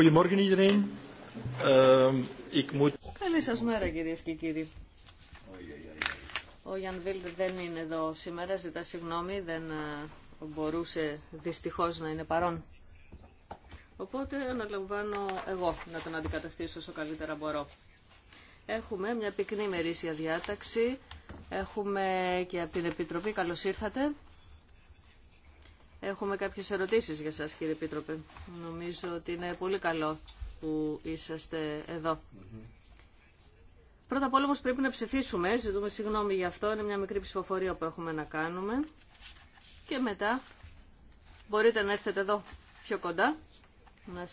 Goedemorgen ehm, Καλή μέρα κυρίες και κύριοι. Ο Γιάνν Βίλτ δεν είναι εδώ σήμερα, ζητά συγγνώμη, δεν ε, μπορούσε δυστυχώς να είναι παρόν. Οπότε αναλαμβάνω εγώ να τον αντικαταστήσω όσο καλύτερα μπορώ. Έχουμε μια πυκνή μερίσια διάταξη, έχουμε και από την Επιτροπή, καλώς ήρθατε, Έχουμε κάποιες ερωτήσεις για σας κύριε Επίτροπε. Νομίζω ότι είναι πολύ καλό που είσαστε εδώ. Πρώτα απ' όλα όμως πρέπει να ψηφίσουμε, ζητούμε συγγνώμη για αυτό, είναι μια μικρή ψηφοφορία που έχουμε να κάνουμε. Και μετά μπορείτε να έρθετε εδώ πιο κοντά, να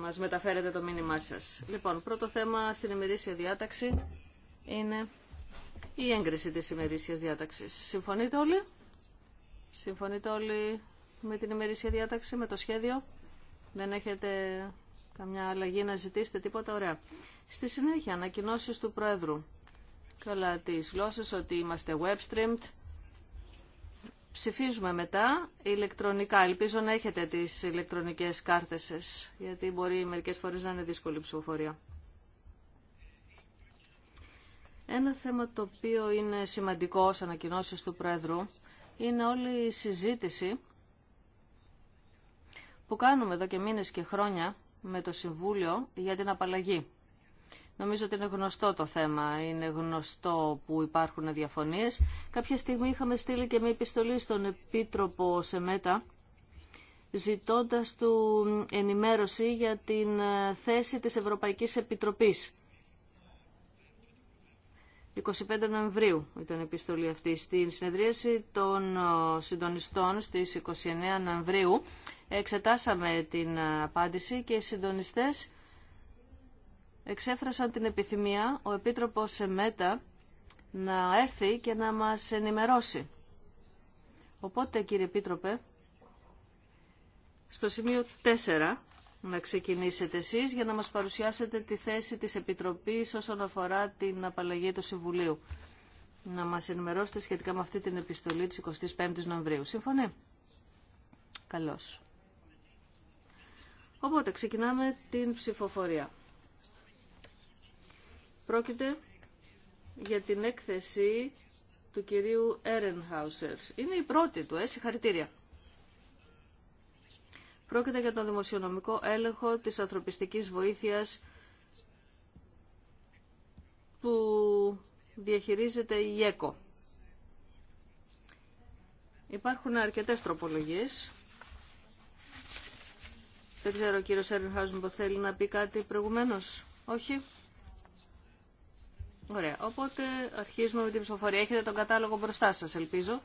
μας μεταφέρετε το μήνυμά σας. Λοιπόν, πρώτο θέμα στην ημερήσια διάταξη είναι η έγκριση της ημερήσιας διάταξης. Συμφωνείτε όλοι? Συμφωνείτε όλοι με την ημερήσια διάταξη, με το σχέδιο. Δεν έχετε καμιά αλλαγή να ζητήσετε, τίποτα ωραία. Στη συνέχεια, ανακοινώσει του Πρόεδρου. Καλά τις γλώσσες, ότι είμαστε web streamed. Ψηφίζουμε μετά ηλεκτρονικά. Ελπίζω να έχετε τις ηλεκτρονικές κάρτες σας, γιατί μπορεί μερικές φορές να είναι δύσκολη η ψηφοφορία. Ένα θέμα το οποίο είναι σημαντικό ως ανακοινώσει του Πρόεδρου είναι όλη η συζήτηση που κάνουμε εδώ και μήνες και χρόνια με το Συμβούλιο για την απαλλαγή. Νομίζω ότι είναι γνωστό το θέμα, είναι γνωστό που υπάρχουν διαφωνίες. Κάποια στιγμή είχαμε στείλει και μια επιστολή στον Επίτροπο Σεμέτα, ζητώντας του ενημέρωση για την ε, θέση της Ευρωπαϊκής Επιτροπής 25 Νοεμβρίου ήταν η επιστολή αυτή. Στην συνεδρίαση των ε, συντονιστών στις 29 Νοεμβρίου εξετάσαμε την ε, απάντηση και οι συντονιστές εξέφρασαν την επιθυμία ο Επίτροπος Μέτα να έρθει και να μας ενημερώσει. Οπότε κύριε Επίτροπε, στο σημείο 4 να ξεκινήσετε εσείς για να μας παρουσιάσετε τη θέση της Επιτροπής όσον αφορά την απαλλαγή του Συμβουλίου. Να μας ενημερώσετε σχετικά με αυτή την επιστολή της 25ης Νοεμβρίου. Σύμφωνοι? Καλώς. Οπότε ξεκινάμε την ψηφοφορία. Πρόκειται για την έκθεση του κυρίου Έρενχάουσερ. Είναι η πρώτη του, ε, συγχαρητήρια. Πρόκειται για τον δημοσιονομικό έλεγχο της ανθρωπιστικής βοήθειας που διαχειρίζεται η ΕΚΟ. Υπάρχουν αρκετές τροπολογίες. Δεν ξέρω ο κύριος Έρνχάουζεν που θέλει να πει κάτι προηγουμένως. Όχι. Ωραία. Οπότε αρχίζουμε με την ψηφοφορία. Έχετε τον κατάλογο μπροστά σας, ελπίζω.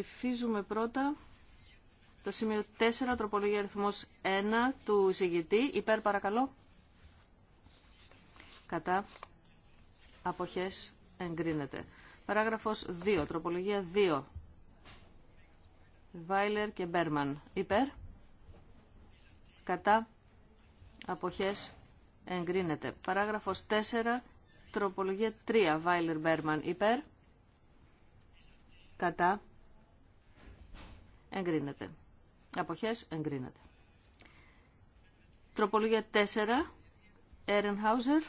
ψηφίζουμε πρώτα το σημείο 4, τροπολογία αριθμό 1 του εισηγητή. Υπέρ παρακαλώ. Κατά. Αποχές εγκρίνεται. Παράγραφος 2, τροπολογία 2. Βάιλερ και Μπέρμαν. Υπέρ. Κατά. Αποχές εγκρίνεται. Παράγραφος 4, τροπολογία 3. Βάιλερ Μπέρμαν. Υπέρ. Κατά εγκρίνεται. Αποχές εγκρίνεται. Τροπολογία 4, Ερενχάουζερ,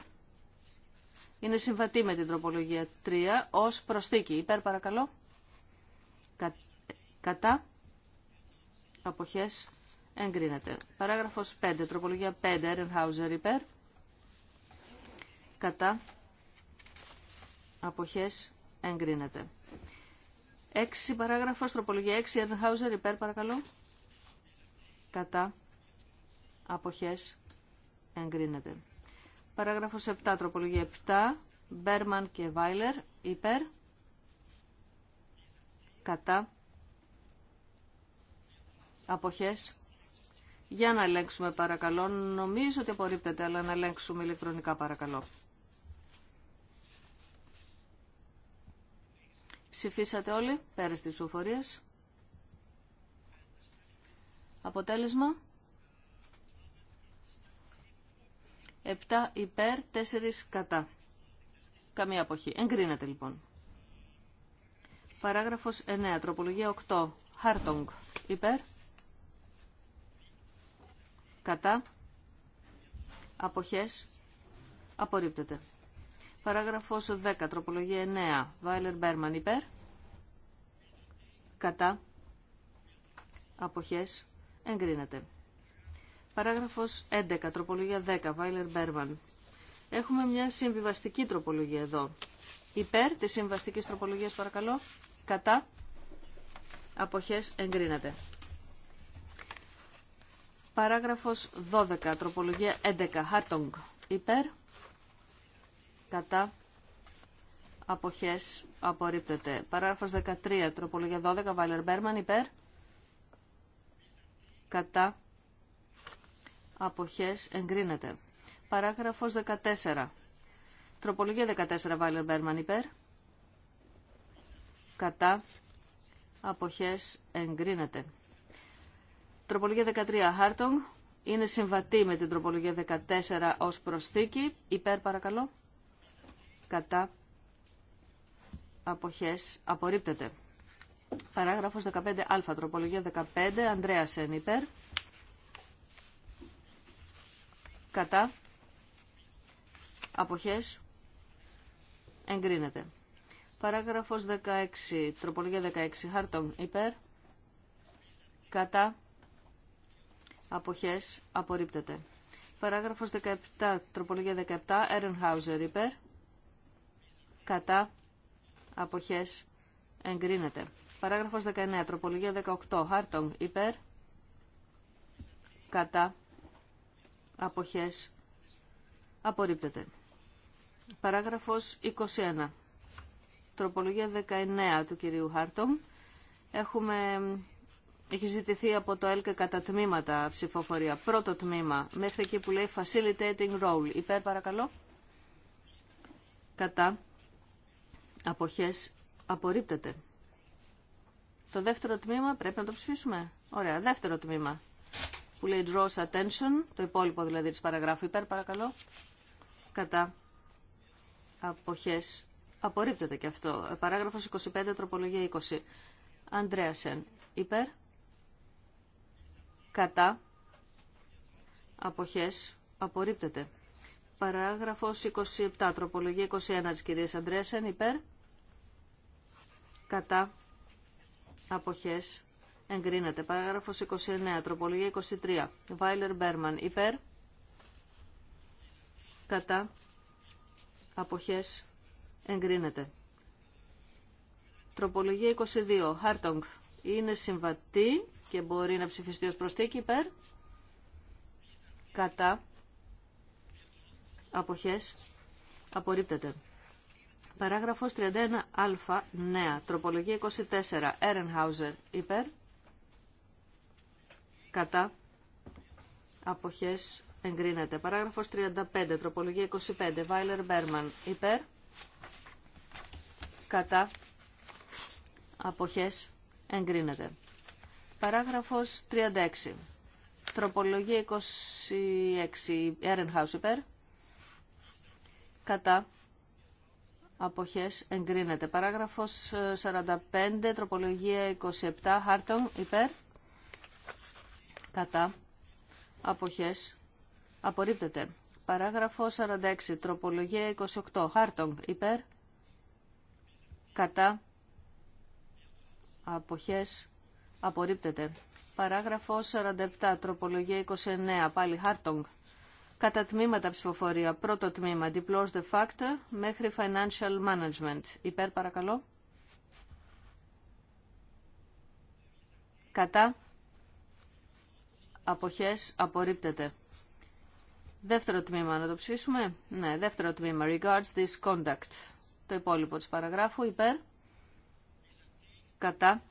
είναι συμβατή με την τροπολογία 3 ως προσθήκη. Υπέρ παρακαλώ. Κα... κατά. Αποχές εγκρίνεται. Παράγραφος 5, τροπολογία 5, Ehrenhauser υπέρ. Κατά. Αποχές εγκρίνεται. 6 παράγραφος, τροπολογία 6, Ερνχάουζερ, υπέρ παρακαλώ. Κατά. Αποχές. Εγκρίνεται. Παράγραφος 7, τροπολογία 7, Μπέρμαν και Βάιλερ, υπέρ. Κατά. Αποχές. Για να ελέγξουμε παρακαλώ. Νομίζω ότι απορρίπτεται, αλλά να ελέγξουμε ηλεκτρονικά παρακαλώ. Ψηφίσατε όλοι, πέρα στις ψηφοφορίες. Αποτέλεσμα. 7 υπέρ, 4 κατά. Καμία αποχή. Εγκρίνεται λοιπόν. Παράγραφος 9, τροπολογία 8. Χάρτογκ. Υπέρ. Κατά. Αποχές. Απορρίπτεται. Παράγραφος 10, τροπολογία 9. Βάιλερ Μπέρμαν υπέρ. Κατά. Αποχές. Εγκρίνεται. Παράγραφος 11, τροπολογία 10. Βάιλερ Μπέρμαν. Έχουμε μια συμβιβαστική τροπολογία εδώ. Υπέρ της συμβαστικής τροπολογίας παρακαλώ. Κατά. Αποχές. Εγκρίνεται. Παράγραφος 12, τροπολογία 11. Χάρτογκ. Υπέρ κατά αποχές απορρίπτεται. Παράγραφος 13, τροπολογία 12, Βάιλερ Μπέρμαν, υπέρ, κατά αποχές εγκρίνεται. Παράγραφος 14, τροπολογία 14, Βάιλερ Μπέρμαν, υπέρ, κατά αποχές εγκρίνεται. Τροπολογία 13, Χάρτονγκ, είναι συμβατή με την τροπολογία 14 ως προσθήκη. Υπέρ παρακαλώ κατά αποχές απορρίπτεται. Παράγραφος 15α, τροπολογία 15, Ανδρέασεν υπέρ, ανδρεα υπερ αποχές εγκρίνεται. Παράγραφος 16, τροπολογία 16, Χάρτον υπέρ, κατά αποχές απορρίπτεται. Παράγραφος 17, τροπολογία 17, Ερενχάουζερ υπέρ, κατά αποχές εγκρίνεται. Παράγραφος 19. Τροπολογία 18. Χάρτονγκ. υπέρ κατά αποχές απορρίπτεται. Παράγραφος 21. Τροπολογία 19 του κυρίου Χάρτονγκ. Έχουμε... Έχει ζητηθεί από το ΕΛΚΕ κατά τμήματα ψηφοφορία. Πρώτο τμήμα, μέχρι εκεί που λέει Facilitating Role. Υπέρ παρακαλώ. Κατά. Αποχές απορρίπτεται. Το δεύτερο τμήμα πρέπει να το ψηφίσουμε. Ωραία, δεύτερο τμήμα που λέει draws attention, το υπόλοιπο δηλαδή της παραγράφου υπέρ, παρακαλώ, κατά αποχές. Απορρίπτεται και αυτό. Ε, παράγραφος 25, τροπολογία 20. Αντρέασεν, υπέρ, κατά αποχές, απορρίπτεται. Παράγραφος 27, τροπολογία 21 της κυρίας Αντρέσεν, υπέρ, κατά, αποχές, εγκρίνεται. Παράγραφος 29, τροπολογία 23, Βάιλερ Μπέρμαν, υπέρ, κατά, αποχές, εγκρίνεται. Τροπολογία 22, Χάρτογκ, είναι συμβατή και μπορεί να ψηφιστεί ως προσθήκη υπέρ, κατά, αποχές απορρίπτεται. Παράγραφος 31α, νέα, τροπολογία 24, Ερενχάουζερ, υπέρ, κατά, αποχές εγκρίνεται. Παράγραφος 35, τροπολογία 25, Βάιλερ Μπέρμαν, υπέρ, κατά, αποχές εγκρίνεται. Παράγραφος 36, τροπολογία 26, Ερενχάουζερ, υπέρ, κατά αποχές εγκρίνεται. Παράγραφος 45, ε, τροπολογία 27, Χάρτον, υπέρ, κατά αποχές απορρίπτεται. Παράγραφος 46, τροπολογία 28, Χάρτον, υπέρ, κατά αποχές απορρίπτεται. Παράγραφος 47, τροπολογία 29, πάλι Χάρτονγκ, Κατά τμήματα ψηφοφορία. Πρώτο τμήμα, diplos de facto μέχρι financial management. Υπέρ παρακαλώ. Κατά. Αποχές απορρίπτεται. Δεύτερο τμήμα να το ψήσουμε. Ναι, δεύτερο τμήμα. Regards this conduct. Το υπόλοιπο της παραγράφου. Υπέρ. Κατά.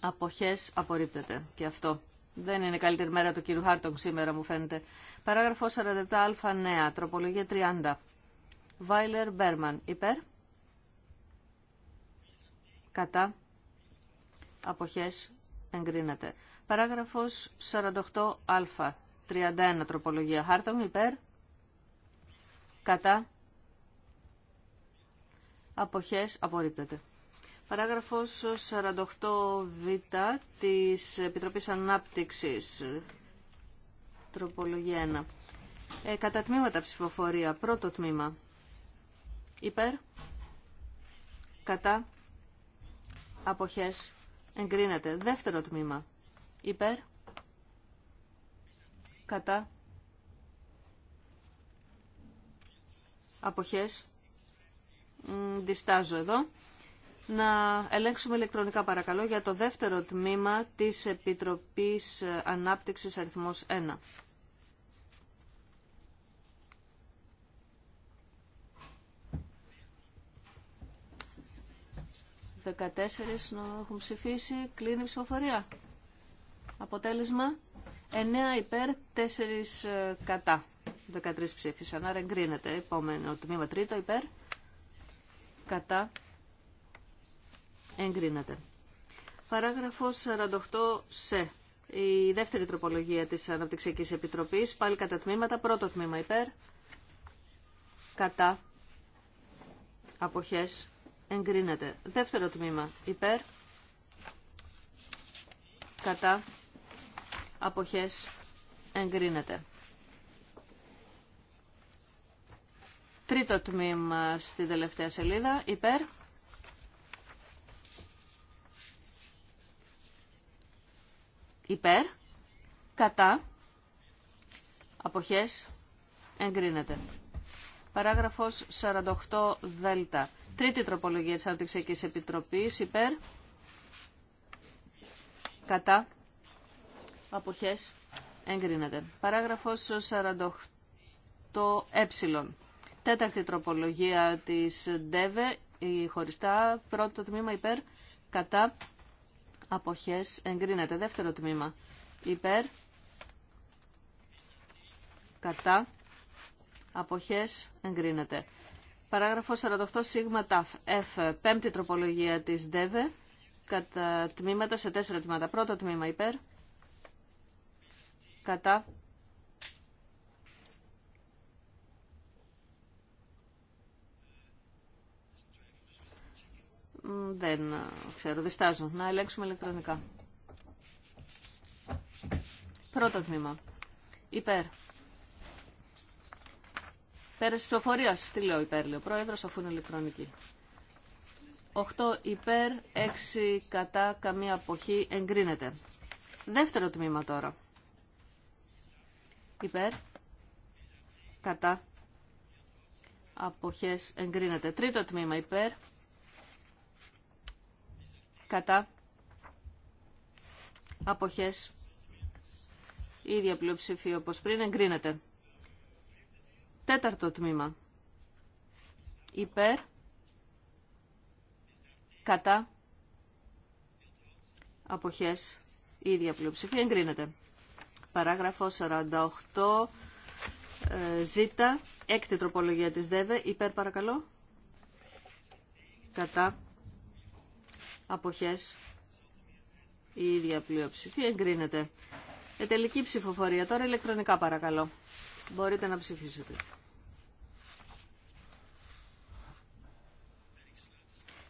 Αποχές απορρίπτεται. Και αυτό. Δεν είναι καλύτερη μέρα του κύριου Χάρτογκ σήμερα, μου φαίνεται. Παράγραφο 47α νέα, τροπολογία 30. Βάιλερ Μπέρμαν, υπέρ. Κατά. Αποχές εγκρίνεται. Παράγραφος 48α, 31 τροπολογία Χάρτογκ, υπέρ. Κατά. Αποχές απορρίπτεται. Παράγραφος 48β της Επιτροπής Ανάπτυξης, τροπολογία 1. Ε, κατά τμήματα ψηφοφορία, πρώτο τμήμα. Υπέρ, κατά, αποχές, εγκρίνεται. Δεύτερο τμήμα. Υπέρ, κατά, αποχές, διστάζω εδώ να ελέγξουμε ηλεκτρονικά παρακαλώ για το δεύτερο τμήμα της Επιτροπής Ανάπτυξης αριθμός 1. Δεκατέσσερις έχουν ψηφίσει, κλείνει η ψηφοφορία. Αποτέλεσμα, 9 υπέρ, 4 ε, κατά. 13 ψήφισαν, άρα εγκρίνεται. Επόμενο τμήμα τρίτο υπέρ, κατά Εγκρίνεται. Παράγραφος 48 σε. Η δεύτερη τροπολογία της Αναπτυξιακής Επιτροπής, πάλι κατά τμήματα, πρώτο τμήμα υπέρ, κατά, αποχές, εγκρίνεται. Δεύτερο τμήμα υπέρ, κατά, αποχές, εγκρίνεται. Τρίτο τμήμα στη τελευταία σελίδα, υπέρ, υπέρ, κατά, αποχές, εγκρίνεται. Παράγραφος 48 48Δ. Τρίτη τροπολογία της Αναπτυξιακής Επιτροπής υπέρ, κατά, αποχές, εγκρίνεται. Παράγραφος 48 Ε. Τέταρτη τροπολογία της ΔΕΒΕ, η χωριστά, πρώτο τμήμα υπέρ, κατά, αποχές εγκρίνεται. Δεύτερο τμήμα υπέρ, κατά, αποχές εγκρίνεται. Παράγραφο 48 σίγμα ταφ, εφ πέμπτη τροπολογία της ΔΕΒΕ, κατά τμήματα σε τέσσερα τμήματα. Πρώτο τμήμα υπέρ, κατά, Δεν ξέρω, διστάζω. Να ελέγξουμε ηλεκτρονικά. Πρώτο τμήμα. Υπέρ. Πέρα τη πληροφορία. Τι λέω υπέρ, λέει ο πρόεδρο, αφού είναι ηλεκτρονική. 8 υπέρ, 6 κατά, καμία αποχή, εγκρίνεται. Δεύτερο τμήμα τώρα. Υπέρ, κατά, αποχές, εγκρίνεται. Τρίτο τμήμα υπέρ, κατά αποχές η ίδια πλειοψηφία όπως πριν εγκρίνεται. Τέταρτο τμήμα. Υπέρ, κατά, αποχές, η ίδια πλειοψηφία εγκρίνεται. Παράγραφο 48, ζήτα, ε, έκτη τροπολογία της ΔΕΒΕ, υπέρ παρακαλώ, κατά, αποχές η ίδια πλειοψηφία εγκρίνεται. Ετελική τελική ψηφοφορία τώρα ηλεκτρονικά παρακαλώ. Μπορείτε να ψηφίσετε.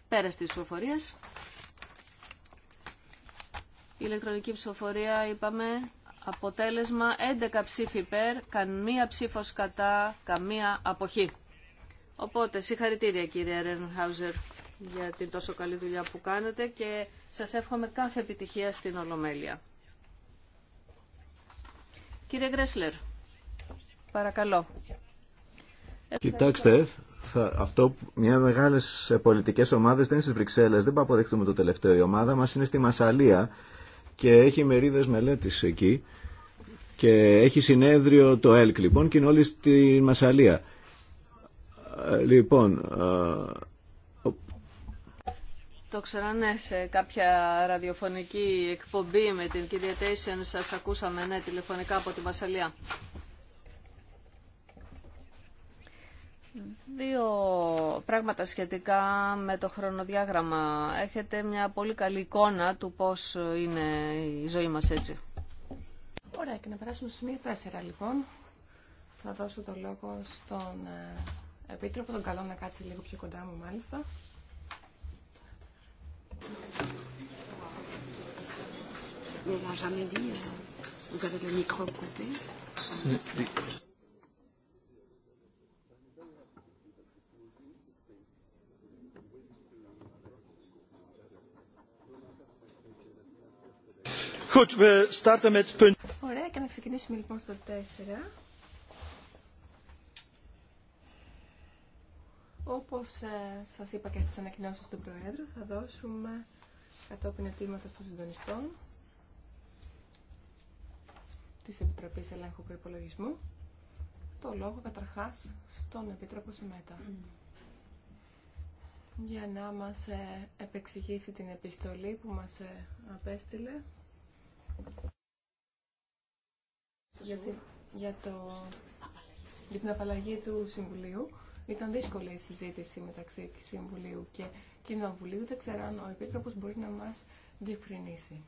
Πέρα τη ψηφοφορία; Η ηλεκτρονική ψηφοφορία είπαμε αποτέλεσμα 11 ψήφοι υπέρ, καμία ψήφος κατά, καμία αποχή. Οπότε συγχαρητήρια κύριε Ρενχάουζερ για την τόσο καλή δουλειά που κάνετε και σας εύχομαι κάθε επιτυχία στην Ολομέλεια. Κύριε Γκρέσλερ, παρακαλώ. Κοιτάξτε, θα, αυτό, μια μεγάλη ε, πολιτική ομάδα δεν είναι στι Βρυξέλλε. Δεν πάω αποδεχτούμε το τελευταίο. Η ομάδα μα είναι στη Μασαλία και έχει μερίδε μελέτη εκεί. Και έχει συνέδριο το ΕΛΚ λοιπόν και είναι όλοι στη Μασαλία. Ε, λοιπόν, ε, το ξέρανε σε κάποια ραδιοφωνική εκπομπή με την κυρία Τέισεν. Σας ακούσαμε, ναι, τηλεφωνικά από τη Βασιλεία. Δύο πράγματα σχετικά με το χρονοδιάγραμμα. Έχετε μια πολύ καλή εικόνα του πώς είναι η ζωή μας έτσι. Ωραία, και να περάσουμε στις σημείο 4 λοιπόν. Θα δώσω το λόγο στον ε, Επίτροπο, τον καλό να κάτσει λίγο πιο κοντά μου μάλιστα. Mais il jamais dit, vous avez le micro coupé. Goed, we starten met punt. Ωραία, και να ξεκινήσουμε λοιπόν 4. Όπως ε, σας είπα και στις ανακοινώσεις του Προέδρου, θα δώσουμε κατόπιν αιτήματος των συντονιστών της Επιτροπής Ελέγχου Προϋπολογισμού το λόγο καταρχάς στον Επίτροπο Σεμέτα για να μας ε, επεξηγήσει την επιστολή που μας ε, απέστειλε για, για, το, για την απαλλαγή του Συμβουλίου ήταν δύσκολη η συζήτηση μεταξύ Συμβουλίου και Κοινοβουλίου. Δεν ξέρω αν ο Επίτροπος μπορεί να μας διευκρινίσει.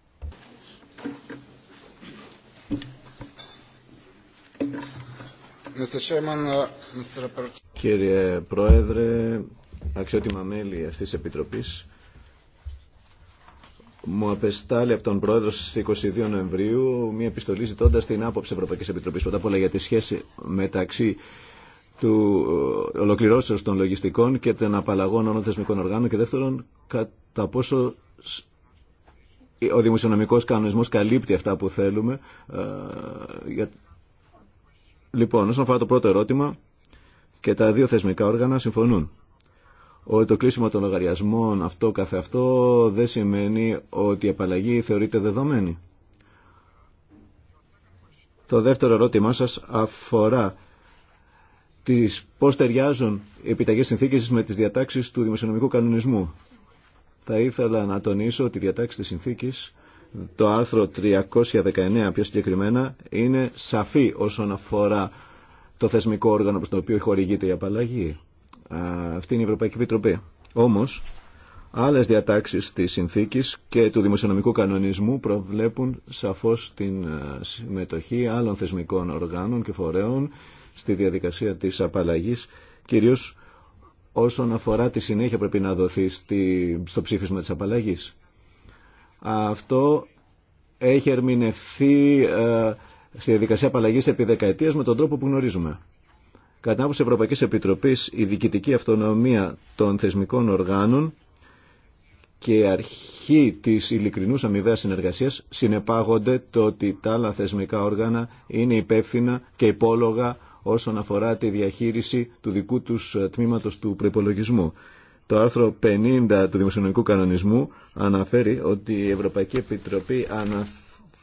Uh, Κύριε Πρόεδρε, αξιότιμα μέλη αυτής της Επιτροπής, μου απεστάλλει από τον Πρόεδρο στι 22 Νοεμβρίου μια επιστολή ζητώντα την άποψη Ευρωπαϊκή Επιτροπή. Πρώτα απ' όλα για τη σχέση μεταξύ του ε, ολοκληρώσεως των λογιστικών και των απαλλαγών όλων θεσμικών οργάνων και δεύτερον κατά πόσο ο δημοσιονομικό κανονισμό καλύπτει αυτά που θέλουμε. Ε, λοιπόν, όσον αφορά το πρώτο ερώτημα και τα δύο θεσμικά όργανα συμφωνούν ότι το κλείσιμο των λογαριασμών αυτό καθεαυτό, αυτό δεν σημαίνει ότι η απαλλαγή θεωρείται δεδομένη. Το δεύτερο ερώτημά σας αφορά τις, πώς ταιριάζουν οι επιταγές συνθήκες με τις διατάξεις του δημοσιονομικού κανονισμού. Θα ήθελα να τονίσω ότι οι διατάξεις της συνθήκης, το άρθρο 319 πιο συγκεκριμένα, είναι σαφή όσον αφορά το θεσμικό όργανο προς το οποίο χορηγείται η απαλλαγή. Αυτή είναι η Ευρωπαϊκή Επιτροπή. Όμως, άλλες διατάξεις της συνθήκης και του δημοσιονομικού κανονισμού προβλέπουν σαφώς την ε, συμμετοχή άλλων θεσμικών οργάνων και φορέων στη διαδικασία της απαλλαγής, κυρίως όσον αφορά τη συνέχεια πρέπει να δοθεί στο ψήφισμα της απαλλαγής. Αυτό έχει ερμηνευθεί ε, στη διαδικασία απαλλαγής επί δεκαετίας με τον τρόπο που γνωρίζουμε. Κατά άποψη Ευρωπαϊκής Επιτροπής, η διοικητική αυτονομία των θεσμικών οργάνων και η αρχή της ειλικρινούς αμοιβαίας συνεργασίας συνεπάγονται το ότι τα άλλα θεσμικά όργανα είναι υπεύθυνα και υπόλογα όσον αφορά τη διαχείριση του δικού τους ε, τμήματος του προϋπολογισμού. Το άρθρο 50 του Δημοσιονομικού Κανονισμού αναφέρει ότι η Ευρωπαϊκή Επιτροπή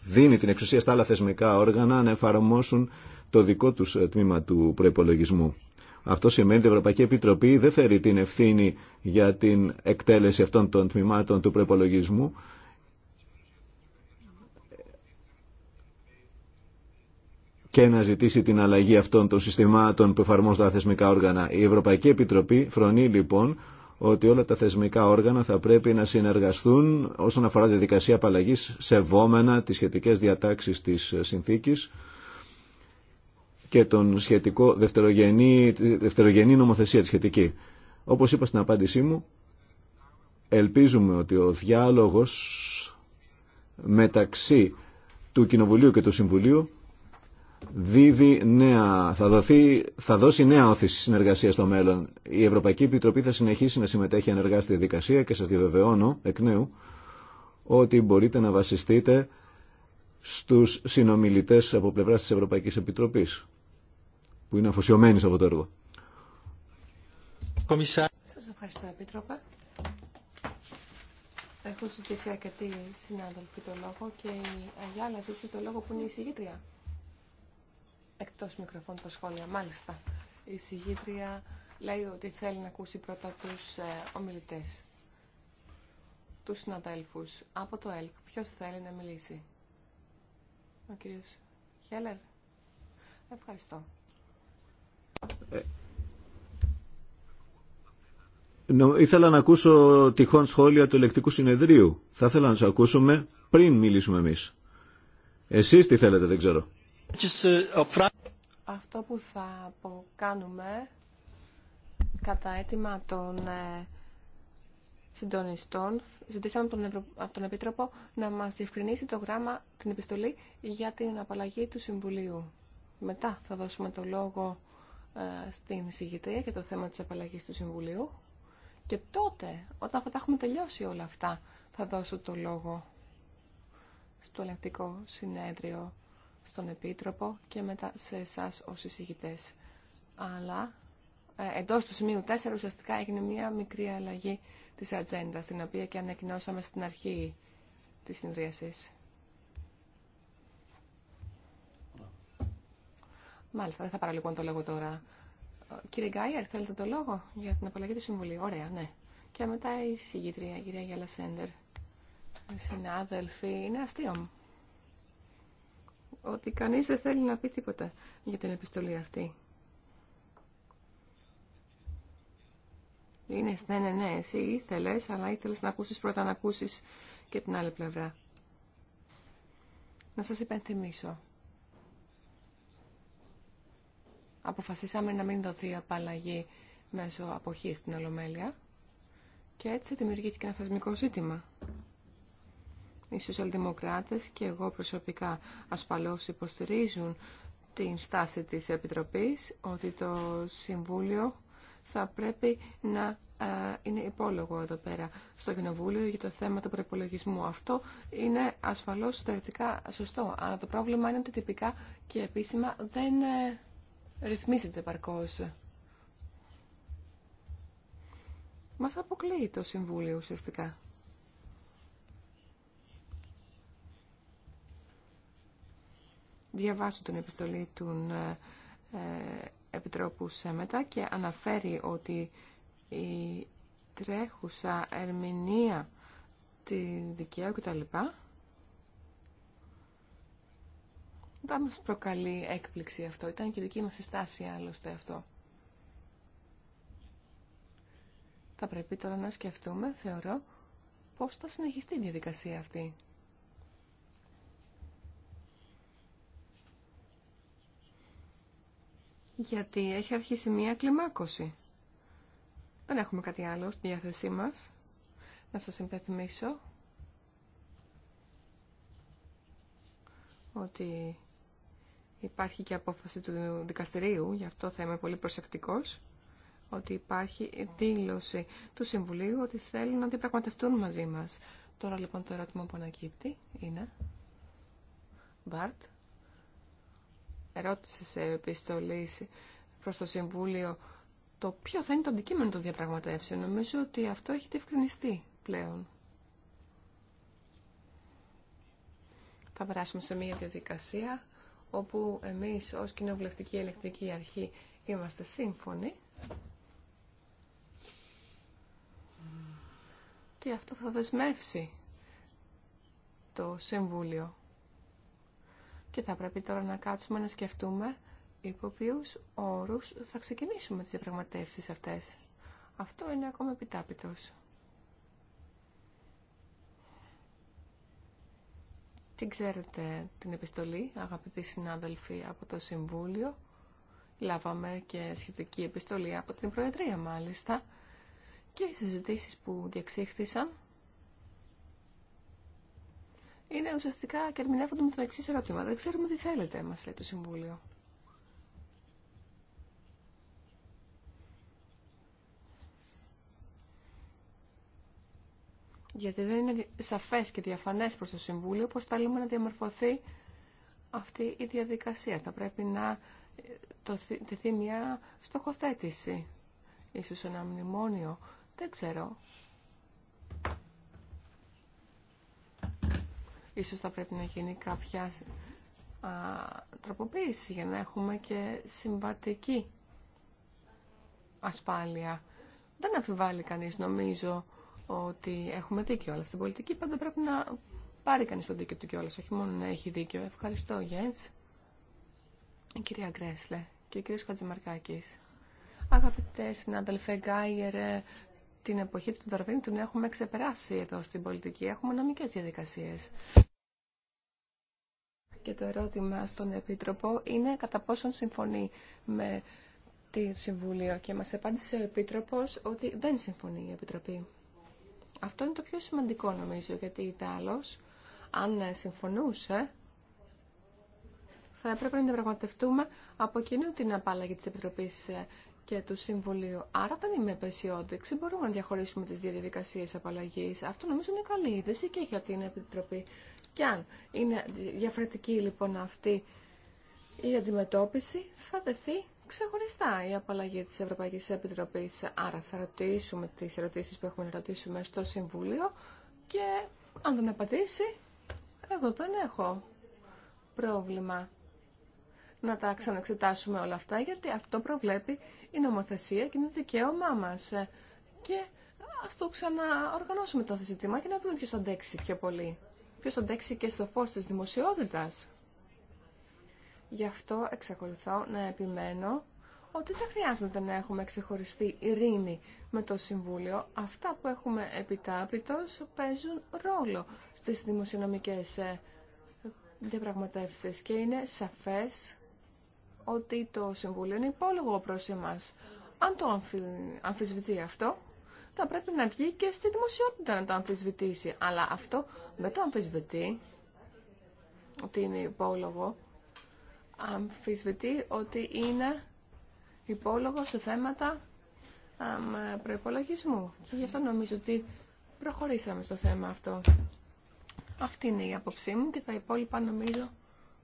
δίνει την εξουσία στα άλλα θεσμικά όργανα να εφαρμόσουν το δικό τους ε, τμήμα του προϋπολογισμού. Αυτό σημαίνει ότι η Ευρωπαϊκή Επιτροπή δεν φέρει την ευθύνη για την εκτέλεση αυτών των τμήματων του προπολογισμού και να ζητήσει την αλλαγή αυτών των συστημάτων που εφαρμόζουν τα θεσμικά όργανα. Η Ευρωπαϊκή Επιτροπή φρονεί λοιπόν ότι όλα τα θεσμικά όργανα θα πρέπει να συνεργαστούν όσον αφορά τη δικασία απαλλαγή σεβόμενα τις σχετικές διατάξεις της συνθήκης και τον σχετικό δευτερογενή, δευτερογενή νομοθεσία τη σχετική. Όπως είπα στην απάντησή μου, ελπίζουμε ότι ο διάλογος μεταξύ του Κοινοβουλίου και του Συμβουλίου δίδει νέα, θα, δοθεί, θα δώσει νέα όθηση συνεργασία στο μέλλον. Η Ευρωπαϊκή Επιτροπή θα συνεχίσει να συμμετέχει ενεργά στη διαδικασία και σας διαβεβαιώνω εκ νέου ότι μπορείτε να βασιστείτε στους συνομιλητές από πλευράς της Ευρωπαϊκής Επιτροπής που είναι αφοσιωμένοι σε αυτό το έργο. Σας ευχαριστώ, Επίτροπε. Έχουν ζητήσει αρκετοί συνάδελφοι το λόγο και η Αγιάλα ζήτησε το λόγο που είναι η συγγήτρια. Εκτός μικροφώνου τα σχόλια. Μάλιστα, η συγγήτρια λέει ότι θέλει να ακούσει πρώτα τους ε, ομιλητές, τους συναδέλφους. Από το ΕΛΚ, ποιος θέλει να μιλήσει. Ο κύριος Χέλερ. Ευχαριστώ. Ε, ήθελα να ακούσω τυχόν σχόλια του ηλεκτρικού συνεδρίου. Θα ήθελα να σας ακούσουμε πριν μιλήσουμε εμείς. Εσείς τι θέλετε, δεν ξέρω. Uh, Αυτό που θα κάνουμε κατά αίτημα των ε, συντονιστών, ζητήσαμε τον από τον Επίτροπο να μας διευκρινίσει το γράμμα, την επιστολή για την απαλλαγή του Συμβουλίου. Μετά θα δώσουμε το λόγο ε, στην συγκριτή για το θέμα της απαλλαγής του Συμβουλίου και τότε, όταν θα τα έχουμε τελειώσει όλα αυτά, θα δώσω το λόγο στο ελεκτικό συνέδριο στον Επίτροπο και μετά σε εσά ως εισηγητές. Αλλά ε, εντός του σημείου 4 ουσιαστικά έγινε μία μικρή αλλαγή της ατζέντα, την οποία και ανακοινώσαμε στην αρχή της συνδρίασης. Μάλιστα, δεν θα πάρω λοιπόν το λόγο τώρα. Ε, κύριε Γκάιερ, θέλετε το λόγο για την απαλλαγή του Συμβουλίου. Ωραία, ναι. Και μετά η συγγήτρια, η κυρία Γιάλα Σέντερ. Συνάδελφοι, είναι αστείο μου ότι κανείς δεν θέλει να πει τίποτα για την επιστολή αυτή. Είναι, ναι, ναι, ναι, εσύ ήθελες, αλλά ήθελες να ακούσεις πρώτα να ακούσεις και την άλλη πλευρά. Να σας υπενθυμίσω. Αποφασίσαμε να μην δοθεί απαλλαγή μέσω αποχής στην Ολομέλεια και έτσι δημιουργήθηκε ένα θεσμικό ζήτημα οι σοσιαλδημοκράτες και εγώ προσωπικά ασφαλώς υποστηρίζουν την στάση της Επιτροπής ότι το Συμβούλιο θα πρέπει να ε, είναι υπόλογο εδώ πέρα στο Κοινοβούλιο για το θέμα του προπολογισμού. Αυτό είναι ασφαλώς θεωρητικά σωστό, αλλά το πρόβλημα είναι ότι τυπικά και επίσημα δεν ε, ρυθμίζεται παρκώς. Μας αποκλείει το Συμβούλιο ουσιαστικά. διαβάσω την επιστολή του ε, ε, Επιτρόπου Σέμετα και αναφέρει ότι η τρέχουσα ερμηνεία τη δικαίου κτλ. Δεν μας προκαλεί έκπληξη αυτό. Ήταν και δική μας στάση άλλωστε αυτό. Θα πρέπει τώρα να σκεφτούμε, θεωρώ, πώς θα συνεχιστεί η διαδικασία αυτή. γιατί έχει αρχίσει μία κλιμάκωση. Δεν έχουμε κάτι άλλο στη διάθεσή μας. Να σας υπενθυμίσω ότι υπάρχει και απόφαση του δικαστηρίου, γι' αυτό θα είμαι πολύ προσεκτικός, ότι υπάρχει δήλωση του Συμβουλίου ότι θέλουν να διαπραγματευτούν μαζί μας. Τώρα λοιπόν το ερώτημα που ανακύπτει είναι... Μπαρτ, ερώτησε σε επιστολή προς το Συμβούλιο το ποιο θα είναι το αντικείμενο των διαπραγματεύσεων. Νομίζω ότι αυτό έχει διευκρινιστεί πλέον. Θα περάσουμε σε μια διαδικασία όπου εμείς ως Κοινοβουλευτική Ελεκτρική Αρχή είμαστε σύμφωνοι και αυτό θα δεσμεύσει το Συμβούλιο και θα πρέπει τώρα να κάτσουμε να σκεφτούμε υπό ποιου όρου θα ξεκινήσουμε τι διαπραγματεύσει αυτέ. Αυτό είναι ακόμα επιτάπητο. Τι ξέρετε την επιστολή, αγαπητοί συνάδελφοι από το Συμβούλιο. Λάβαμε και σχετική επιστολή από την Προεδρία μάλιστα και οι συζητήσεις που διεξήχθησαν είναι ουσιαστικά και ερμηνεύονται με το εξή ερώτημα. Δεν ξέρουμε τι θέλετε, μα λέει το Συμβούλιο. Γιατί δεν είναι σαφές και διαφανές προς το Συμβούλιο πώς θέλουμε να διαμορφωθεί αυτή η διαδικασία. Θα πρέπει να ε, το τεθεί μια στοχοθέτηση, ίσω ένα μνημόνιο, δεν ξέρω. Ίσως θα πρέπει να γίνει κάποια α, τροποποίηση για να έχουμε και συμβατική ασφάλεια. Δεν αμφιβάλλει κανείς νομίζω ότι έχουμε δίκιο, αλλά στην πολιτική πάντα πρέπει να πάρει κανείς το δίκιο του κιόλας, όχι μόνο να έχει δίκιο. Ευχαριστώ, Γιέντς. Η κυρία Γκρέσλε και ο κύριος Χατζημαρκάκης. Αγαπητέ συνάδελφε Γκάιερ, την εποχή του Δαρβίνη την έχουμε ξεπεράσει εδώ στην πολιτική. Έχουμε νομικές διαδικασίες και το ερώτημα στον Επίτροπο είναι κατά πόσον συμφωνεί με τη Συμβουλία. και μας απάντησε ο Επίτροπος ότι δεν συμφωνεί η Επιτροπή. Αυτό είναι το πιο σημαντικό νομίζω γιατί Τάλος αν ε, συμφωνούσε θα έπρεπε να διαπραγματευτούμε από κοινού την απάλλαγη της Επιτροπής ε, και του Συμβουλίου. Άρα δεν είμαι απεσιόδεξη. Μπορούμε να διαχωρίσουμε τις διαδικασίες απαλλαγής. Αυτό νομίζω είναι καλή είδηση και για την Επιτροπή και αν είναι διαφορετική λοιπόν αυτή η αντιμετώπιση, θα δεθεί ξεχωριστά η απαλλαγή της Ευρωπαϊκής Επιτροπής. Άρα θα ρωτήσουμε τις ερωτήσεις που έχουμε να ρωτήσουμε στο Συμβούλιο και αν δεν απαντήσει, εγώ δεν έχω πρόβλημα να τα ξαναξετάσουμε όλα αυτά, γιατί αυτό προβλέπει η νομοθεσία και είναι δικαίωμά μας. Και ας το ξαναοργανώσουμε το ζήτημα και να δούμε ποιος θα αντέξει πιο πολύ ποιος αντέξει και στο φως της δημοσιότητας. Γι' αυτό εξακολουθώ να επιμένω ότι δεν χρειάζεται να έχουμε ξεχωριστή ειρήνη με το Συμβούλιο. Αυτά που έχουμε επιτάπητος παίζουν ρόλο στις δημοσιονομικές ε, διαπραγματεύσεις και είναι σαφές ότι το Συμβούλιο είναι υπόλογο προς εμάς. Αν το αμφι... αμφισβητεί αυτό, θα πρέπει να βγει και στη δημοσιότητα να το αμφισβητήσει. Αλλά αυτό δεν το αμφισβητεί ότι είναι υπόλογο. Αμφισβητεί ότι είναι υπόλογο σε θέματα προπολογισμού. Και γι' αυτό νομίζω ότι προχωρήσαμε στο θέμα αυτό. Αυτή είναι η άποψή μου και τα υπόλοιπα νομίζω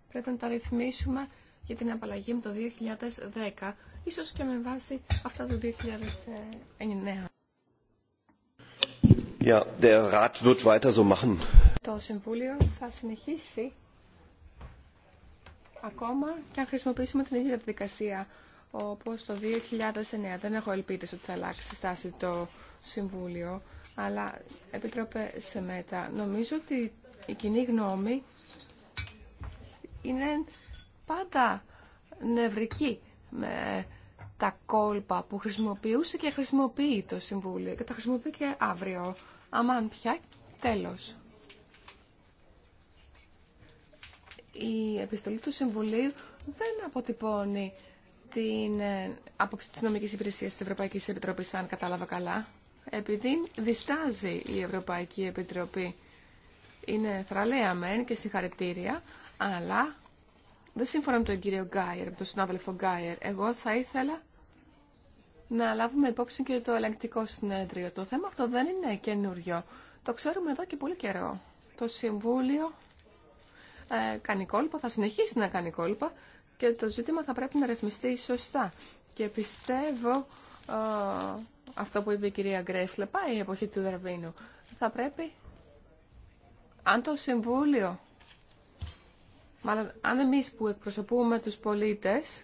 πρέπει να τα ρυθμίσουμε για την απαλλαγή με το 2010, ίσως και με βάση αυτά του 2009. Το Συμβούλιο θα συνεχίσει ακόμα και αν χρησιμοποιήσουμε την ίδια διαδικασία όπως το 2009. Δεν έχω ελπίδες ότι θα αλλάξει στάση το Συμβούλιο, αλλά επιτρέπε σε μέτα. Νομίζω ότι η κοινή γνώμη είναι πάντα νευρική με τα κόλπα που χρησιμοποιούσε και χρησιμοποιεί το Συμβούλιο και τα χρησιμοποιεί και αύριο. Αμάν πια, τέλος. Η επιστολή του Συμβουλίου δεν αποτυπώνει την ε, άποψη της νομικής υπηρεσίας της Ευρωπαϊκής Επιτροπής, αν κατάλαβα καλά, επειδή διστάζει η Ευρωπαϊκή Επιτροπή. Είναι θραλέα μεν και συγχαρητήρια, αλλά δεν σύμφωνα με τον κύριο Γκάιερ, με τον συνάδελφο Γκάιερ, εγώ θα ήθελα να λάβουμε υπόψη και το ελεγκτικό συνέδριο. Το θέμα αυτό δεν είναι καινούριο. Το ξέρουμε εδώ και πολύ καιρό. Το Συμβούλιο ε, θα συνεχίσει να κάνει κόλπα και το ζήτημα θα πρέπει να ρυθμιστεί σωστά. Και πιστεύω ε, αυτό που είπε η κυρία Γκρέσλε, πάει η εποχή του Δερβίνου. Θα πρέπει, αν το Συμβούλιο, μάλλον αν εμείς που εκπροσωπούμε τους πολίτες,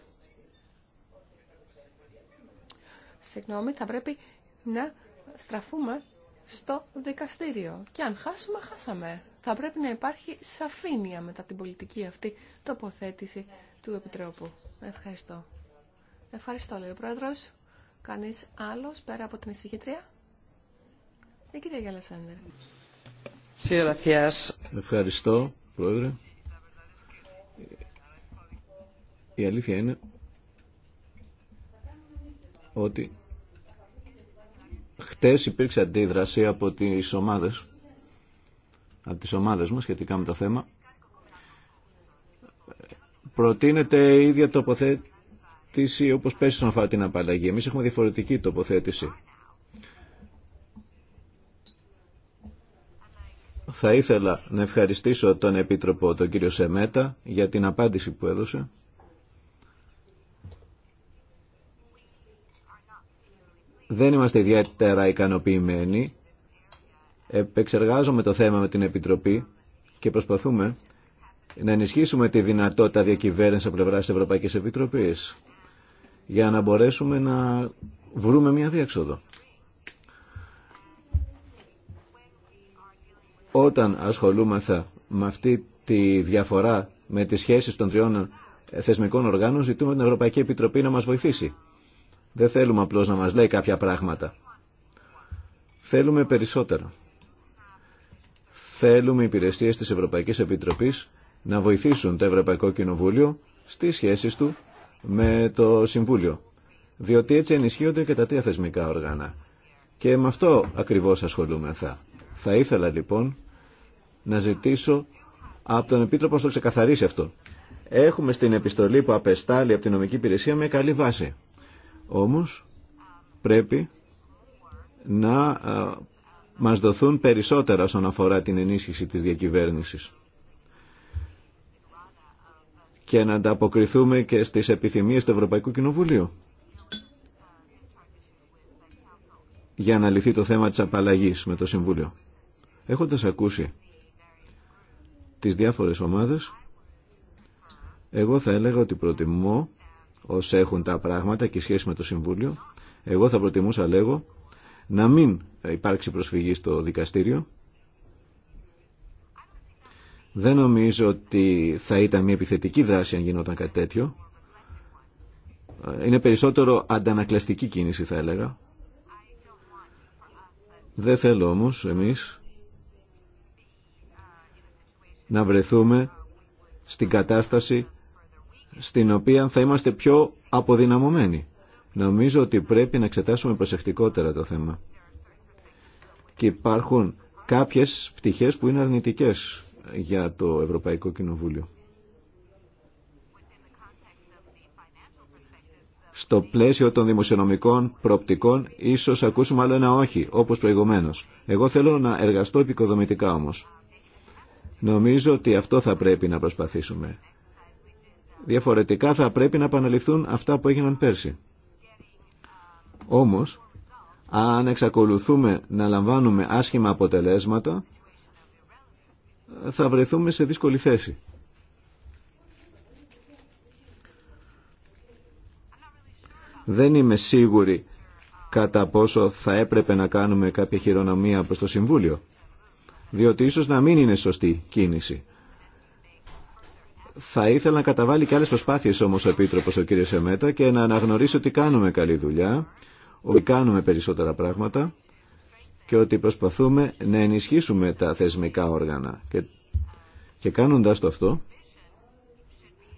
συγγνώμη, θα πρέπει να στραφούμε στο δικαστήριο. Και αν χάσουμε, χάσαμε. Θα πρέπει να υπάρχει σαφήνεια μετά την πολιτική αυτή τοποθέτηση του Επιτρόπου. Ευχαριστώ. Ευχαριστώ, λέει ο Πρόεδρος. Κανείς άλλος πέρα από την εισηγήτρια. Η κυρία Γιάννα Ευχαριστώ, Πρόεδρε. Η αλήθεια είναι ότι χτες υπήρξε αντίδραση από τις ομάδες από τις ομάδες μας σχετικά με το θέμα προτείνεται η ίδια τοποθέτηση όπως πέσει στον αφορά την απαλλαγή εμείς έχουμε διαφορετική τοποθέτηση θα ήθελα να ευχαριστήσω τον Επίτροπο τον κύριο Σεμέτα για την απάντηση που έδωσε δεν είμαστε ιδιαίτερα ικανοποιημένοι. Επεξεργάζομαι το θέμα με την Επιτροπή και προσπαθούμε να ενισχύσουμε τη δυνατότητα διακυβέρνηση από πλευρά τη Ευρωπαϊκή Επιτροπή για να μπορέσουμε να βρούμε μια διέξοδο. Όταν ασχολούμαστε με αυτή τη διαφορά με τις σχέσεις των τριών θεσμικών οργάνων, ζητούμε την Ευρωπαϊκή Επιτροπή να μας βοηθήσει δεν θέλουμε απλώς να μας λέει κάποια πράγματα. Θέλουμε περισσότερο. Θέλουμε οι υπηρεσίες της Ευρωπαϊκής Επιτροπής να βοηθήσουν το Ευρωπαϊκό Κοινοβούλιο στις σχέσεις του με το Συμβούλιο. Διότι έτσι ενισχύονται και τα τρία θεσμικά όργανα. Και με αυτό ακριβώς ασχολούμεθα. Θα ήθελα λοιπόν να ζητήσω από τον Επίτροπο να το ξεκαθαρίσει αυτό. Έχουμε στην επιστολή που απεστάλλει από την νομική υπηρεσία μια καλή βάση. Όμως πρέπει να ε, μας δοθούν περισσότερα όσον αφορά την ενίσχυση της διακυβέρνησης και να ανταποκριθούμε και στις επιθυμίες του Ευρωπαϊκού Κοινοβουλίου για να λυθεί το θέμα της απαλλαγής με το Συμβούλιο. Έχοντας ακούσει τις διάφορες ομάδες, εγώ θα έλεγα ότι προτιμώ ως έχουν τα πράγματα και σχέση με το Συμβούλιο. Εγώ θα προτιμούσα, λέγω, να μην υπάρξει προσφυγή στο δικαστήριο. Δεν νομίζω ότι θα ήταν μια επιθετική δράση αν γινόταν κάτι τέτοιο. Είναι περισσότερο αντανακλαστική κίνηση θα έλεγα. Δεν θέλω όμως εμείς να βρεθούμε στην κατάσταση στην οποία θα είμαστε πιο αποδυναμωμένοι. Νομίζω ότι πρέπει να εξετάσουμε προσεκτικότερα το θέμα. Και υπάρχουν κάποιες πτυχές που είναι αρνητικές για το Ευρωπαϊκό Κοινοβούλιο. Στο πλαίσιο των δημοσιονομικών προοπτικών ίσως ακούσουμε άλλο ένα όχι, όπως προηγουμένως. Εγώ θέλω να εργαστώ επικοδομητικά όμως. Νομίζω ότι αυτό θα πρέπει να προσπαθήσουμε. Διαφορετικά θα πρέπει να επαναληφθούν αυτά που έγιναν πέρσι. Όμως, αν εξακολουθούμε να λαμβάνουμε άσχημα αποτελέσματα, θα βρεθούμε σε δύσκολη θέση. Δεν είμαι σίγουρη κατά πόσο θα έπρεπε να κάνουμε κάποια χειρονομία προς το Συμβούλιο, διότι ίσως να μην είναι σωστή κίνηση. Θα ήθελα να καταβάλει και άλλε προσπάθειε όμως ο Επίτροπος ο κύριος Σεμέτα και να αναγνωρίσει ότι κάνουμε καλή δουλειά, ότι κάνουμε περισσότερα πράγματα και ότι προσπαθούμε να ενισχύσουμε τα θεσμικά όργανα. Και, και κάνοντας το αυτό,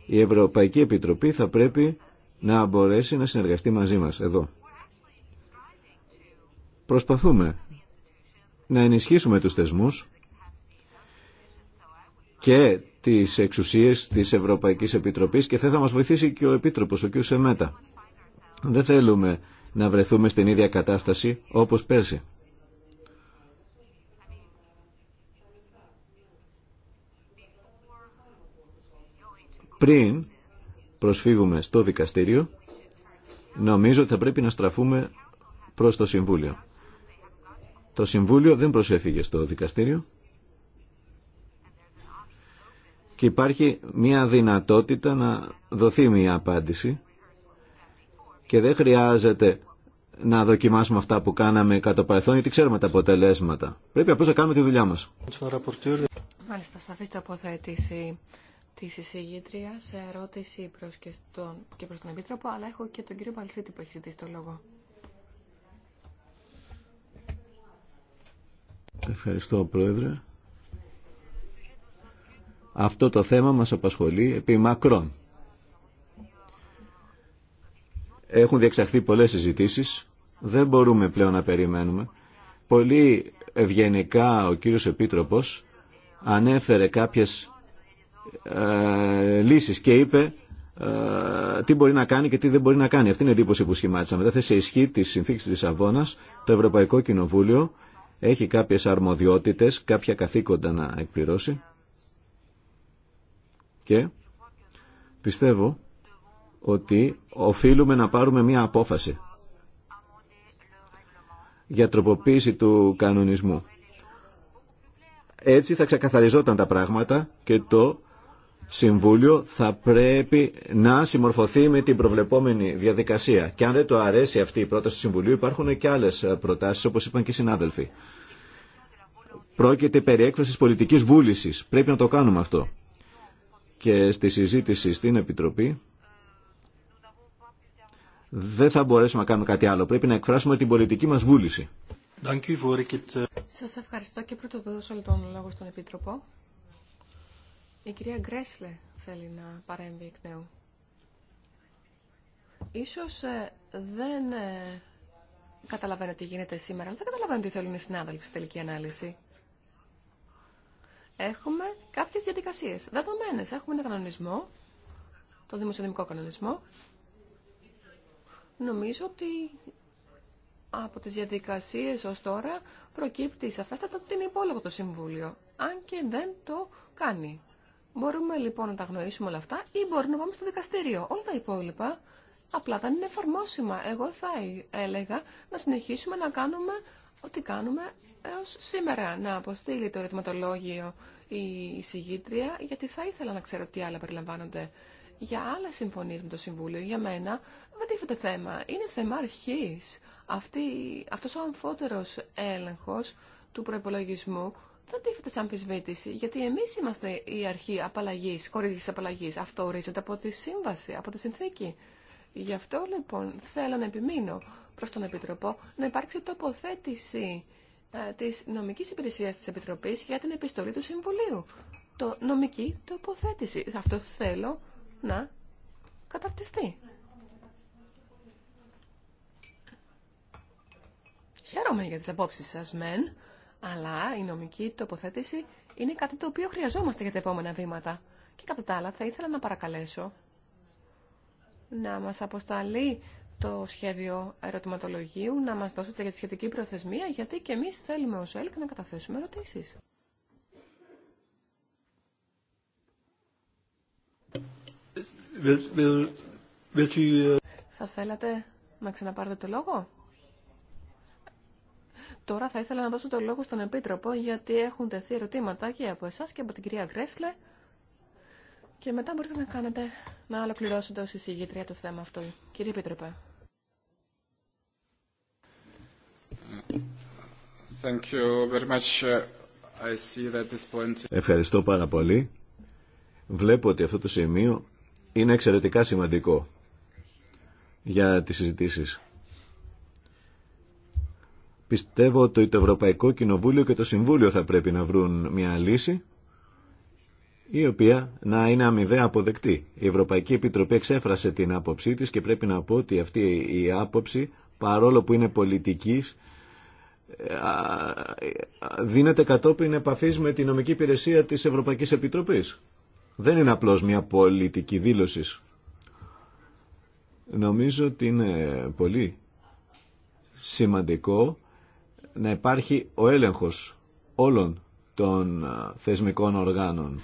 η Ευρωπαϊκή Επιτροπή θα πρέπει να μπορέσει να συνεργαστεί μαζί μας εδώ. Προσπαθούμε να ενισχύσουμε τους θεσμούς και τις εξουσίες της Ευρωπαϊκής Επιτροπής και θα, μα βοηθήσει και ο Επίτροπος, ο κ. Σεμέτα. Δεν θέλουμε να βρεθούμε στην ίδια κατάσταση όπως πέρσι. Πριν προσφύγουμε στο δικαστήριο, νομίζω ότι θα πρέπει να στραφούμε προς το Συμβούλιο. Το Συμβούλιο δεν προσέφυγε στο δικαστήριο και υπάρχει μια δυνατότητα να δοθεί μια απάντηση και δεν χρειάζεται να δοκιμάσουμε αυτά που κάναμε κατά το παρελθόν γιατί ξέρουμε τα αποτελέσματα. Πρέπει απλώς να κάνουμε τη δουλειά μας. Μάλιστα, την αποθέτηση τη εισηγήτρια σε ερώτηση προς και, στον, και προς τον Επίτροπο, αλλά έχω και τον κύριο Παλσίτη που έχει ζητήσει το λόγο. Ευχαριστώ, Πρόεδρε. Αυτό το θέμα μας απασχολεί επί μακρόν. Έχουν διεξαχθεί πολλές συζητήσεις. Δεν μπορούμε πλέον να περιμένουμε. Πολύ ευγενικά ο κύριος Επίτροπος ανέφερε κάποιες ε, λύσεις και είπε ε, τι μπορεί να κάνει και τι δεν μπορεί να κάνει. Αυτή είναι η εντύπωση που σχημάτισα. Μετά σε ισχύ τη συνθήκη της Λισαβόνας, το Ευρωπαϊκό Κοινοβούλιο έχει κάποιες αρμοδιότητες, κάποια καθήκοντα να εκπληρώσει και πιστεύω ότι οφείλουμε να πάρουμε μία απόφαση για τροποποίηση του κανονισμού. Έτσι θα ξεκαθαριζόταν τα πράγματα και το Συμβούλιο θα πρέπει να συμμορφωθεί με την προβλεπόμενη διαδικασία. Και αν δεν το αρέσει αυτή η πρόταση του Συμβουλίου υπάρχουν και άλλες προτάσεις όπως είπαν και οι συνάδελφοι. Πρόκειται περί έκφρασης πολιτικής βούλησης. Πρέπει να το κάνουμε αυτό και στη συζήτηση στην Επιτροπή δεν θα μπορέσουμε να κάνουμε κάτι άλλο. Πρέπει να εκφράσουμε την πολιτική μας βούληση. Σας ευχαριστώ και πρώτα δώσω λοιπόν τον λόγο στον Επίτροπο. Η κυρία Γκρέσλε θέλει να παρέμβει εκ νέου. Ίσως ε, δεν ε, καταλαβαίνω τι γίνεται σήμερα, αλλά δεν καταλαβαίνω τι θέλουν οι συνάδελφοι στη τελική ανάλυση έχουμε κάποιες διαδικασίε. Δεδομένε. Έχουμε ένα κανονισμό, το δημοσιονομικό κανονισμό. Νομίζω ότι από τι διαδικασίες ως τώρα προκύπτει σαφέστατα ότι είναι υπόλογο το Συμβούλιο, αν και δεν το κάνει. Μπορούμε λοιπόν να τα γνωρίσουμε όλα αυτά ή μπορούμε να πάμε στο δικαστήριο. Όλα τα υπόλοιπα απλά δεν είναι εφαρμόσιμα. Εγώ θα ε- έλεγα να συνεχίσουμε να κάνουμε ό,τι κάνουμε έως σήμερα. Να αποστείλει το ερωτηματολόγιο η εισηγήτρια, γιατί θα ήθελα να ξέρω τι άλλα περιλαμβάνονται για άλλε συμφωνίε με το Συμβούλιο. Για μένα δεν τίθεται θέμα. Είναι θέμα αρχή. Αυτό ο αμφότερο έλεγχο του προπολογισμού δεν τίθεται σαν αμφισβήτηση, γιατί εμεί είμαστε η αρχή απαλλαγή, χωρίς απαλλαγή. Αυτό ορίζεται από τη σύμβαση, από τη συνθήκη. Γι' αυτό λοιπόν θέλω να επιμείνω προς τον Επιτροπό να υπάρξει τοποθέτηση ε, της νομικής υπηρεσίας της Επιτροπής για την επιστολή του Συμβουλίου. Το νομική τοποθέτηση. Αυτό θέλω να καταρτιστεί. Χαίρομαι για τις απόψεις σας, μεν, αλλά η νομική τοποθέτηση είναι κάτι το οποίο χρειαζόμαστε για τα επόμενα βήματα. Και κατά τα άλλα θα ήθελα να παρακαλέσω να μας αποσταλεί το σχέδιο ερωτηματολογίου, να μας δώσετε για τη σχετική προθεσμία, γιατί και εμείς θέλουμε ως ΕΛΚ να καταθέσουμε ερωτήσεις. Uh, θα θέλατε να ξαναπάρετε το λόγο? Τώρα θα ήθελα να δώσω το λόγο στον Επίτροπο, γιατί έχουν τεθεί ερωτήματα και από εσάς και από την κυρία Γκρέσλε. Και μετά μπορείτε να κάνετε, να ολοκληρώσετε ω εισηγήτρια το θέμα αυτό. Κύριε Επίτροπε. Ευχαριστώ πάρα πολύ. Βλέπω ότι αυτό το σημείο είναι εξαιρετικά σημαντικό για τις συζητήσεις. Πιστεύω ότι το Ευρωπαϊκό Κοινοβούλιο και το Συμβούλιο θα πρέπει να βρουν μια λύση η οποία να είναι αμοιβαία αποδεκτή. Η Ευρωπαϊκή Επιτροπή εξέφρασε την άποψή της και πρέπει να πω ότι αυτή η άποψη, παρόλο που είναι πολιτικής, ε, ε, δίνεται κατόπιν επαφής με την νομική υπηρεσία της Ευρωπαϊκής Επιτροπής. Δεν είναι απλώς μια πολιτική δήλωση. Νομίζω ότι είναι πολύ σημαντικό να υπάρχει ο έλεγχος όλων των ε, θεσμικών οργάνων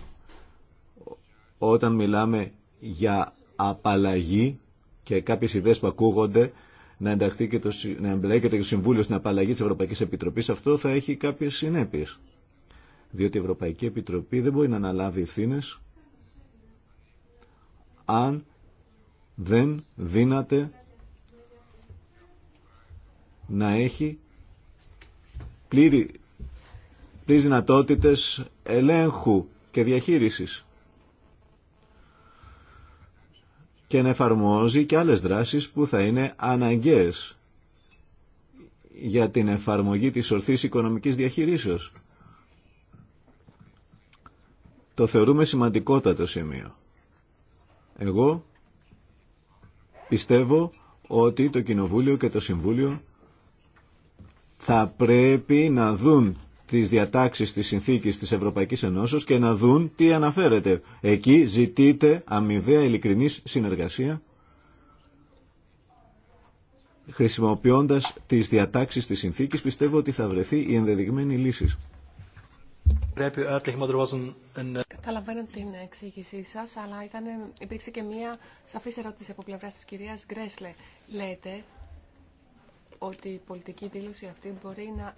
όταν μιλάμε για απαλλαγή και κάποιες ιδέες που ακούγονται να, ενταχθεί και το, να εμπλέκεται και το Συμβούλιο στην απαλλαγή της Ευρωπαϊκής Επιτροπής, αυτό θα έχει κάποιες συνέπειες. Διότι η Ευρωπαϊκή Επιτροπή δεν μπορεί να αναλάβει ευθύνε αν δεν δύναται να έχει πλήρη, πλήρη δυνατότητες ελέγχου και διαχείρισης. και να εφαρμόζει και άλλες δράσεις που θα είναι αναγκαίες για την εφαρμογή της ορθής οικονομικής διαχειρήσεως. Το θεωρούμε σημαντικότατο σημείο. Εγώ πιστεύω ότι το Κοινοβούλιο και το Συμβούλιο θα πρέπει να δουν τις διατάξεις της συνθήκης της Ευρωπαϊκής Ενώσεως και να δουν τι αναφέρεται. Εκεί ζητείται αμοιβαία ειλικρινή συνεργασία χρησιμοποιώντας τις διατάξεις της συνθήκης πιστεύω ότι θα βρεθεί η ενδεδειγμένη λύση. Καταλαβαίνω την εξήγησή σας, αλλά ήταν, υπήρξε και μία σαφής ερώτηση από πλευρά τη κυρία Γκρέσλε. Λέτε ότι η πολιτική δήλωση αυτή μπορεί να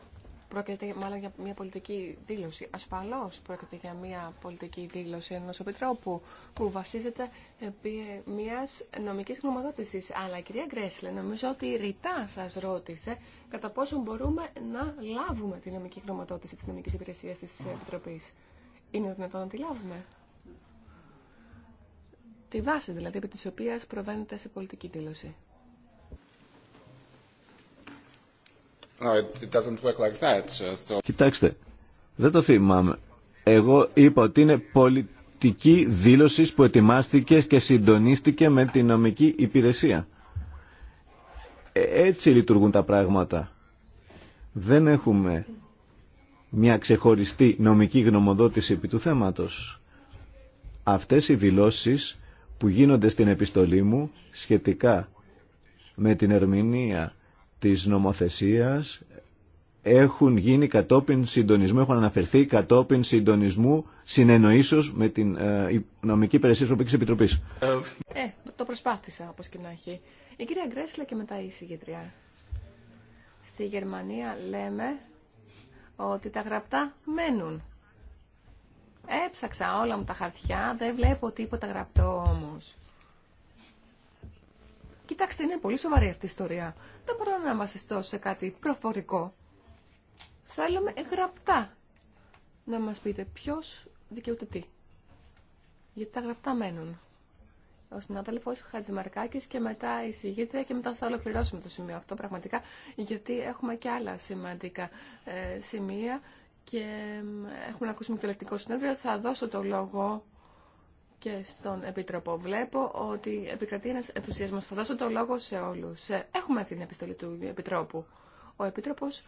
Πρόκειται μάλλον για μια πολιτική δήλωση. Ασφαλώς πρόκειται για μια πολιτική δήλωση ενός επιτρόπου που βασίζεται επί μιας νομικής γνωμοδότησης. Αλλά κυρία Γκρέσλε νομίζω ότι η ρητά σας ρώτησε κατά πόσο μπορούμε να λάβουμε τη νομική γνωμοδότηση της νομικής υπηρεσίας της Επιτροπής. Είναι δυνατόν να τη λάβουμε. Τη βάση δηλαδή επί της οποίας προβαίνεται σε πολιτική δήλωση. Uh, Κοιτάξτε, δεν το θυμάμαι. Εγώ είπα ότι είναι πολιτική δήλωση που ετοιμάστηκε και συντονίστηκε με την νομική υπηρεσία. Ε, έτσι λειτουργούν τα πράγματα. Δεν έχουμε μια ξεχωριστή νομική γνωμοδότηση επί του θέματος. Αυτές οι δηλώσεις που γίνονται στην επιστολή μου σχετικά με την ερμηνεία της νομοθεσίας έχουν γίνει κατόπιν συντονισμού, έχουν αναφερθεί κατόπιν συντονισμού συνεννοήσεως με την ε, νομική υπηρεσία της Επιτροπής. Ε, το προσπάθησα όπως και να έχει. Η κυρία Γκρέσλα και μετά η συγκεντριά. Στη Γερμανία λέμε ότι τα γραπτά μένουν. Έψαξα όλα μου τα χαρτιά, δεν βλέπω τίποτα γραπτό όμως. Κοιτάξτε, είναι πολύ σοβαρή αυτή η ιστορία. Δεν μπορώ να συστώ σε κάτι προφορικό. Θέλουμε γραπτά να μας πείτε ποιος δικαιούται τι. Γιατί τα γραπτά μένουν. Ο συνάδελφος Χατζημαρκάκης και μετά η συγγήτρια και μετά θα ολοκληρώσουμε το σημείο αυτό πραγματικά γιατί έχουμε και άλλα σημαντικά ε, σημεία και έχουμε να ακούσουμε το ελεκτικό συνέδριο. Θα δώσω το λόγο και στον Επίτροπο. Βλέπω ότι επικρατεί ένας ενθουσιασμός. Θα δώσω το λόγο σε όλους. Ε, έχουμε την επιστολή του Επιτρόπου. Ο Επίτροπος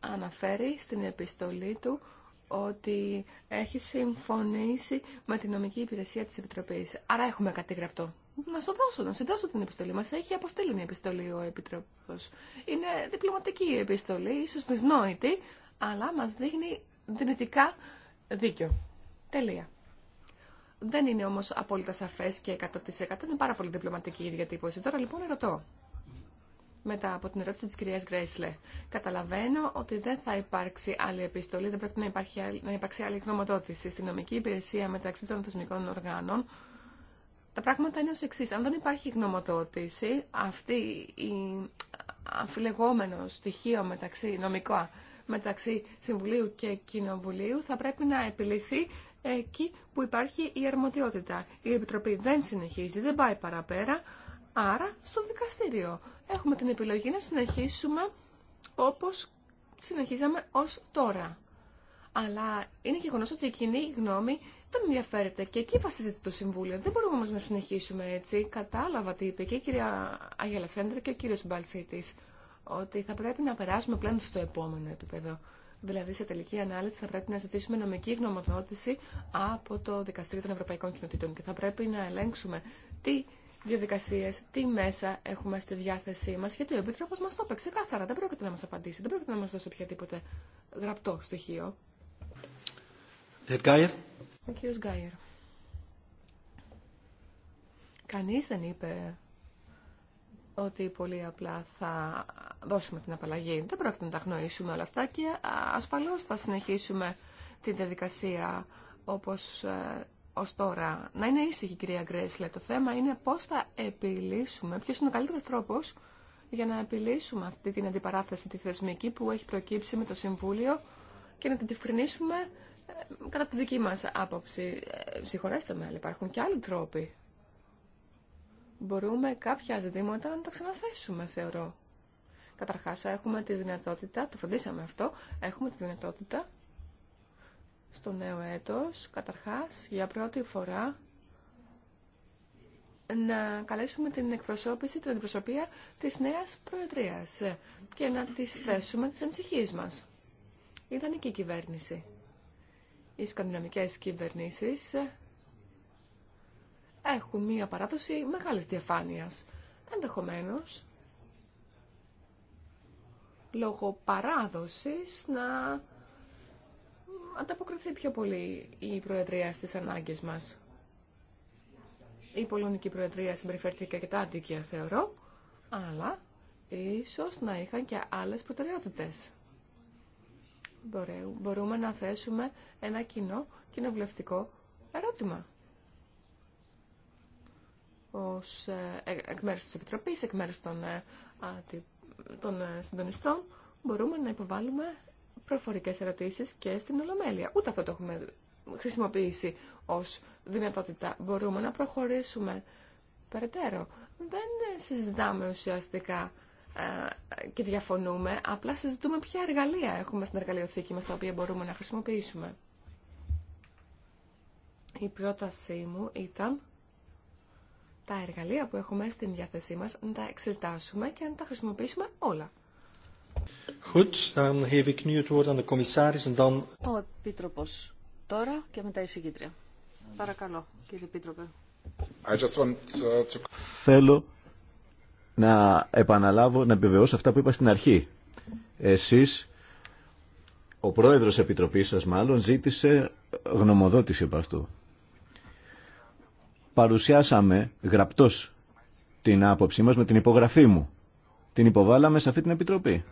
αναφέρει στην επιστολή του ότι έχει συμφωνήσει με την νομική υπηρεσία της Επιτροπής. Άρα έχουμε κάτι γραπτό. Να σου δώσω, να σε δώσω την επιστολή μας. Έχει αποστείλει μια επιστολή ο Επιτροπός. Είναι διπλωματική η επιστολή, ίσως δυσνόητη, αλλά μας δείχνει δυνητικά δίκιο. Τελεία. Δεν είναι όμω απόλυτα σαφέ και 100% είναι πάρα πολύ διπλωματική η διατύπωση. Τώρα λοιπόν ρωτώ, μετά από την ερώτηση τη κυρία Γκρέσλε, καταλαβαίνω ότι δεν θα υπάρξει άλλη επιστολή, δεν πρέπει να, υπάρχει, να υπάρξει άλλη γνωμοτότηση Στην νομική υπηρεσία μεταξύ των θεσμικών οργάνων τα πράγματα είναι ω εξή. Αν δεν υπάρχει γνωμοτότηση, αυτή η αμφιλεγόμενο στοιχείο μεταξύ μεταξύ Συμβουλίου και Κοινοβουλίου θα πρέπει να επιληθεί εκεί που υπάρχει η αρμοδιότητα. Η Επιτροπή δεν συνεχίζει, δεν πάει παραπέρα, άρα στο δικαστήριο. Έχουμε την επιλογή να συνεχίσουμε όπως συνεχίζαμε ως τώρα. Αλλά είναι γεγονό ότι η κοινή γνώμη δεν ενδιαφέρεται και εκεί βασίζεται το Συμβούλιο. Δεν μπορούμε όμω να συνεχίσουμε έτσι. Κατάλαβα τι είπε και η κυρία Αγιαλασέντρα και ο κύριο Μπαλτσίτης. Ότι θα πρέπει να περάσουμε πλέον στο επόμενο επίπεδο. Δηλαδή, σε τελική ανάλυση θα πρέπει να ζητήσουμε νομική γνωμοδότηση από το Δικαστήριο των Ευρωπαϊκών Κοινοτήτων και θα πρέπει να ελέγξουμε τι διαδικασίε, τι μέσα έχουμε στη διάθεσή μα, γιατί ο Επίτροπο μα το είπε ξεκάθαρα. Δεν πρόκειται να μα απαντήσει, δεν πρόκειται να μα δώσει οποιαδήποτε γραπτό στοιχείο. Ο κύριο Γκάιερ. Κανεί δεν είπε ότι πολύ απλά θα δώσουμε την απαλλαγή. Δεν πρόκειται να τα γνωρίσουμε όλα αυτά και ασφαλώς θα συνεχίσουμε τη διαδικασία όπως ε, ως τώρα. Να είναι ήσυχη κυρία Γκρέσλε. Το θέμα είναι πώς θα επιλύσουμε, ποιος είναι ο καλύτερος τρόπος για να επιλύσουμε αυτή την αντιπαράθεση τη θεσμική που έχει προκύψει με το Συμβούλιο και να την διευκρινίσουμε ε, κατά τη δική μας άποψη. Ε, συγχωρέστε με, αλλά υπάρχουν και άλλοι τρόποι μπορούμε κάποια ζητήματα να τα ξαναθέσουμε, θεωρώ. Καταρχά έχουμε τη δυνατότητα, το φροντίσαμε αυτό, έχουμε τη δυνατότητα στο νέο έτος, καταρχάς, για πρώτη φορά, να καλέσουμε την εκπροσώπηση, την αντιπροσωπεία της νέας Προεδρίας και να της θέσουμε τις ανησυχίες μας. Ήταν Η κυβέρνηση. Οι σκανδιναμικές κυβερνήσεις έχουν μία παράδοση μεγάλης διαφάνειας. Ενδεχομένω, λόγω παράδοσης, να ανταποκριθεί πιο πολύ η Προεδρία στις ανάγκες μας. Η Πολωνική Προεδρία συμπεριφέρθηκε τα αντίκεια, θεωρώ, αλλά ίσως να είχαν και άλλες προτεραιότητες. Μπορούμε να θέσουμε ένα κοινό κοινοβουλευτικό ερώτημα ως, ε, εκ μέρους της Επιτροπής, εκ μέρους των, ε, των ε, συντονιστών, μπορούμε να υποβάλουμε προφορικές ερωτήσεις και στην Ολομέλεια. Ούτε αυτό το έχουμε χρησιμοποιήσει ως δυνατότητα. Μπορούμε να προχωρήσουμε περαιτέρω. Δεν συζητάμε ουσιαστικά και διαφωνούμε, απλά συζητούμε ποια εργαλεία έχουμε στην εργαλειοθήκη μας τα οποία μπορούμε να χρησιμοποιήσουμε. Η πρότασή μου ήταν τα εργαλεία που έχουμε στην διάθεσή μας να τα εξετάσουμε και να τα χρησιμοποιήσουμε όλα. Goed, dan geef ik nu het woord aan de commissaris en dan... Ο Επίτροπος τώρα και μετά η συγκήτρια. Παρακαλώ, κύριε Επίτροπε. I just want to... Θέλω να επαναλάβω, να επιβεβαιώσω αυτά που είπα στην αρχή. Εσείς, ο πρόεδρος Επιτροπής σας μάλλον, ζήτησε γνωμοδότηση από αυτού παρουσιάσαμε γραπτός την άποψή μας με την υπογραφή μου. Την υποβάλαμε σε αυτή την Επιτροπή.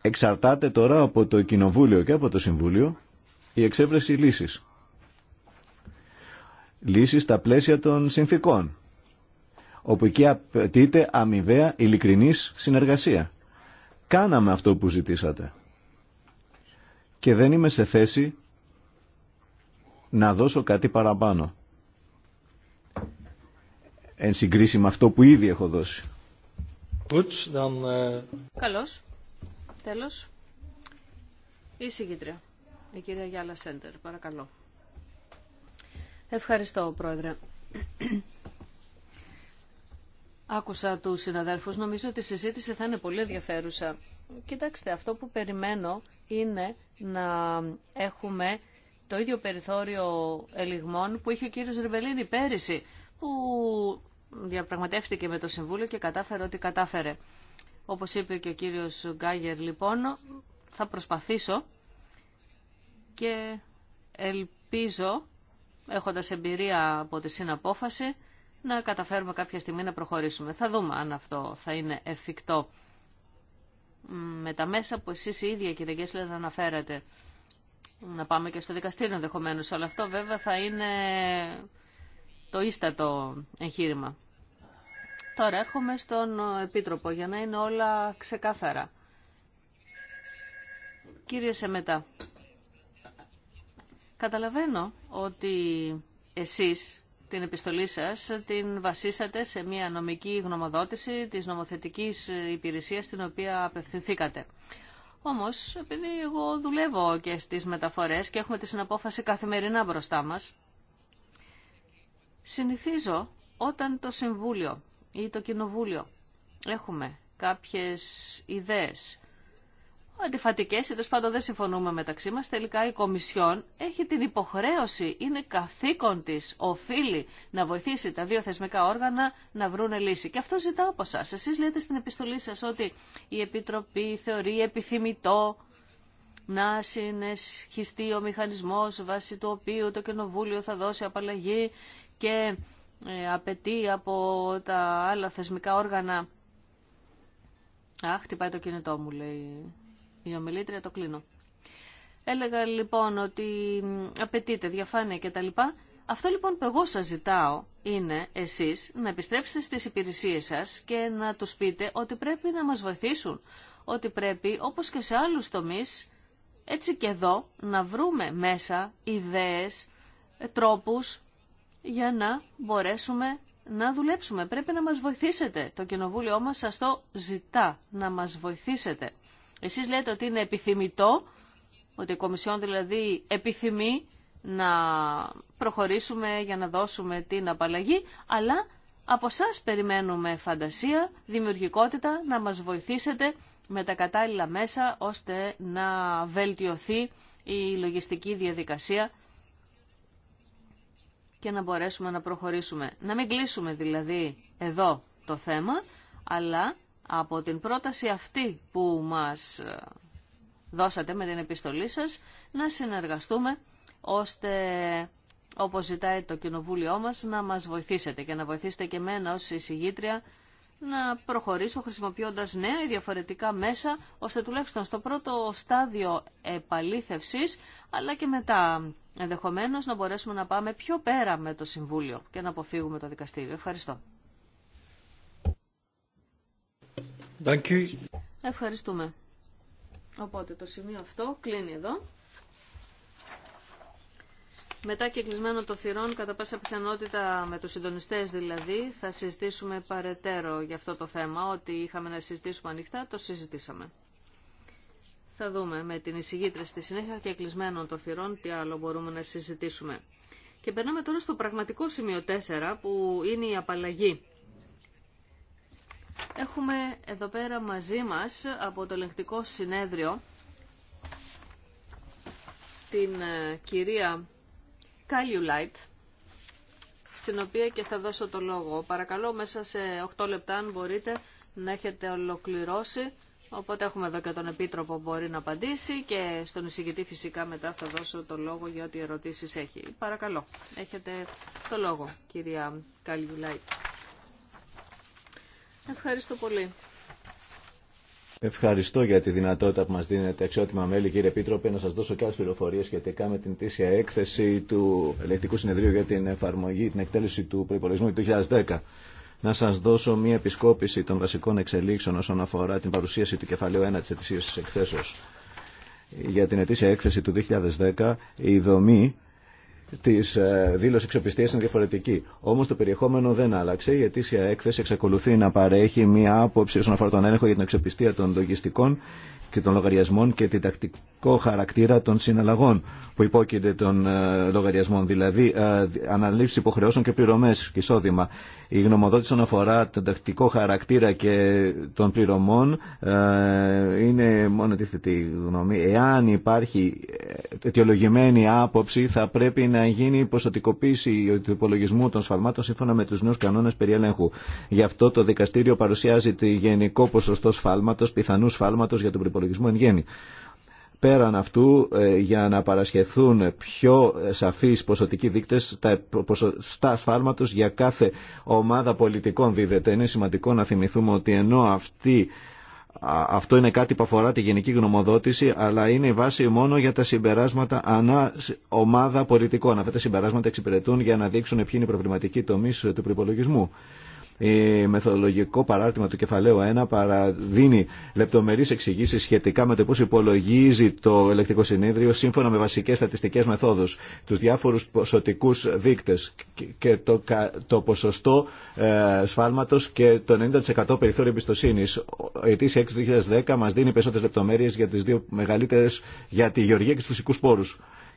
Εξαρτάται τώρα από το Κοινοβούλιο και από το Συμβούλιο η εξέβρεση λύσης. Λύσεις στα πλαίσια των συνθήκων, όπου εκεί απαιτείται αμοιβαία ειλικρινής συνεργασία. Κάναμε αυτό που ζητήσατε. Και δεν είμαι σε θέση να δώσω κάτι παραπάνω. Εν συγκρίση με αυτό που ήδη έχω δώσει. Ε, Καλώς. Τέλος. Η συγκήτρια. Η κυρία Γιάλα Σέντερ. Παρακαλώ. Ευχαριστώ, Πρόεδρε. Άκουσα του συναδέλφους. Νομίζω ότι η συζήτηση θα είναι πολύ ενδιαφέρουσα. Κοιτάξτε, αυτό που περιμένω είναι να έχουμε το ίδιο περιθώριο ελιγμών που είχε ο κύριος Ριβελίνη πέρυσι, που διαπραγματεύτηκε με το Συμβούλιο και κατάφερε ό,τι κατάφερε. Όπως είπε και ο κύριος Γκάγερ, λοιπόν, θα προσπαθήσω και ελπίζω, έχοντας εμπειρία από τη συναπόφαση, να καταφέρουμε κάποια στιγμή να προχωρήσουμε. Θα δούμε αν αυτό θα είναι εφικτό με τα μέσα που εσείς οι ίδιοι, κύριε Γκέσλερ αναφέρατε να πάμε και στο δικαστήριο ενδεχομένω. Αλλά αυτό βέβαια θα είναι το ίστατο εγχείρημα. Τώρα έρχομαι στον Επίτροπο για να είναι όλα ξεκάθαρα. Κύριε Σεμετά, καταλαβαίνω ότι εσείς την επιστολή σας την βασίσατε σε μια νομική γνωμοδότηση της νομοθετικής υπηρεσίας στην οποία απευθυνθήκατε. Όμω, επειδή εγώ δουλεύω και στι μεταφορές και έχουμε τη συναπόφαση καθημερινά μπροστά μα. συνηθίζω όταν το Συμβούλιο ή το Κοινοβούλιο έχουμε κάποιες ιδέες αντιφατικές ή πάντων δεν συμφωνούμε μεταξύ μας. Τελικά η παντων δεν συμφωνουμε μεταξυ μα. έχει την υποχρέωση, είναι καθήκον της, οφείλει να βοηθήσει τα δύο θεσμικά όργανα να βρουν λύση. Και αυτό ζητάω από εσά. Εσείς λέτε στην επιστολή σας ότι η Επιτροπή θεωρεί επιθυμητό να συνεχιστεί ο μηχανισμός βάσει του οποίου το Κοινοβούλιο θα δώσει απαλλαγή και ε, απαιτεί από τα άλλα θεσμικά όργανα. Αχ, χτυπάει το κινητό μου, λέει η ομιλήτρια, το κλείνω. Έλεγα λοιπόν ότι απαιτείται διαφάνεια κτλ. Αυτό λοιπόν που εγώ σας ζητάω είναι εσείς να επιστρέψετε στις υπηρεσίες σας και να τους πείτε ότι πρέπει να μας βοηθήσουν, ότι πρέπει όπως και σε άλλους τομείς, έτσι και εδώ, να βρούμε μέσα ιδέες, ε, τρόπους για να μπορέσουμε να δουλέψουμε. Πρέπει να μας βοηθήσετε. Το κοινοβούλιο μας σας το ζητά να μας βοηθήσετε. Εσείς λέτε ότι είναι επιθυμητό, ότι η Κομισιόν δηλαδή επιθυμεί να προχωρήσουμε για να δώσουμε την απαλλαγή, αλλά από εσά περιμένουμε φαντασία, δημιουργικότητα, να μας βοηθήσετε με τα κατάλληλα μέσα ώστε να βελτιωθεί η λογιστική διαδικασία και να μπορέσουμε να προχωρήσουμε. Να μην κλείσουμε δηλαδή εδώ το θέμα, αλλά από την πρόταση αυτή που μας ε, δώσατε με την επιστολή σας να συνεργαστούμε ώστε όπως ζητάει το κοινοβούλιο μας να μας βοηθήσετε και να βοηθήσετε και εμένα ως εισηγήτρια να προχωρήσω χρησιμοποιώντας νέα ή διαφορετικά μέσα ώστε τουλάχιστον στο πρώτο στάδιο επαλήθευσης αλλά και μετά ενδεχομένως να μπορέσουμε να πάμε πιο πέρα με το Συμβούλιο και να αποφύγουμε το δικαστήριο. Ευχαριστώ. Ευχαριστούμε. Οπότε το σημείο αυτό κλείνει εδώ. Μετά και κλεισμένο το θυρών, κατά πάσα πιθανότητα με τους συντονιστές δηλαδή, θα συζητήσουμε παρετέρω για αυτό το θέμα, ότι είχαμε να συζητήσουμε ανοιχτά, το συζητήσαμε. Θα δούμε με την εισηγήτρια στη συνέχεια και κλεισμένο το θυρών τι άλλο μπορούμε να συζητήσουμε. Και περνάμε τώρα στο πραγματικό σημείο 4 που είναι η απαλλαγή. Έχουμε εδώ πέρα μαζί μας από το ελεγκτικό συνέδριο την ε, κυρία Κάλιου Λάιτ, στην οποία και θα δώσω το λόγο. Παρακαλώ μέσα σε 8 λεπτά αν μπορείτε να έχετε ολοκληρώσει. Οπότε έχουμε εδώ και τον Επίτροπο που μπορεί να απαντήσει και στον εισηγητή φυσικά μετά θα δώσω το λόγο για ό,τι ερωτήσεις έχει. Παρακαλώ, έχετε το λόγο κυρία Κάλιου Λάιτ. Ευχαριστώ πολύ. Ευχαριστώ για τη δυνατότητα που μας δίνετε, αξιότιμα μέλη, κύριε Επίτροπε, να σας δώσω κάποιες πληροφορίες σχετικά με την τήσια έκθεση του Ελεκτικού Συνεδρίου για την εφαρμογή, την εκτέλεση του προϋπολογισμού του 2010. Να σας δώσω μία επισκόπηση των βασικών εξελίξεων όσον αφορά την παρουσίαση του κεφαλαίου 1 της ετησίας της Για την ετήσια έκθεση του 2010, η δομή τη ε, δήλωση εξοπιστία είναι διαφορετική. Όμω το περιεχόμενο δεν άλλαξε. Η ετήσια έκθεση εξακολουθεί να παρέχει μία άποψη όσον αφορά τον έλεγχο για την εξοπιστία των λογιστικών και των λογαριασμών και την τακτικό χαρακτήρα των συναλλαγών που υπόκειται των ε, λογαριασμών, δηλαδή ε, αναλήψη υποχρεώσεων και πληρωμέ και εισόδημα. Η γνωμοδότηση όσον αφορά τον τακτικό χαρακτήρα και των πληρωμών ε, είναι μόνο αντίθετη γνώμη. Εάν υπάρχει αιτιολογημένη άποψη, θα πρέπει να γίνει ποσοτικοποίηση του υπολογισμού των σφαλμάτων σύμφωνα με του νέου κανόνε περί ελέγχου. Γι' αυτό το δικαστήριο παρουσιάζει τη γενικό ποσοστό σφάλματο, πιθανού σφάλματο για τον εν γέννη. Πέραν αυτού, ε, για να παρασχεθούν πιο σαφείς ποσοτικοί δείκτες, τα ποσοστά για κάθε ομάδα πολιτικών δίδεται. Είναι σημαντικό να θυμηθούμε ότι ενώ αυτή αυτό είναι κάτι που αφορά τη γενική γνωμοδότηση, αλλά είναι η βάση μόνο για τα συμπεράσματα ανά ομάδα πολιτικών. Αυτά τα συμπεράσματα εξυπηρετούν για να δείξουν ποιοι είναι οι προβληματικοί τομείς ε, του προπολογισμού. Η μεθοδολογικό παράρτημα του κεφαλαίου 1 παραδίνει λεπτομερεί εξηγήσει σχετικά με το πώ υπολογίζει το ελεκτικό συνέδριο σύμφωνα με βασικέ στατιστικέ μεθόδου, του διάφορου ποσοτικού δείκτε και το, το ποσοστό ε, σφάλματο και το 90% περιθώριο εμπιστοσύνη. Η αιτήσια 6 του 2010 μα δίνει περισσότερε λεπτομέρειε για τι δύο μεγαλύτερε, για τη γεωργία και του φυσικού πόρου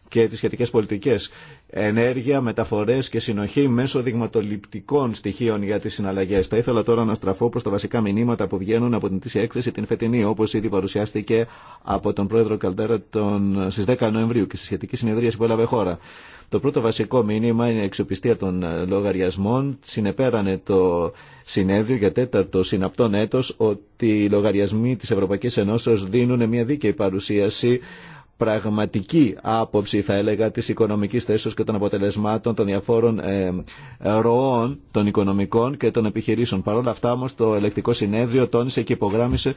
και τις σχετικές πολιτικές. Ενέργεια, μεταφορές και συνοχή μέσω δειγματοληπτικών στοιχείων για τις συναλλαγές. Θα ήθελα τώρα να στραφώ προς τα βασικά μηνύματα που βγαίνουν από την τύση έκθεση την φετινή, όπως ήδη παρουσιάστηκε από τον πρόεδρο Καλτέρα τον... στις 10 Νοεμβρίου και στη σχετική συνεδρίαση που έλαβε χώρα. Το πρώτο βασικό μήνυμα είναι η εξοπιστία των λογαριασμών. Συνεπέρανε το συνέδριο για τέταρτο συναπτών έτος ότι οι λογαριασμοί της Ευρωπαϊκής Ενώσεως δίνουν μια δίκαιη παρουσίαση πραγματική άποψη θα έλεγα της οικονομικής θέσεως και των αποτελεσμάτων των διαφόρων ε, ροών των οικονομικών και των επιχειρήσεων. Παρ' όλα αυτά όμως το ελεκτικό συνέδριο τόνισε και υπογράμμισε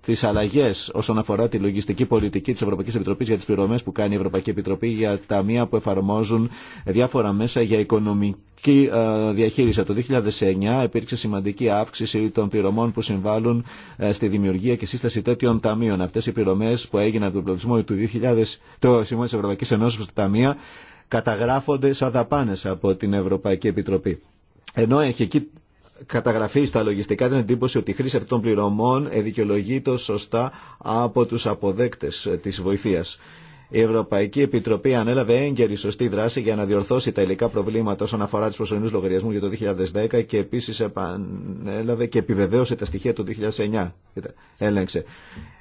τι αλλαγέ όσον αφορά τη λογιστική πολιτική τη Ευρωπαϊκή Επιτροπή για τι πληρωμέ που κάνει η Ευρωπαϊκή Επιτροπή για ταμεία που εφαρμόζουν διάφορα μέσα για οικονομική ε, διαχείριση. Το 2009 υπήρξε σημαντική αύξηση των πληρωμών που συμβάλλουν ε, στη δημιουργία και σύσταση τέτοιων ταμείων. Αυτέ οι πληρωμέ που έγιναν από τον πληθυσμό του 2000, το Συμβούλιο τη Ευρωπαϊκή Ενώση στα ταμεία, καταγράφονται σαν δαπάνε από την Ευρωπαϊκή Επιτροπή. Ενώ έχει καταγραφεί στα λογιστικά την εντύπωση ότι η χρήση αυτών των πληρωμών εδικαιολογείται σωστά από τους αποδέκτες της βοηθείας. Η Ευρωπαϊκή Επιτροπή ανέλαβε έγκαιρη σωστή δράση για να διορθώσει τα υλικά προβλήματα όσον αφορά του προσωρινού λογαριασμού για το 2010 και επίση επανέλαβε και επιβεβαίωσε τα στοιχεία του 2009. Έλεγξε.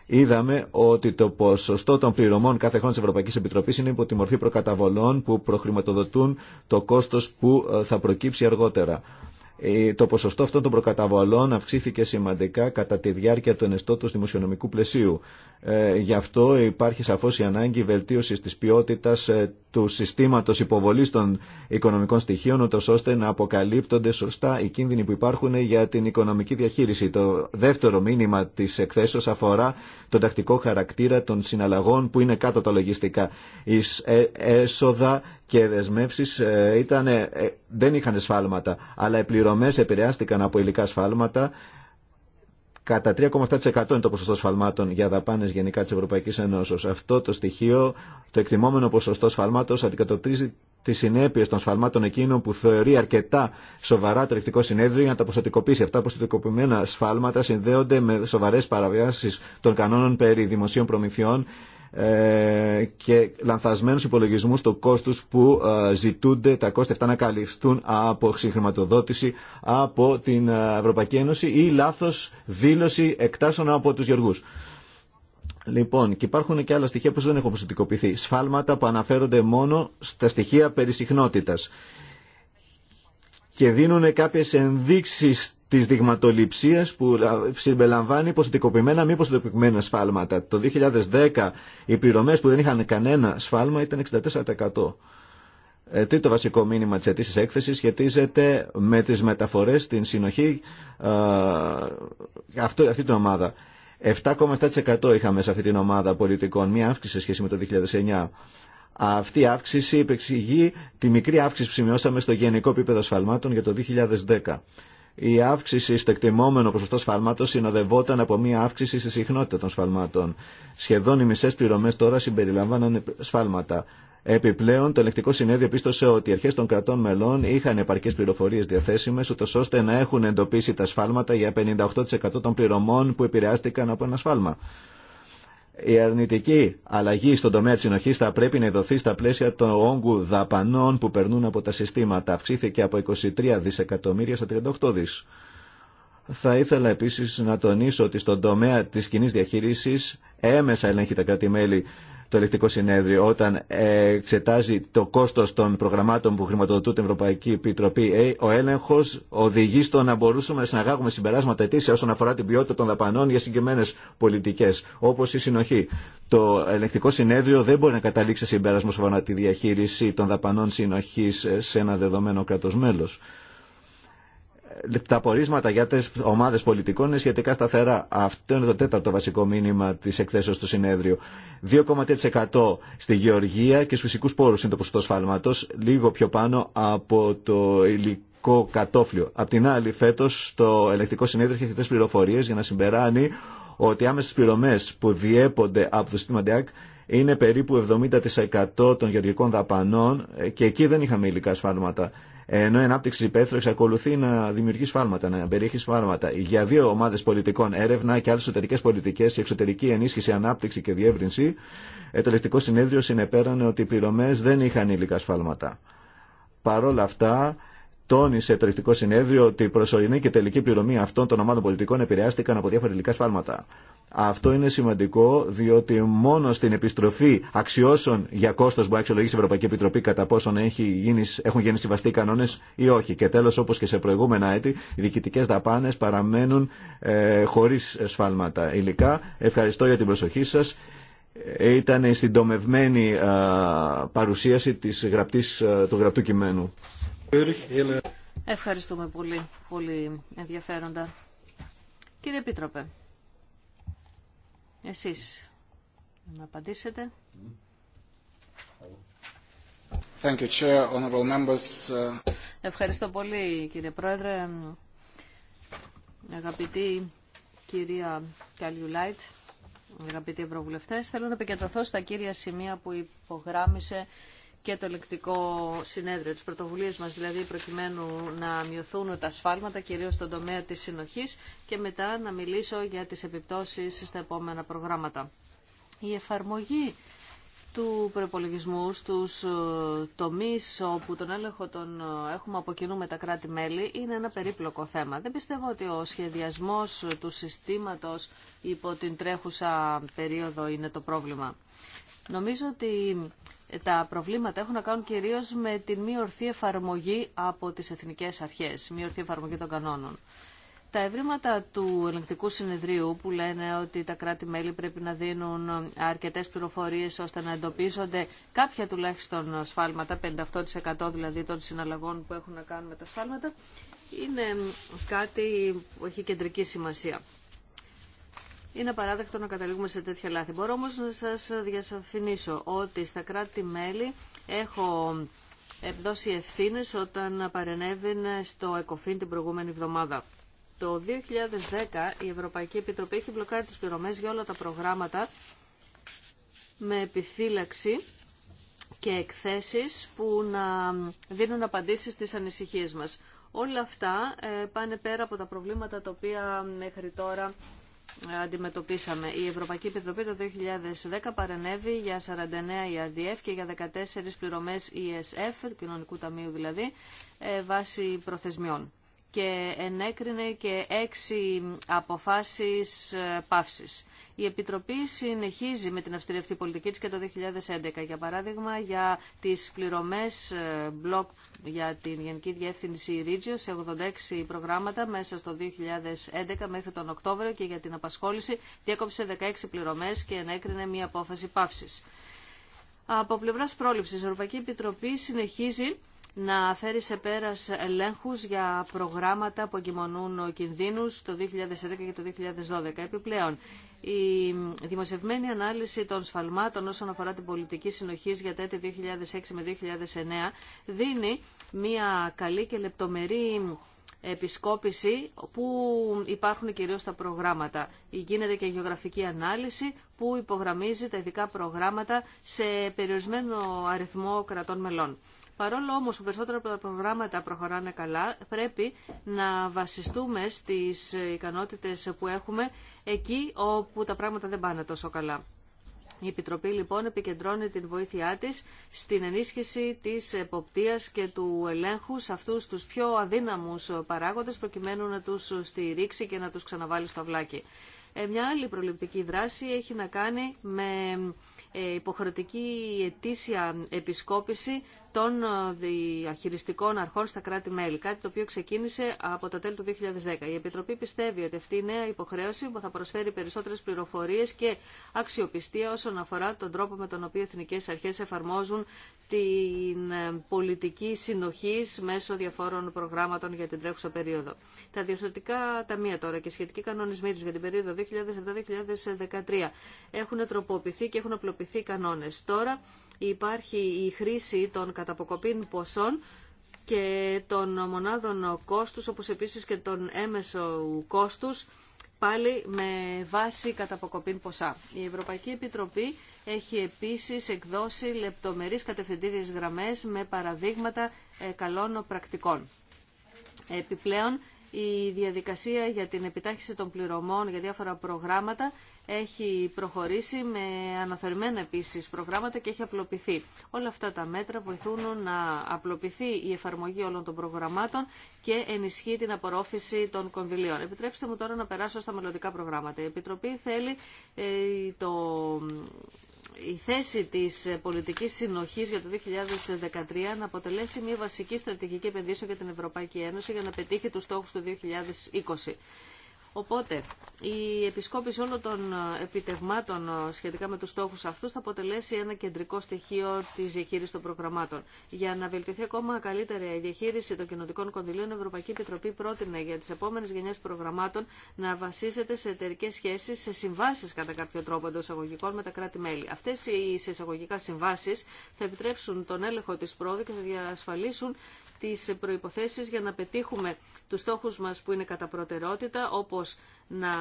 Είδαμε ότι το ποσοστό των πληρωμών κάθε χρόνο τη Ευρωπαϊκή Επιτροπή είναι υπό τη μορφή προκαταβολών που προχρηματοδοτούν το κόστο που ε, θα προκύψει αργότερα. Ε, το ποσοστό αυτών των προκαταβολών αυξήθηκε σημαντικά κατά τη διάρκεια του ενεστώτος δημοσιονομικού πλαισίου. Ε, γι' αυτό υπάρχει σαφώς η ανάγκη βελτίωσης της ποιότητας ε, του συστήματος υποβολής των οικονομικών στοιχείων, ώστε να αποκαλύπτονται σωστά οι κίνδυνοι που υπάρχουν για την οικονομική διαχείριση. Το δεύτερο μήνυμα της εκθέσεως αφορά τον τακτικό χαρακτήρα των συναλλαγών που είναι κάτω τα λογιστικά. Η έσοδα και δεσμεύσεις ε, ε, δεν είχαν σφάλματα, αλλά οι πληρωμέ επηρεάστηκαν από υλικά σφάλματα. Κατά 3,7% είναι το ποσοστό σφαλμάτων για δαπάνε γενικά τη Ευρωπαϊκή Ένωσης. Αυτό το στοιχείο, το εκτιμόμενο ποσοστό σφαλμάτων, αντικατοπτρίζει τι συνέπειε των σφαλμάτων εκείνων που θεωρεί αρκετά σοβαρά το ελεκτικό συνέδριο για να τα ποσοτικοποιήσει. Αυτά τα ποσοτικοποιημένα σφάλματα συνδέονται με σοβαρέ παραβιάσει των κανόνων περί δημοσίων προμηθειών ε, και λανθασμένου υπολογισμού των κόστου που ε, ζητούνται τα κόστη αυτά να καλυφθούν από συγχρηματοδότηση από την ε, Ευρωπαϊκή Ένωση ή λάθο δήλωση εκτάσεων από του γεωργούς. Λοιπόν, και υπάρχουν και άλλα στοιχεία που δεν έχουν προσωπικοποιηθεί. Σφάλματα που αναφέρονται μόνο στα στοιχεία περισυχνότητας και δίνουν κάποιες ενδείξεις τη δειγματοληψία που συμπεριλαμβάνει ποσοτικοποιημένα μη ποσοτικοποιημένα σφάλματα. Το 2010 οι πληρωμέ που δεν είχαν κανένα σφάλμα ήταν 64%. Ε, τρίτο βασικό μήνυμα της αιτήσης έκθεσης σχετίζεται με τις μεταφορές στην συνοχή ε, αυτή, αυτή την ομάδα. 7,7% είχαμε σε αυτή την ομάδα πολιτικών, μία αύξηση σε σχέση με το 2009. Αυτή η αύξηση υπεξηγεί τη μικρή αύξηση που σημειώσαμε στο γενικό επίπεδο ασφαλμάτων για το 2010 η αύξηση στο εκτιμόμενο ποσοστό σφάλματος συνοδευόταν από μια αύξηση στη συχνότητα των σφαλμάτων. Σχεδόν οι μισές πληρωμές τώρα συμπεριλαμβάνανε σφάλματα. Επιπλέον, το ελεκτικό συνέδριο πίστωσε ότι οι αρχέ των κρατών μελών είχαν επαρκέ πληροφορίε διαθέσιμε, ούτω ώστε να έχουν εντοπίσει τα σφάλματα για 58% των πληρωμών που επηρεάστηκαν από ένα σφάλμα. Η αρνητική αλλαγή στον τομέα τη συνοχή θα πρέπει να δοθεί στα πλαίσια των όγκου δαπανών που περνούν από τα συστήματα. Αυξήθηκε από 23 δισεκατομμύρια στα 38 δις. Θα ήθελα επίσης να τονίσω ότι στον τομέα της κοινή διαχείρισης έμεσα ελέγχει τα κράτη-μέλη το ελεκτικό συνέδριο όταν εξετάζει το κόστος των προγραμμάτων που χρηματοδοτούν την Ευρωπαϊκή Επιτροπή. Ε, ο έλεγχος οδηγεί στο να μπορούσαμε να συναγάγουμε συμπεράσματα αιτήσια όσον αφορά την ποιότητα των δαπανών για συγκεκριμένε πολιτικές, όπως η συνοχή. Το ελεκτικό συνέδριο δεν μπορεί να καταλήξει συμπέρασμα σχετικά τη διαχείριση των δαπανών συνοχής σε ένα δεδομένο κράτος μέλος τα πορίσματα για τι ομάδε πολιτικών είναι σχετικά σταθερά. Αυτό είναι το τέταρτο βασικό μήνυμα τη εκθέσεω του συνέδριου. 2,3% στη γεωργία και στου φυσικού πόρου είναι το ποσοστό σφάλματο, λίγο πιο πάνω από το υλικό κατόφλιο. Απ' την άλλη, φέτο το ελεκτικό συνέδριο έχει χτες πληροφορίε για να συμπεράνει ότι άμεσε πληρωμέ που διέπονται από το σύστημα ΔΕΑΚ είναι περίπου 70% των γεωργικών δαπανών και εκεί δεν είχαμε υλικά σφάλματα. Ενώ η ανάπτυξη υπαίθρου εξακολουθεί να δημιουργεί σφάλματα, να περιέχει σφάλματα. Για δύο ομάδε πολιτικών, έρευνα και άλλε εσωτερικέ πολιτικέ, η εξωτερική ενίσχυση, ανάπτυξη και διεύρυνση, ε, το ελεκτικό συνέδριο συνεπέρανε ότι οι πληρωμέ δεν είχαν υλικά σφάλματα. Παρ' όλα αυτά, Τόνισε το ρηκτικό Συνέδριο ότι η προσωρινή και τελική πληρωμή αυτών των ομάδων πολιτικών επηρεάστηκαν από διάφορα υλικά σφάλματα. Αυτό είναι σημαντικό διότι μόνο στην επιστροφή αξιώσεων για κόστο που αξιολογήσει η Ευρωπαϊκή Επιτροπή κατά πόσον έχει γίνει, έχουν γίνει συμβαστοί κανόνε ή όχι. Και τέλο, όπω και σε προηγούμενα έτη, οι διοικητικέ δαπάνε παραμένουν ε, χωρί σφάλματα υλικά. Ευχαριστώ για την προσοχή σα. Ε, ήταν η συντομευμένη ε, παρουσίαση της γραπτής, ε, του γραπτού κειμένου. Ευχαριστούμε πολύ, πολύ ενδιαφέροντα. Κύριε Επίτροπε, εσείς να απαντήσετε. Thank you, Chair, honorable members. Ευχαριστώ πολύ κύριε Πρόεδρε, αγαπητή κυρία Καλιουλάιτ, αγαπητοί ευρωβουλευτές. Θέλω να επικεντρωθώ στα κύρια σημεία που υπογράμμισε και το ελεκτικό συνέδριο, της πρωτοβουλίας μας δηλαδή προκειμένου να μειωθούν τα σφάλματα κυρίως στον τομέα της συνοχής και μετά να μιλήσω για τις επιπτώσεις στα επόμενα προγράμματα. Η εφαρμογή του προπολογισμού στους ε, τομείς όπου τον έλεγχο τον ε, έχουμε από κοινού με τα κράτη-μέλη είναι ένα περίπλοκο θέμα. Δεν πιστεύω ότι ο σχεδιασμός του συστήματος υπό την τρέχουσα περίοδο είναι το πρόβλημα. Νομίζω ότι τα προβλήματα έχουν να κάνουν κυρίως με την μη ορθή εφαρμογή από τις εθνικές αρχές, μη ορθή εφαρμογή των κανόνων. Τα ευρήματα του ελεγκτικού συνεδρίου που λένε ότι τα κράτη-μέλη πρέπει να δίνουν αρκετές πληροφορίες ώστε να εντοπίζονται κάποια τουλάχιστον σφάλματα, 58% δηλαδή των συναλλαγών που έχουν να κάνουν με τα σφάλματα, είναι κάτι που έχει κεντρική σημασία. Είναι απαράδεκτο να καταλήγουμε σε τέτοια λάθη. Μπορώ όμως να σας διασαφηνίσω ότι στα κράτη-μέλη έχω δώσει ευθύνε όταν παρενέβαινε στο ΕΚΟΦΗΝ την προηγούμενη εβδομάδα. Το 2010 η Ευρωπαϊκή Επιτροπή έχει μπλοκάρει τις πληρωμές για όλα τα προγράμματα με επιφύλαξη και εκθέσεις που να δίνουν απαντήσεις στις ανησυχίες μας. Όλα αυτά ε, πάνε πέρα από τα προβλήματα τα οποία μέχρι τώρα αντιμετωπίσαμε. Η Ευρωπαϊκή Επιτροπή το 2010 παρενέβη για 49 ERDF και για 14 πληρωμές ESF, του Κοινωνικού Ταμείου δηλαδή, ε, βάσει προθεσμιών. Και ενέκρινε και 6 αποφάσεις ε, παύσης. Η Επιτροπή συνεχίζει με την αυστηρή αυτή πολιτική της και το 2011. Για παράδειγμα, για τις πληρωμές ε, μπλοκ για την Γενική Διεύθυνση Ρίτζιο σε 86 προγράμματα μέσα στο 2011 μέχρι τον Οκτώβριο και για την απασχόληση διέκοψε 16 πληρωμές και ενέκρινε μία απόφαση πάυσης. Από πλευράς πρόληψης, η Ευρωπαϊκή Επιτροπή συνεχίζει να φέρει σε πέρας ελέγχους για προγράμματα που εγκυμονούν κινδύνους το 2011 και το 2012. Επιπλέον, η δημοσιευμένη ανάλυση των σφαλμάτων όσον αφορά την πολιτική συνοχή για τα έτη 2006 με 2009 δίνει μια καλή και λεπτομερή επισκόπηση που υπάρχουν κυρίως τα προγράμματα. Γίνεται και γεωγραφική ανάλυση που υπογραμμίζει τα ειδικά προγράμματα σε περιορισμένο αριθμό κρατών μελών. Παρόλο όμω, που περισσότερα από τα προγράμματα προχωράνε καλά, πρέπει να βασιστούμε στις ικανότητες που έχουμε εκεί όπου τα πράγματα δεν πάνε τόσο καλά. Η Επιτροπή λοιπόν επικεντρώνει την βοήθειά της στην ενίσχυση της εποπτείας και του ελέγχου σε αυτούς τους πιο αδύναμους παράγοντες προκειμένου να τους στηρίξει και να τους ξαναβάλει στο αυλάκι. Ε, μια άλλη προληπτική δράση έχει να κάνει με ε, υποχρεωτική ετήσια επισκόπηση των ε, διαχειριστικών αρχών στα κράτη-μέλη, κάτι το οποίο ξεκίνησε από τα τέλη του 2010. Η Επιτροπή πιστεύει ότι αυτή η νέα υποχρέωση θα προσφέρει περισσότερες πληροφορίες και αξιοπιστία όσον αφορά τον τρόπο με τον οποίο οι εθνικές αρχές εφαρμόζουν την ε, πολιτική συνοχής μέσω διαφόρων προγράμματων για την τρέχουσα περίοδο. Τα διευθυντικά ταμεία τώρα και σχετικοί κανονισμοί τους για την περίοδο 2007-2013 έχουν τροποποιηθεί και έχουν απλοποιηθεί οι κανόνες. Τώρα υπάρχει η χρήση των καταποκοπήν ποσών και των μονάδων κόστους, όπως επίσης και των έμεσο κόστους, πάλι με βάση καταποκοπήν ποσά. Η Ευρωπαϊκή Επιτροπή έχει επίσης εκδώσει λεπτομερείς κατευθυντήριες γραμμές με παραδείγματα ε, καλών πρακτικών. Επιπλέον, η διαδικασία για την επιτάχυση των πληρωμών για διάφορα προγράμματα έχει προχωρήσει με αναθερμένα επίση προγράμματα και έχει απλοποιηθεί. Όλα αυτά τα μέτρα βοηθούν να απλοποιηθεί η εφαρμογή όλων των προγραμμάτων και ενισχύει την απορρόφηση των κονδυλίων. Επιτρέψτε μου τώρα να περάσω στα μελλοντικά προγράμματα. Η Επιτροπή θέλει ε, το... η θέση της πολιτικής συνοχής για το 2013 να αποτελέσει μια βασική στρατηγική επενδύσεων για την Ευρωπαϊκή Ένωση για να πετύχει τους στόχους του 2020. Οπότε, η επισκόπηση όλων των επιτευμάτων σχετικά με τους στόχους αυτούς θα αποτελέσει ένα κεντρικό στοιχείο της διαχείρισης των προγραμμάτων. Για να βελτιωθεί ακόμα καλύτερα η διαχείριση των κοινοτικών κονδυλίων, η Ευρωπαϊκή Επιτροπή πρότεινε για τις επόμενες γενιές προγραμμάτων να βασίζεται σε εταιρικέ σχέσεις, σε συμβάσεις κατά κάποιο τρόπο εντό εισαγωγικών με τα κράτη-μέλη. Αυτές οι εισαγωγικά συμβάσει θα επιτρέψουν τον έλεγχο της πρόοδου και θα διασφαλίσουν τις προϋποθέσεις για να πετύχουμε τους στόχους μας που είναι κατά προτεραιότητα, όπως να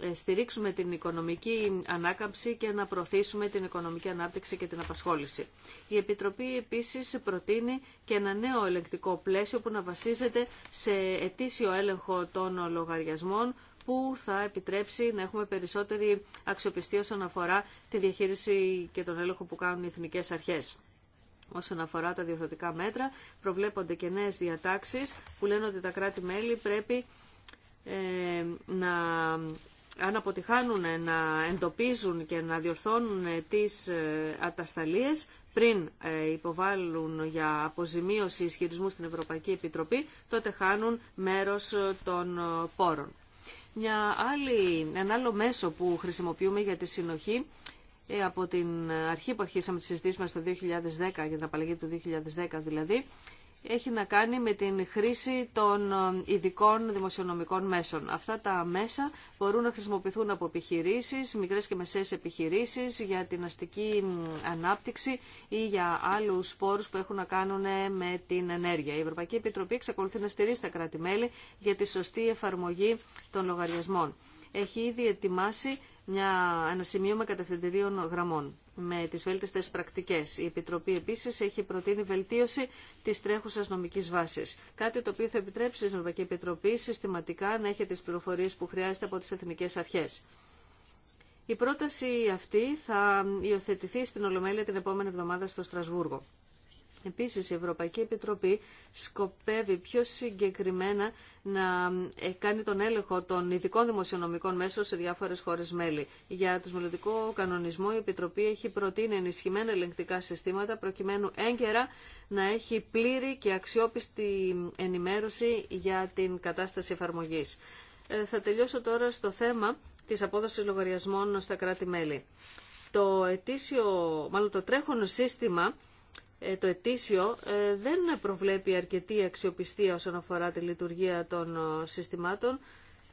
ε, στηρίξουμε την οικονομική ανάκαμψη και να προωθήσουμε την οικονομική ανάπτυξη και την απασχόληση. Η Επιτροπή επίσης προτείνει και ένα νέο ελεγκτικό πλαίσιο που να βασίζεται σε ετήσιο έλεγχο των λογαριασμών που θα επιτρέψει να έχουμε περισσότερη αξιοπιστία όσον αφορά τη διαχείριση και τον έλεγχο που κάνουν οι εθνικές αρχές. Όσον αφορά τα διορθωτικά μέτρα, προβλέπονται και νέες διατάξεις που λένε ότι τα κράτη-μέλη πρέπει ε, να αν αποτυχάνουν να εντοπίζουν και να διορθώνουν ε, τις ε, ατασταλίες πριν υποβάλουν για αποζημίωση ισχυρισμού στην Ευρωπαϊκή Επιτροπή, τότε χάνουν μέρος των πόρων. Μια άλλη, ένα άλλο μέσο που χρησιμοποιούμε για τη συνοχή ε, από την αρχή που αρχίσαμε τη συζήτηση μας το 2010, για την απαλλαγή του 2010 δηλαδή, έχει να κάνει με την χρήση των ε, ειδικών δημοσιονομικών μέσων. Αυτά τα μέσα μπορούν να χρησιμοποιηθούν από επιχειρήσεις, μικρές και μεσαίες επιχειρήσεις, για την αστική ανάπτυξη ή για άλλους σπόρους που έχουν να κάνουν ε, με την ενέργεια. Η Ευρωπαϊκή Επιτροπή εξακολουθεί να στηρίζει τα κράτη-μέλη για τη σωστή εφαρμογή των λογαριασμών. Έχει ήδη ετοιμάσει μια, ένα σημείωμα κατευθυντηρίων γραμμών με τις βέλτιστες πρακτικές. Η Επιτροπή επίσης έχει προτείνει βελτίωση της τρέχουσας νομικής βάσης, κάτι το οποίο θα επιτρέψει στην Ευρωπαϊκή Επιτροπή συστηματικά να έχει τις πληροφορίες που χρειάζεται από τις εθνικές αρχές. Η πρόταση αυτή θα υιοθετηθεί στην Ολομέλεια την επόμενη εβδομάδα στο Στρασβούργο. Επίσης η Ευρωπαϊκή Επιτροπή σκοπεύει πιο συγκεκριμένα να ε, κάνει τον έλεγχο των ειδικών δημοσιονομικών μέσων σε διάφορες χώρες μέλη. Για τους μελλοντικό κανονισμό η Επιτροπή έχει προτείνει ενισχυμένα ελεγκτικά συστήματα προκειμένου έγκαιρα να έχει πλήρη και αξιόπιστη ενημέρωση για την κατάσταση εφαρμογής. Ε, θα τελειώσω τώρα στο θέμα της απόδοσης λογαριασμών στα κράτη-μέλη. Το, ετήσιο, μάλλον το τρέχον σύστημα ε, το ετήσιο ε, δεν προβλέπει αρκετή αξιοπιστία όσον αφορά τη λειτουργία των ε, συστημάτων.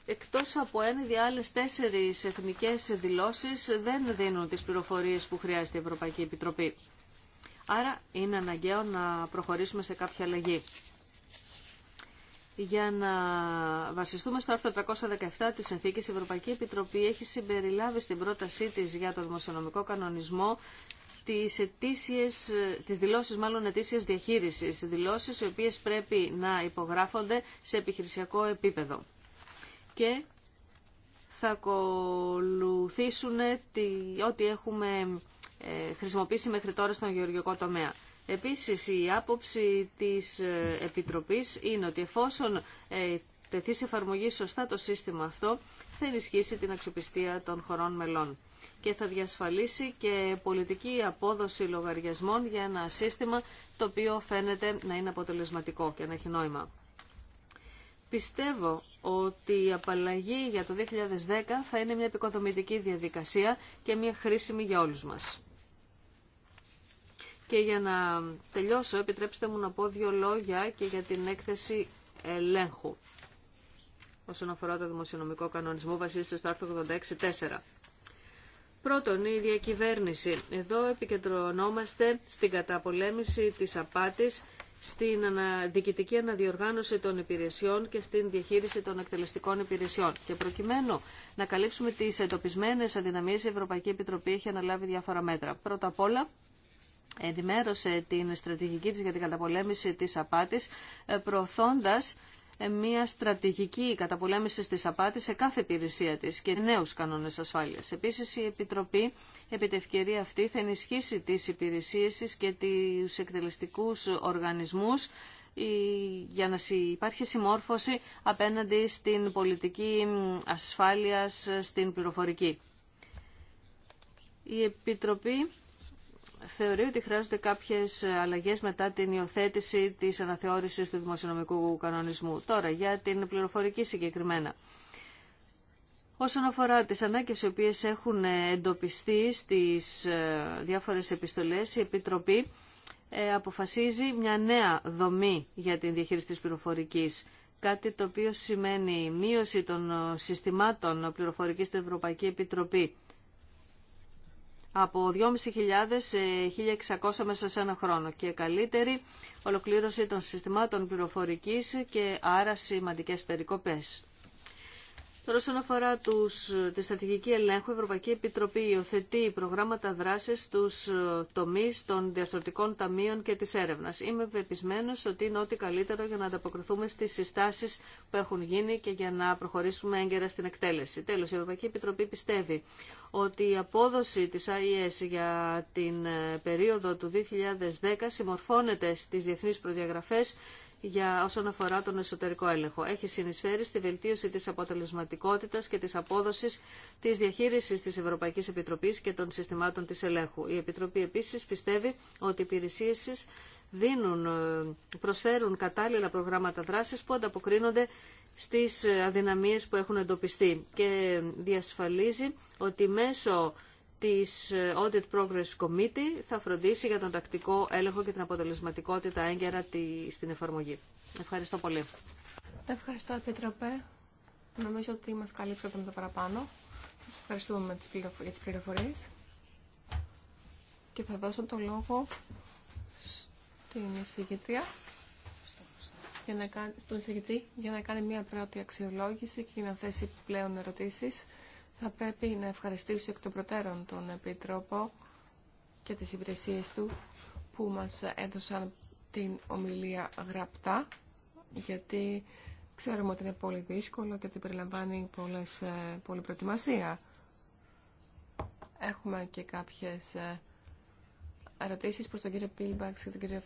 Εκτός από ένα ή άλλες τέσσερις εθνικές δηλώσεις δεν δίνουν τις πληροφορίες που χρειάζεται η Ευρωπαϊκή Επιτροπή. Άρα είναι αναγκαίο να προχωρήσουμε σε κάποια αλλαγή. Για να βασιστούμε στο άρθρο 317 της Συνθήκης, η Ευρωπαϊκή Επιτροπή έχει συμπεριλάβει στην πρότασή της για το δημοσιονομικό κανονισμό τις, δηλώσει, τις δηλώσεις μάλλον ετήσιες διαχείρισης, δηλώσεις οι οποίες πρέπει να υπογράφονται σε επιχειρησιακό επίπεδο. Και θα ακολουθήσουν ό,τι έχουμε ε, χρησιμοποιήσει μέχρι τώρα στον γεωργικό τομέα. Επίσης, η άποψη της ε, Επιτροπής είναι ότι εφόσον ε, τεθεί σε εφαρμογή σωστά το σύστημα αυτό, θα ενισχύσει την αξιοπιστία των χωρών μελών και θα διασφαλίσει και πολιτική απόδοση λογαριασμών για ένα σύστημα το οποίο φαίνεται να είναι αποτελεσματικό και να έχει νόημα. Πιστεύω ότι η απαλλαγή για το 2010 θα είναι μια επικοδομητική διαδικασία και μια χρήσιμη για όλους μας. Και για να τελειώσω, επιτρέψτε μου να πω δύο λόγια και για την έκθεση ελέγχου όσον αφορά το δημοσιονομικό κανονισμό βασίζεται στο άρθρο 86.4. Πρώτον, η διακυβέρνηση. Εδώ επικεντρωνόμαστε στην καταπολέμηση της απάτης, στην διοικητική αναδιοργάνωση των υπηρεσιών και στην διαχείριση των εκτελεστικών υπηρεσιών. Και προκειμένου να καλύψουμε τις εντοπισμένες αδυναμίες, η Ευρωπαϊκή Επιτροπή έχει αναλάβει διάφορα μέτρα. Πρώτα απ' όλα, ενημέρωσε την στρατηγική της για την καταπολέμηση της απάτης, ε, προωθώντας μια στρατηγική καταπολέμηση τη απάτη σε κάθε υπηρεσία τη και νέους κανόνες ασφάλειας. Επίση, η Επιτροπή επί ευκαιρία αυτή θα ενισχύσει τι υπηρεσίε τη και του εκτελεστικού οργανισμούς για να υπάρχει συμμόρφωση απέναντι στην πολιτική ασφάλειας στην πληροφορική. Η Επιτροπή θεωρεί ότι χρειάζονται κάποιες αλλαγές μετά την υιοθέτηση της αναθεώρησης του δημοσιονομικού κανονισμού. Τώρα, για την πληροφορική συγκεκριμένα. Όσον αφορά τις ανάγκες οι οποίες έχουν εντοπιστεί στις ε, διάφορες επιστολές, η Επιτροπή ε, αποφασίζει μια νέα δομή για την διαχείριση της πληροφορικής. Κάτι το οποίο σημαίνει μείωση των ε, συστημάτων πληροφορικής στην Ευρωπαϊκή Επιτροπή από 2.500 σε 1.600 μέσα σε ένα χρόνο και καλύτερη ολοκλήρωση των συστημάτων πληροφορικής και άρα σημαντικές περικοπές. Τώρα, όσον αφορά τους, τη στρατηγική ελέγχου, η Ευρωπαϊκή Επιτροπή υιοθετεί προγράμματα δράση στου ε, τομεί των διαρθρωτικών ταμείων και τη έρευνα. Είμαι πεπισμένο ότι είναι ό,τι καλύτερο για να ανταποκριθούμε στι συστάσει που έχουν γίνει και για να προχωρήσουμε έγκαιρα στην εκτέλεση. Τέλο, η Ευρωπαϊκή Επιτροπή πιστεύει ότι η απόδοση της IES για την ε, περίοδο του 2010 συμμορφώνεται στις διεθνείς προδιαγραφές για όσον αφορά τον εσωτερικό έλεγχο. Έχει συνεισφέρει στη βελτίωση της αποτελεσματικότητας και της απόδοσης της διαχείρισης της Ευρωπαϊκής Επιτροπής και των συστημάτων της ελέγχου. Η Επιτροπή επίσης πιστεύει ότι οι υπηρεσίε δίνουν, ε, προσφέρουν κατάλληλα προγράμματα δράσης που ανταποκρίνονται στις αδυναμίες που έχουν εντοπιστεί και διασφαλίζει ότι μέσω της ε, Audit Progress Committee θα φροντίσει για τον τακτικό έλεγχο και την αποτελεσματικότητα έγκαιρα στην εφαρμογή. Ευχαριστώ πολύ. Ευχαριστώ, Επίτροπε. Νομίζω ότι μας καλύψατε με το παραπάνω. Σας ευχαριστούμε για τις πληροφορίες. Και θα δώσω το λόγο στην εισηγητρία για να κάνει, στον εισηγητή για να κάνει μια πρώτη αξιολόγηση και να θέσει πλέον ερωτήσεις θα πρέπει να ευχαριστήσω εκ των προτέρων τον Επίτροπο και τις υπηρεσίες του που μας έδωσαν την ομιλία γραπτά, γιατί ξέρουμε ότι είναι πολύ δύσκολο και ότι περιλαμβάνει πολλές, ε, πολλή προετοιμασία. Έχουμε και κάποιες ε, ερωτήσεις προς τον κύριο Πίλμπαξ και τον κύριο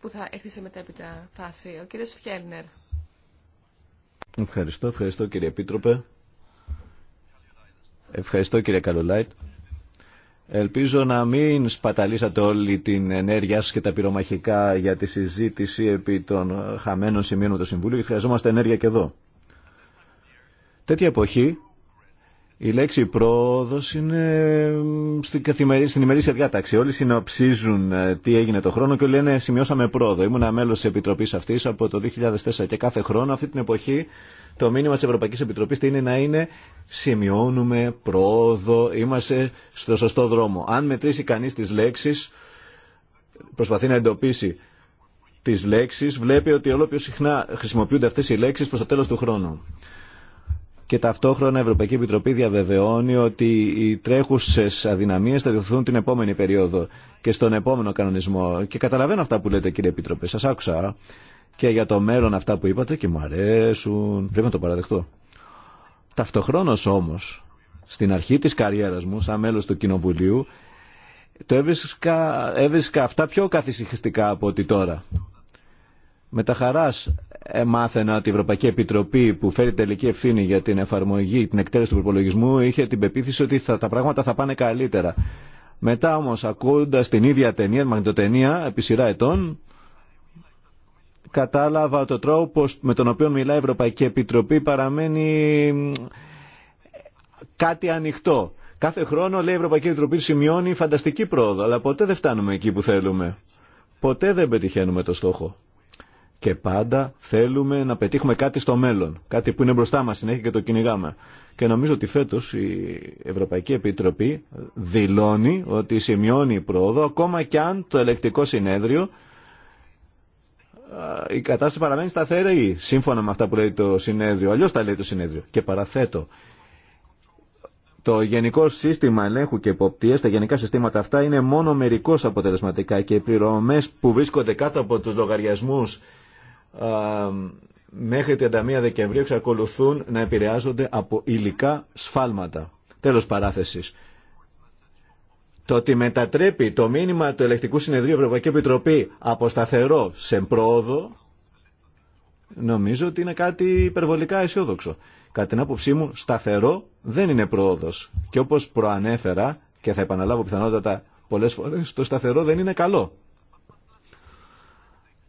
που θα έρθει σε μετέπειτα φάση. Ο κύριος Φιέλνερ. Ευχαριστώ, ευχαριστώ κύριε Επίτροπε Ευχαριστώ κύριε Καλολάιτ. Ελπίζω να μην σπαταλήσατε όλη την ενέργειά σας και τα πυρομαχικά για τη συζήτηση επί των χαμένων σημείων του το Συμβούλιο και χρειαζόμαστε ενέργεια και εδώ. Τέτοια εποχή η λέξη πρόοδο είναι στην, καθημερι... στην ημερήσια διάταξη. Όλοι συνοψίζουν ε, τι έγινε το χρόνο και όλοι λένε σημειώσαμε πρόοδο. Ήμουν μέλο τη Επιτροπή αυτή από το 2004 και κάθε χρόνο αυτή την εποχή το μήνυμα τη Ευρωπαϊκή Επιτροπή είναι να είναι σημειώνουμε πρόοδο, είμαστε στο σωστό δρόμο. Αν μετρήσει κανεί τι λέξει, προσπαθεί να εντοπίσει τι λέξει, βλέπει ότι όλο πιο συχνά χρησιμοποιούνται αυτέ οι λέξει προ το τέλο του χρόνου και ταυτόχρονα η Ευρωπαϊκή Επιτροπή διαβεβαιώνει ότι οι τρέχουσες αδυναμίες θα διωθούν την επόμενη περίοδο και στον επόμενο κανονισμό. Και καταλαβαίνω αυτά που λέτε κύριε Επιτροπή, σα άκουσα και για το μέλλον αυτά που είπατε και μου αρέσουν, πρέπει να το παραδεχτώ. Ταυτοχρόνω όμως, στην αρχή της καριέρας μου σαν μέλο του Κοινοβουλίου, το έβρισκα, αυτά πιο καθησυχιστικά από ότι τώρα. Με τα χαράς μάθαινα ότι η Ευρωπαϊκή Επιτροπή που φέρει τελική ευθύνη για την εφαρμογή, την εκτέλεση του προπολογισμού, είχε την πεποίθηση ότι τα πράγματα θα πάνε καλύτερα. Μετά όμω, ακούγοντα την ίδια ταινία, την μαγνητοτενία, επί σειρά ετών, κατάλαβα το τρόπο με τον οποίο μιλάει η Ευρωπαϊκή Επιτροπή παραμένει κάτι ανοιχτό. Κάθε χρόνο, λέει η Ευρωπαϊκή Επιτροπή, σημειώνει φανταστική πρόοδο, αλλά ποτέ δεν φτάνουμε εκεί που θέλουμε. Ποτέ δεν πετυχαίνουμε το στόχο και πάντα θέλουμε να πετύχουμε κάτι στο μέλλον, κάτι που είναι μπροστά μα συνέχεια και το κυνηγάμε. Και νομίζω ότι φέτο, η Ευρωπαϊκή Επιτροπή δηλώνει ότι σημειώνει η πρόοδο ακόμα και αν το ελεκτικό συνέδριο η κατάσταση παραμένει σταθερή σύμφωνα με αυτά που λέει το συνέδριο. Αλλιώ τα λέει το συνέδριο. Και παραθέτω. Το γενικό σύστημα ελέγχου και υποπτία, τα γενικά συστήματα αυτά είναι μόνο μερικώ αποτελεσματικά και οι πληρωμέ που βρίσκονται κάτω από του λογαριασμού μέχρι 31 Δεκεμβρίου εξακολουθούν να επηρεάζονται από υλικά σφάλματα. Τέλος παράθεσης. Το ότι μετατρέπει το μήνυμα του Ελεκτικού Συνεδρίου Ευρωπαϊκή Επιτροπή από σταθερό σε πρόοδο, νομίζω ότι είναι κάτι υπερβολικά αισιόδοξο. Κατά την άποψή μου, σταθερό δεν είναι πρόοδος. Και όπως προανέφερα, και θα επαναλάβω πιθανότατα πολλές φορές, το σταθερό δεν είναι καλό.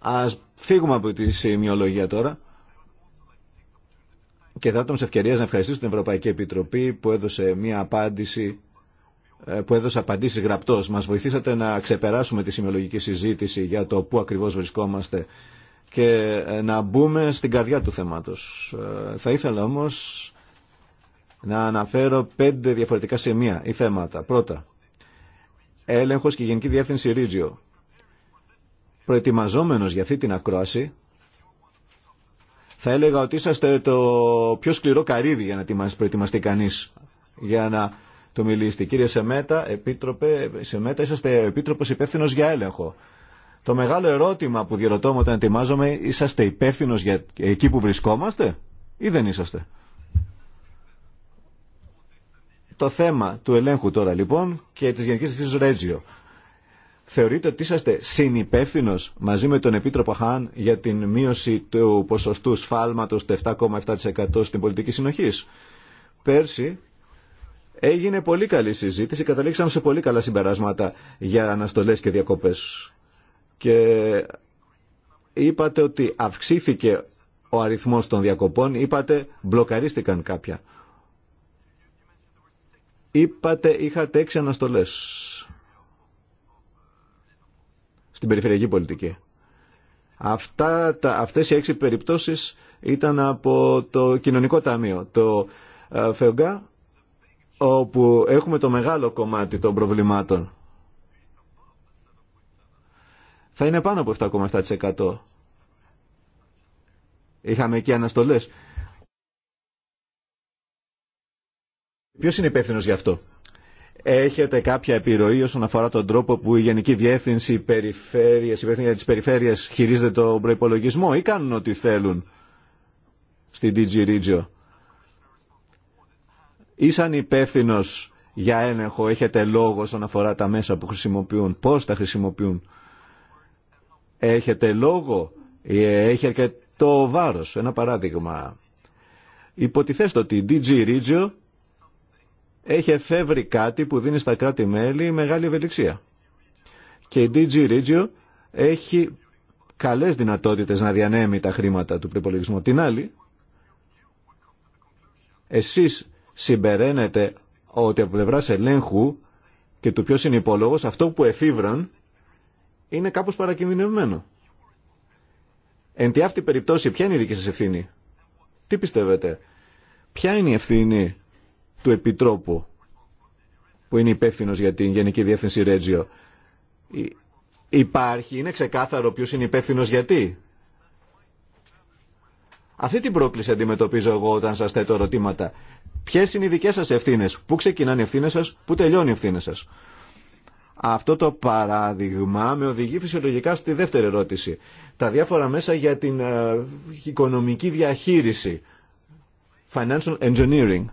Ας φύγουμε από τη σημειολογία τώρα. Και θα ήταν σε ευκαιρία να ευχαριστήσω την Ευρωπαϊκή Επιτροπή που έδωσε μια απάντηση ε, που έδωσε απαντήσει γραπτό. Μα βοηθήσατε να ξεπεράσουμε τη σημειολογική συζήτηση για το πού ακριβώ βρισκόμαστε και ε, να μπούμε στην καρδιά του θέματο. Ε, θα ήθελα όμω να αναφέρω πέντε διαφορετικά σημεία ή θέματα. Πρώτα, έλεγχο και γενική διεύθυνση Ρίτζιο προετοιμαζόμενος για αυτή την ακρόαση, θα έλεγα ότι είσαστε το πιο σκληρό καρύδι για να προετοιμαστεί κανείς για να το μιλήσετε. Κύριε Σεμέτα, επίτροπε, Σεμέτα είσαστε επίτροπος υπεύθυνο για έλεγχο. Το μεγάλο ερώτημα που διερωτώ όταν ετοιμάζομαι, είσαστε υπεύθυνο για εκεί που βρισκόμαστε ή δεν είσαστε. Το θέμα του ελέγχου τώρα λοιπόν και της Γενικής Διευθύνσης Ρέτζιο. Θεωρείτε ότι είσαστε συνυπεύθυνο μαζί με τον Επίτροπο Χάν για την μείωση του ποσοστού σφάλματος του 7,7% στην πολιτική συνοχή. Πέρσι έγινε πολύ καλή συζήτηση, καταλήξαμε σε πολύ καλά συμπεράσματα για αναστολές και διακοπές. Και είπατε ότι αυξήθηκε ο αριθμός των διακοπών, είπατε μπλοκαρίστηκαν κάποια. Είπατε είχατε έξι αναστολές στην περιφερειακή πολιτική. Αυτά, τα, αυτές οι έξι περιπτώσεις ήταν από το κοινωνικό ταμείο. Το ε, ΦΕΟΓΚΑ όπου έχουμε το μεγάλο κομμάτι των προβλημάτων. Θα είναι πάνω από 7,7%. Είχαμε εκεί αναστολές. Ποιος είναι υπεύθυνο γι' αυτό έχετε κάποια επιρροή όσον αφορά τον τρόπο που η Γενική Διεύθυνση Περιφέρειας, η για τις Περιφέρειες χειρίζεται τον προϋπολογισμό ή κάνουν ό,τι θέλουν στην DG Regio. Ήσαν υπεύθυνο για έλεγχο, έχετε λόγο όσον αφορά τα μέσα που χρησιμοποιούν, πώς τα χρησιμοποιούν. Έχετε λόγο, ε, έχει αρκετό βάρος. Ένα παράδειγμα. Υποτιθέστε ότι η DG Regio έχει εφεύρει κάτι που δίνει στα κράτη-μέλη μεγάλη ευελιξία. Και η DG Regio έχει καλές δυνατότητες να διανέμει τα χρήματα του προπολογισμού. Την άλλη, εσείς συμπεραίνετε ότι από πλευρά ελέγχου και του ποιος είναι υπόλογο, αυτό που εφήβραν είναι κάπως παρακινδυνευμένο. Εν τη αυτή περιπτώσει, ποια είναι η δική σας ευθύνη. Τι πιστεύετε. Ποια είναι η ευθύνη του Επιτρόπου που είναι υπεύθυνο για την Γενική Διεύθυνση Ρέτζιο. Υπάρχει, είναι ξεκάθαρο ποιο είναι υπεύθυνο γιατί. Αυτή την πρόκληση αντιμετωπίζω εγώ όταν σα θέτω ερωτήματα. Ποιε είναι οι δικέ σα ευθύνε, πού ξεκινάνε οι ευθύνε σα, πού τελειώνει η ευθύνη σα. Αυτό το παράδειγμα με οδηγεί φυσιολογικά στη δεύτερη ερώτηση. Τα διάφορα μέσα για την ε, οικονομική διαχείριση. Financial engineering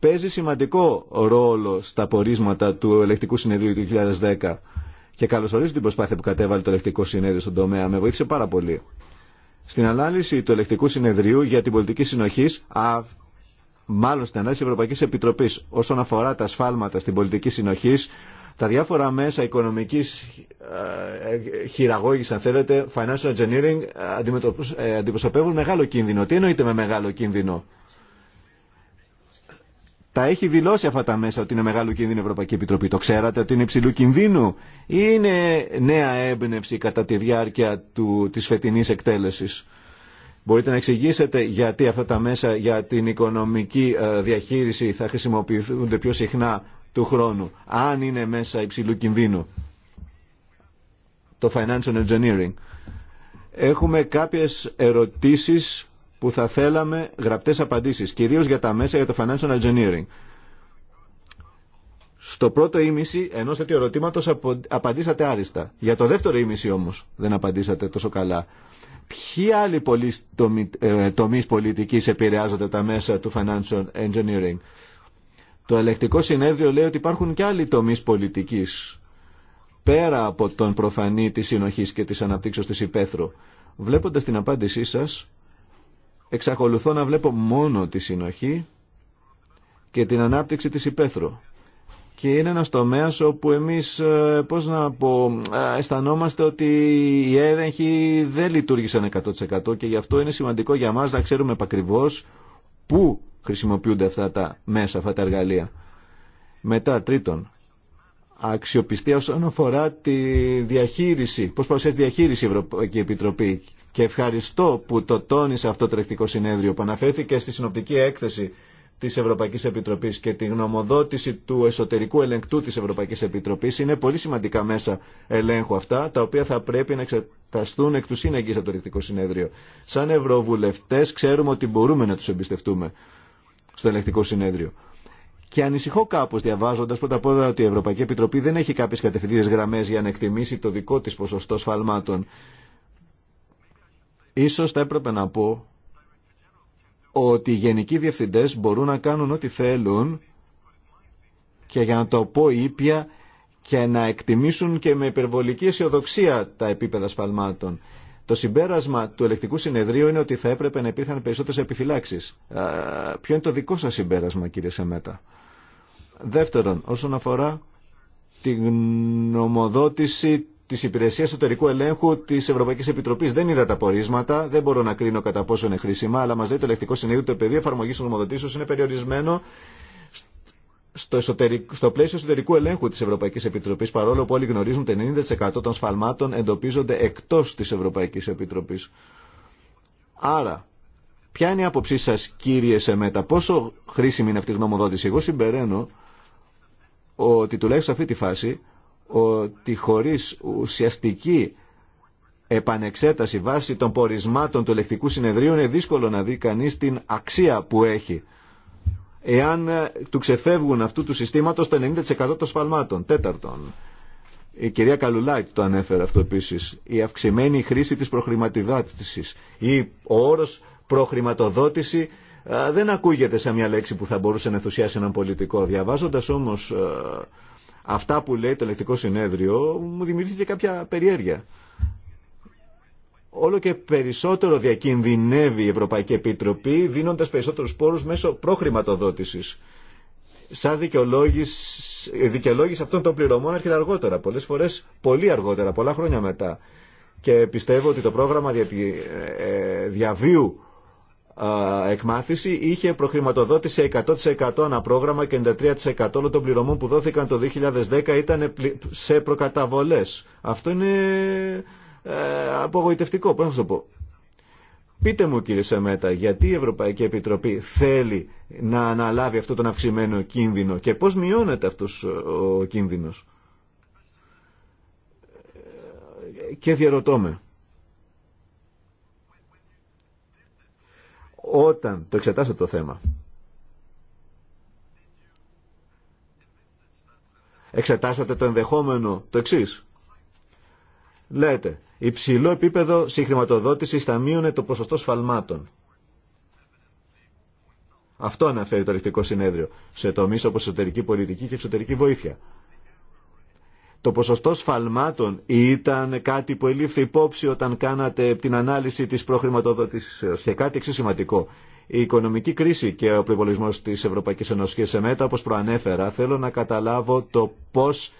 παίζει σημαντικό ρόλο στα πορίσματα του ελεκτικού συνεδρίου του 2010 και καλωσορίζω την προσπάθεια που κατέβαλε το ελεκτικό συνέδριο στον τομέα. Με βοήθησε πάρα πολύ. Στην ανάλυση του ελεκτικού συνεδρίου για την πολιτική συνοχή, μάλλον στην ανάλυση τη Ευρωπαϊκή Επιτροπή όσον αφορά τα σφάλματα στην πολιτική συνοχή, τα διάφορα μέσα οικονομικής ε, χειραγώγηση, αν θέλετε, financial engineering, ε, ε, αντιπροσωπεύουν μεγάλο κίνδυνο. Τι εννοείται με μεγάλο κίνδυνο. Τα έχει δηλώσει αυτά τα μέσα ότι είναι μεγάλο κίνδυνο η Ευρωπαϊκή Επιτροπή. Το ξέρατε ότι είναι υψηλού κινδύνου ή είναι νέα έμπνευση κατά τη διάρκεια του, της φετινής εκτέλεσης. Μπορείτε να εξηγήσετε γιατί αυτά τα μέσα για την οικονομική ε, διαχείριση θα χρησιμοποιούνται πιο συχνά του χρόνου, αν είναι μέσα υψηλού κινδύνου. Το Financial Engineering. Έχουμε κάποιες ερωτήσεις που θα θέλαμε γραπτές απαντήσεις, κυρίως για τα μέσα για το financial engineering. Στο πρώτο ήμιση ενός τέτοιου ερωτήματος απαντήσατε άριστα. Για το δεύτερο ήμιση όμως δεν απαντήσατε τόσο καλά. Ποιοι άλλοι ε, τομείς πολιτικής επηρεάζονται τα μέσα του financial engineering. Το ελεκτικό συνέδριο λέει ότι υπάρχουν και άλλοι τομείς πολιτικής πέρα από τον προφανή της συνοχής και της αναπτύξεως της υπαίθρου. Βλέποντας την απάντησή σας, εξακολουθώ να βλέπω μόνο τη συνοχή και την ανάπτυξη της υπαίθρου. Και είναι ένας τομέας όπου εμείς, ε, πώς να ε, αισθανόμαστε ότι οι έλεγχοι δεν λειτουργήσαν 100% και γι' αυτό είναι σημαντικό για μας να ξέρουμε επακριβώς πού χρησιμοποιούνται αυτά τα μέσα, αυτά τα εργαλεία. Μετά, τρίτον, αξιοπιστία όσον αφορά τη διαχείριση, πώς παρουσιάζει διαχείριση η Ευρωπαϊκή Επιτροπή και ευχαριστώ που το τόνισε αυτό το τρεκτικό συνέδριο που αναφέρθηκε στη συνοπτική έκθεση τη Ευρωπαϊκή Επιτροπή και τη γνωμοδότηση του εσωτερικού ελεγκτού τη Ευρωπαϊκή Επιτροπή είναι πολύ σημαντικά μέσα ελέγχου αυτά, τα οποία θα πρέπει να εξεταστούν εκ του σύνεγγυ από το Ελεκτικό Συνέδριο. Σαν Ευρωβουλευτέ, ξέρουμε ότι μπορούμε να του εμπιστευτούμε στο Ελεκτικό Συνέδριο. Και ανησυχώ κάπω διαβάζοντα πρώτα απ' όλα ότι η Ευρωπαϊκή Επιτροπή δεν έχει κάποιε κατευθυντήρε γραμμέ για να εκτιμήσει το δικό τη ποσοστό σφαλμάτων Ίσως θα έπρεπε να πω ότι οι γενικοί διευθυντές μπορούν να κάνουν ό,τι θέλουν και για να το πω ήπια και να εκτιμήσουν και με υπερβολική αισιοδοξία τα επίπεδα σπαλμάτων. Το συμπέρασμα του ελεκτικού συνεδρίου είναι ότι θα έπρεπε να υπήρχαν περισσότερε επιφυλάξει. Ποιο είναι το δικό σα συμπέρασμα, κύριε Σεμέτα. Δεύτερον, όσον αφορά τη γνωμοδότηση τη Υπηρεσία Εσωτερικού Ελέγχου τη Ευρωπαϊκή Επιτροπή. Δεν είδα τα πορίσματα, δεν μπορώ να κρίνω κατά πόσο είναι χρήσιμα, αλλά μα λέει το ελεκτικό συνέδριο ότι το πεδίο εφαρμογή των νομοδοτήσεων είναι περιορισμένο στο, στο πλαίσιο εσωτερικού ελέγχου τη Ευρωπαϊκή Επιτροπή, παρόλο που όλοι γνωρίζουν ότι 90% των σφαλμάτων εντοπίζονται εκτό τη Ευρωπαϊκή Επιτροπή. Άρα, ποια είναι η άποψή σα, κύριε Σεμέτα, πόσο χρήσιμη είναι αυτή η γνωμοδότηση. Εγώ συμπεραίνω ότι τουλάχιστον σε αυτή τη φάση ότι χωρίς ουσιαστική επανεξέταση βάσει των πορισμάτων του ελεκτικού συνεδρίου είναι δύσκολο να δει κανείς την αξία που έχει εάν ε, του ξεφεύγουν αυτού του συστήματος το 90% των σφαλμάτων. Τέταρτον, η κυρία Καλουλάκη το ανέφερε αυτό επίσης, η αυξημένη χρήση της προχρηματοδότησης ή ο όρος προχρηματοδότηση ε, δεν ακούγεται σαν μια λέξη που θα μπορούσε να ενθουσιάσει έναν πολιτικό. Διαβάζοντας όμως ε, αυτά που λέει το ελεκτικό συνέδριο μου δημιουργήθηκε κάποια περιέργεια. Όλο και περισσότερο διακινδυνεύει η Ευρωπαϊκή Επιτροπή δίνοντας περισσότερους πόρους μέσω προχρηματοδότησης. Σαν δικαιολόγηση αυτών των πληρωμών έρχεται αργότερα, πολλές φορές πολύ αργότερα, πολλά χρόνια μετά. Και πιστεύω ότι το πρόγραμμα ε, διαβίου εκμάθηση είχε προχρηματοδότηση 100% αναπρόγραμμα πρόγραμμα και 93% όλων των πληρωμών που δόθηκαν το 2010 ήταν σε προκαταβολές. Αυτό είναι ε, απογοητευτικό, πώς να το πω. Πείτε μου κύριε Σεμέτα, γιατί η Ευρωπαϊκή Επιτροπή θέλει να αναλάβει αυτό τον αυξημένο κίνδυνο και πώς μειώνεται αυτός ε, ο κίνδυνος. Ε, και διαρωτώ με. όταν το εξετάσατε το θέμα. Εξετάσατε το ενδεχόμενο το εξή. Λέτε, υψηλό επίπεδο συγχρηματοδότηση θα μείωνε το ποσοστό σφαλμάτων. Αυτό αναφέρει το ελεκτικό συνέδριο σε τομεί όπω εσωτερική πολιτική και εξωτερική βοήθεια. Το ποσοστό σφαλμάτων ήταν κάτι που ελήφθη υπόψη όταν κάνατε την ανάλυση της προχρηματοδότησης και κάτι εξής σημαντικό. Η οικονομική κρίση και ο προπολογισμό της Ευρωπαϊκής Ένωσης και σε μέτα, όπω προανέφερα, θέλω να καταλάβω το πώς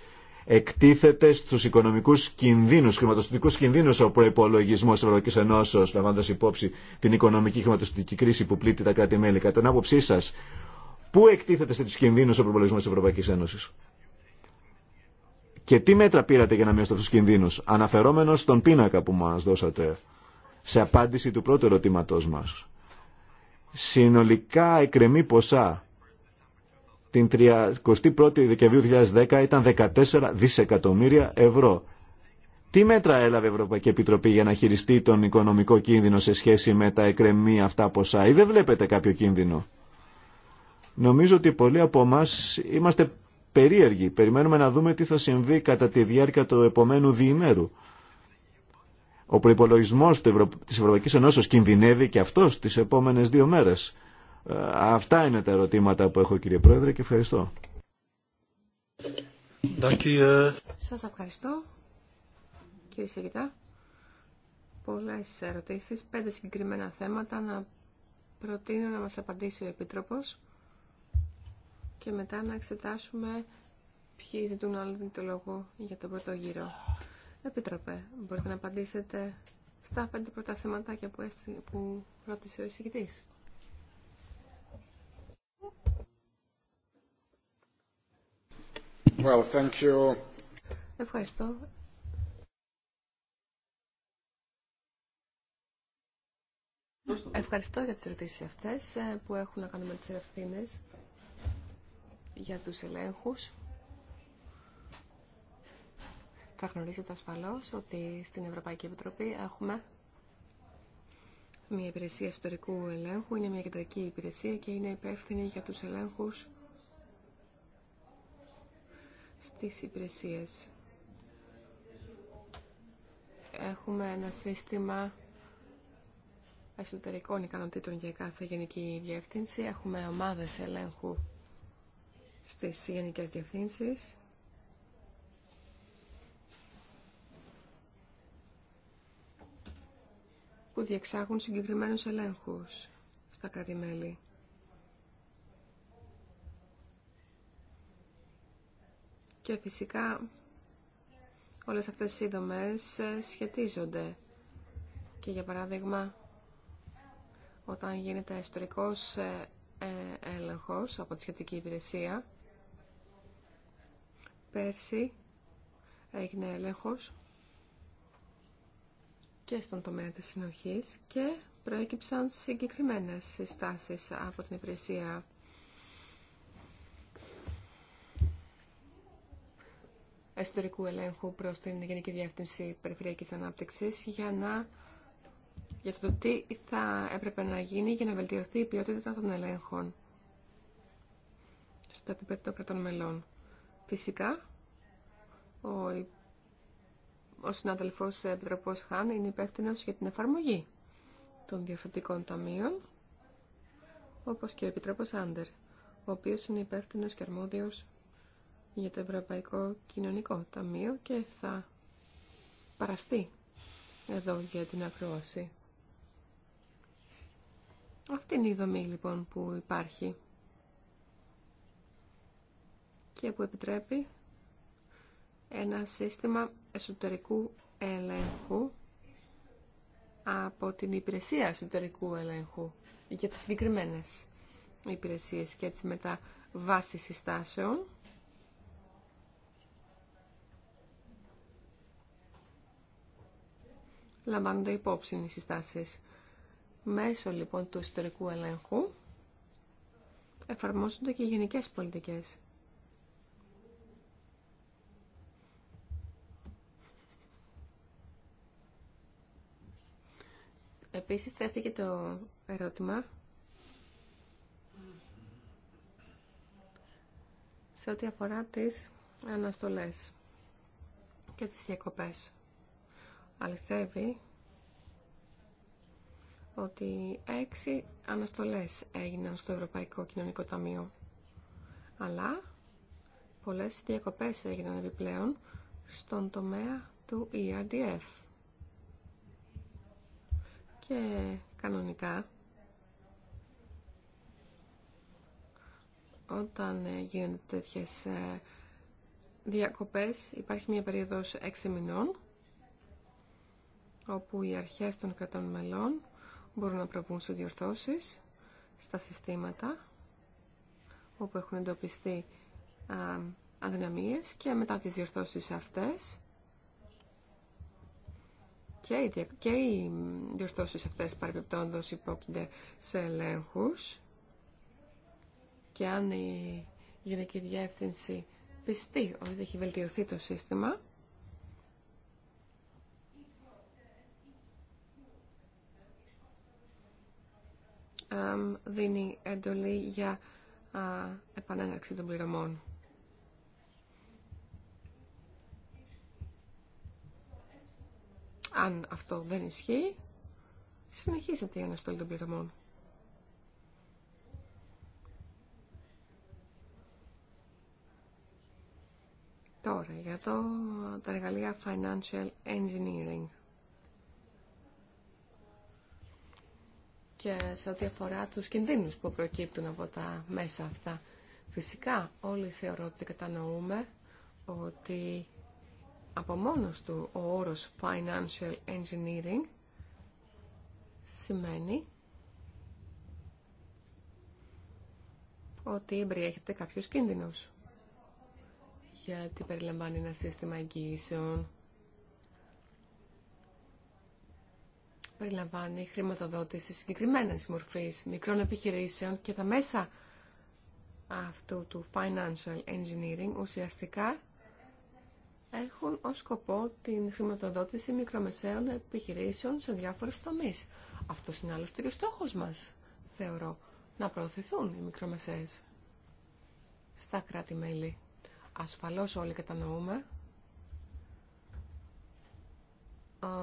εκτίθεται στου οικονομικού κινδύνους, χρηματοστατικού κινδύνους ο προπολογισμό της Ευρωπαϊκής Ένωσης, λαμβάνοντα υπόψη την οικονομική χρηματοστατική κρίση που πλήττει τα κράτη-μέλη. Κατά την άποψή σα, πού εκτίθεται στους κινδύνους ο προπολογισμό της Ευρωπαϊκής Ένωσης. Και τι μέτρα πήρατε για να μειώσετε αυτού του κινδύνου, αναφερόμενο στον πίνακα που μα δώσατε σε απάντηση του πρώτου ερωτήματό μα. Συνολικά εκρεμή ποσά την 31η Δεκεμβρίου 2010 ήταν 14 δισεκατομμύρια ευρώ. Τι μέτρα έλαβε η Ευρωπαϊκή Επιτροπή για να χειριστεί τον οικονομικό κίνδυνο σε σχέση με τα εκρεμή αυτά ποσά ή δεν βλέπετε κάποιο κίνδυνο. Νομίζω ότι πολλοί από εμά είμαστε περίεργη. Περιμένουμε να δούμε τι θα συμβεί κατά τη διάρκεια του επομένου διημέρου. Ο προπολογισμό τη Ευρωπαϊκή Ενώσεω κινδυνεύει και αυτό τι επόμενε δύο μέρε. Ε, αυτά είναι τα ερωτήματα που έχω κύριε Πρόεδρε και ευχαριστώ. Σας ευχαριστώ κύριε Σεγητά. Πολλές ερωτήσεις, πέντε συγκεκριμένα θέματα να προτείνω να μα απαντήσει ο Επίτροπος και μετά να εξετάσουμε ποιοι ζητούν άλλο το λόγο για τον πρώτο γύρο. Επίτροπε, μπορείτε να απαντήσετε στα πέντε πρώτα θεματάκια που, έστει, που ρώτησε ο εισηγητής. Well, thank you. Ευχαριστώ. Ευχαριστώ για τις ερωτήσεις αυτές ε, που έχουν να κάνουν με τις ευθύνες για τους ελέγχους. Θα γνωρίζετε ασφαλώς ότι στην Ευρωπαϊκή Επιτροπή έχουμε μια υπηρεσία ιστορικού ελέγχου, είναι μια κεντρική υπηρεσία και είναι υπεύθυνη για τους ελέγχους στις υπηρεσίες. Έχουμε ένα σύστημα εσωτερικών ικανοτήτων για κάθε γενική διεύθυνση. Έχουμε ομάδες ελέγχου στις γενικέ διευθύνσεις. που διεξάγουν συγκεκριμένους ελέγχους στα κράτη-μέλη. Και φυσικά όλες αυτές οι δομές ε, σχετίζονται. Και για παράδειγμα, όταν γίνεται ιστορικός ε, ε, έλεγχος από τη σχετική υπηρεσία, Πέρσι έγινε έλεγχος και στον τομέα της συνοχής και προέκυψαν συγκεκριμένες συστάσεις από την υπηρεσία εσωτερικού ελέγχου προς την Γενική Διεύθυνση Περιφερειακής Ανάπτυξης για, να, για το τι θα έπρεπε να γίνει για να βελτιωθεί η ποιότητα των ελέγχων στο επίπεδο των κρατών μελών. Φυσικά, ο, ο συνάδελφος ε, Επιτροπός Χάν είναι υπεύθυνο για την εφαρμογή των διαφορετικών ταμείων, όπως και ο Επιτροπός Άντερ, ο οποίος είναι υπεύθυνο και αρμόδιος για το Ευρωπαϊκό Κοινωνικό Ταμείο και θα παραστεί εδώ για την ακρόαση. Αυτή είναι η δομή λοιπόν που υπάρχει και που επιτρέπει ένα σύστημα εσωτερικού ελέγχου από την υπηρεσία εσωτερικού ελέγχου για τις συγκεκριμένες υπηρεσίες και έτσι μετά βάση συστάσεων λαμβάνονται υπόψη οι συστάσεις μέσω λοιπόν του εσωτερικού ελέγχου εφαρμόζονται και γενικές πολιτικές Επίσης τέθηκε το ερώτημα σε ό,τι αφορά τις αναστολές και τις διακοπές. Αληθεύει ότι έξι αναστολές έγιναν στο Ευρωπαϊκό Κοινωνικό Ταμείο. Αλλά πολλές διακοπές έγιναν επιπλέον στον τομέα του ERDF και κανονικά όταν γίνονται τέτοιες ε, διακοπές υπάρχει μια περίοδος 6 μηνών όπου οι αρχές των κρατών μελών μπορούν να προβούν σε διορθώσεις στα συστήματα όπου έχουν εντοπιστεί ε, αδυναμίες και μετά τις διορθώσεις αυτές και οι, και οι διορθώσεις αυτές παρεμπιπτόντως υπόκεινται σε ελέγχους και αν η Γενική Διεύθυνση πιστεί ότι έχει βελτιωθεί το σύστημα δίνει εντολή για επανέναρξη των πληρωμών. Αν αυτό δεν ισχύει, συνεχίζεται η αναστολή των πληρωμών. Τώρα, για το, τα εργαλεία Financial Engineering. Και σε ό,τι αφορά τους κινδύνους που προκύπτουν από τα μέσα αυτά. Φυσικά, όλοι θεωρώ ότι κατανοούμε ότι από μόνος του ο όρος Financial Engineering σημαίνει ότι εμπεριέχεται κάποιος κίνδυνος γιατί περιλαμβάνει ένα σύστημα εγγύησεων περιλαμβάνει χρηματοδότηση συγκεκριμένης μορφής μικρών επιχειρήσεων και τα μέσα αυτού του financial engineering ουσιαστικά έχουν ως σκοπό την χρηματοδότηση μικρομεσαίων επιχειρήσεων σε διάφορες τομείς. Αυτό είναι άλλωστε και ο στόχος μας, θεωρώ, να προωθηθούν οι μικρομεσαίες στα κράτη-μέλη. Ασφαλώς όλοι κατανοούμε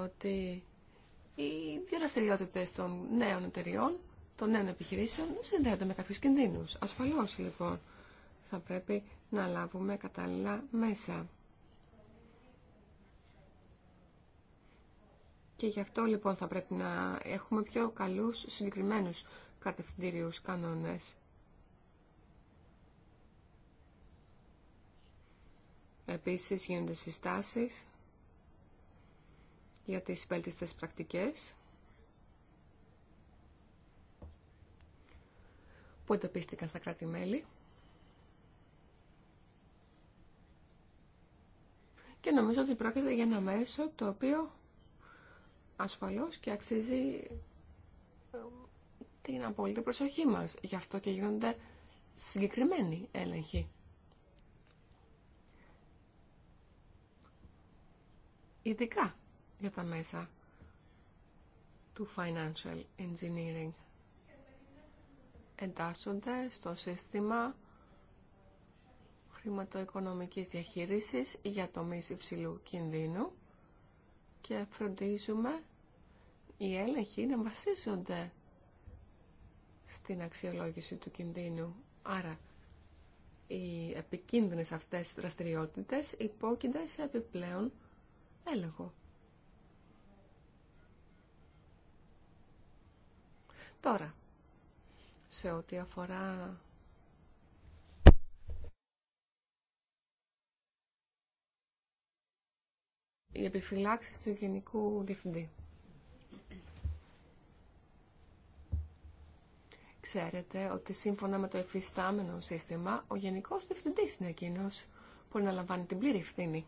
ότι οι δραστηριότητε των νέων εταιριών, των νέων επιχειρήσεων, συνδέονται με κάποιους κινδύνους. Ασφαλώς, λοιπόν, θα πρέπει να λάβουμε κατάλληλα μέσα Και γι' αυτό λοιπόν θα πρέπει να έχουμε πιο καλούς συγκεκριμένους κατευθυντήριους κανόνες. Επίσης γίνονται συστάσεις για τις βέλτιστες πρακτικές που εντοπίστηκαν στα κράτη-μέλη. Και νομίζω ότι πρόκειται για ένα μέσο το οποίο ασφαλώς και αξίζει ε, την απόλυτη προσοχή μας. Γι' αυτό και γίνονται συγκεκριμένοι έλεγχοι. Ειδικά για τα μέσα του Financial Engineering. Εντάσσονται στο σύστημα χρηματοοικονομικής διαχείρισης για τομείς υψηλού κινδύνου και φροντίζουμε οι έλεγχοι να βασίζονται στην αξιολόγηση του κινδύνου. Άρα, οι επικίνδυνες αυτές δραστηριότητες υπόκεινται σε επιπλέον έλεγχο. Τώρα, σε ό,τι αφορά οι επιφυλάξει του Γενικού Διευθυντή. Ξέρετε ότι σύμφωνα με το εφιστάμενο σύστημα, ο Γενικός Διευθυντής είναι εκείνο που αναλαμβάνει την πλήρη ευθύνη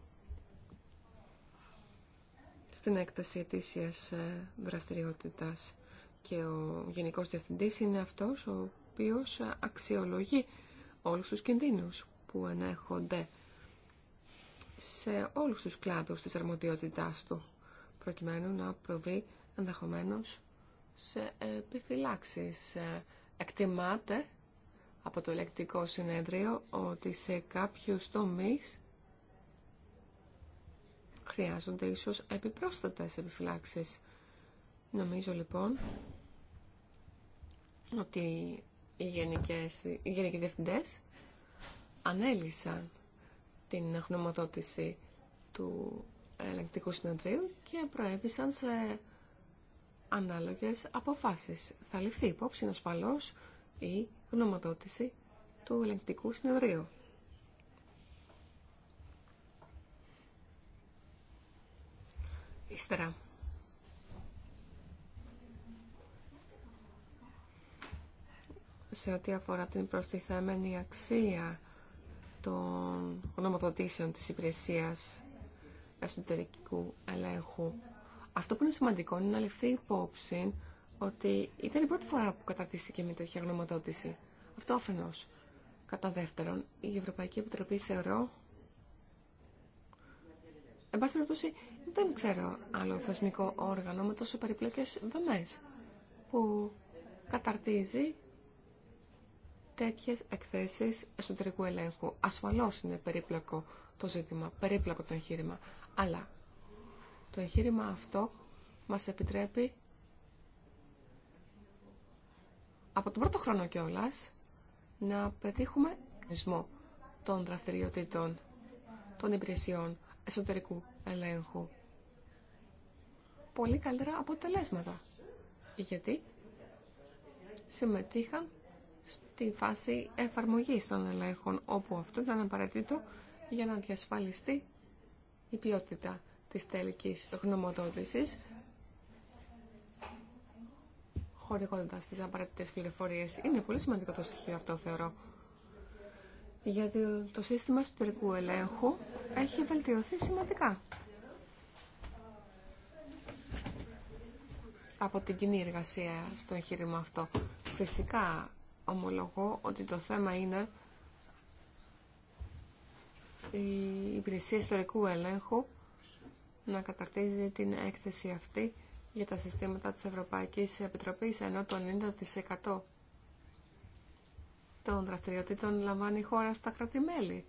στην έκταση ετήσιας ε, δραστηριότητας και ο Γενικός Διευθυντής είναι αυτός ο οποίος ε, αξιολογεί όλους τους κινδύνους που ενέχονται σε όλους τους κλάδους της αρμοδιότητάς του, προκειμένου να προβεί ενδεχομένως σε επιφυλάξεις. Ε, εκτιμάται από το ελεκτικό συνέδριο ότι σε κάποιους τομείς χρειάζονται ίσως επιπρόσθετες επιφυλάξεις. Νομίζω λοιπόν ότι οι, γενικές, οι γενικοί διευθυντές ανέλησαν την γνωμοδότηση του ελεγκτικού συνεδρίου και προέβησαν σε ανάλογες αποφάσεις. Θα ληφθεί υπόψη ασφαλώς η γνωμοδότηση του ελεγκτικού συνεδρίου. Ύστερα. Σε ό,τι αφορά την προστιθέμενη αξία των γνωμοδοτήσεων της υπηρεσίας εσωτερικού ελέγχου. Αυτό που είναι σημαντικό είναι να ληφθεί υπόψη ότι ήταν η πρώτη φορά που καταρτίστηκε με τέτοια γνωμοδότηση. Αυτό αφενός. Κατά δεύτερον, η Ευρωπαϊκή Επιτροπή θεωρώ Εν πάση περιπτώσει, δεν ξέρω άλλο θεσμικό όργανο με τόσο περιπλοκέ δομές που καταρτίζει τέτοιες εκθέσεις εσωτερικού ελέγχου. Ασφαλώς είναι περίπλοκο το ζήτημα, περίπλοκο το εγχείρημα. Αλλά το εγχείρημα αυτό μας επιτρέπει από τον πρώτο χρόνο κιόλα να πετύχουμε τον των δραστηριοτήτων, των υπηρεσιών εσωτερικού ελέγχου. Πολύ καλύτερα αποτελέσματα. Γιατί συμμετείχαν στη φάση εφαρμογής των ελέγχων, όπου αυτό ήταν απαραίτητο για να διασφαλιστεί η ποιότητα της τελικής γνωμοδότησης, χορηγώντας τις απαραίτητες πληροφορίες. Είναι πολύ σημαντικό το στοιχείο αυτό, θεωρώ. Γιατί το σύστημα εσωτερικού ελέγχου έχει βελτιωθεί σημαντικά. από την κοινή εργασία στο εγχείρημα αυτό. Φυσικά ομολογώ ότι το θέμα είναι η υπηρεσία ιστορικού ελέγχου να καταρτίζει την έκθεση αυτή για τα συστήματα της Ευρωπαϊκής Επιτροπής, ενώ το 90% των δραστηριοτήτων λαμβάνει η χώρα στα κρατημέλη.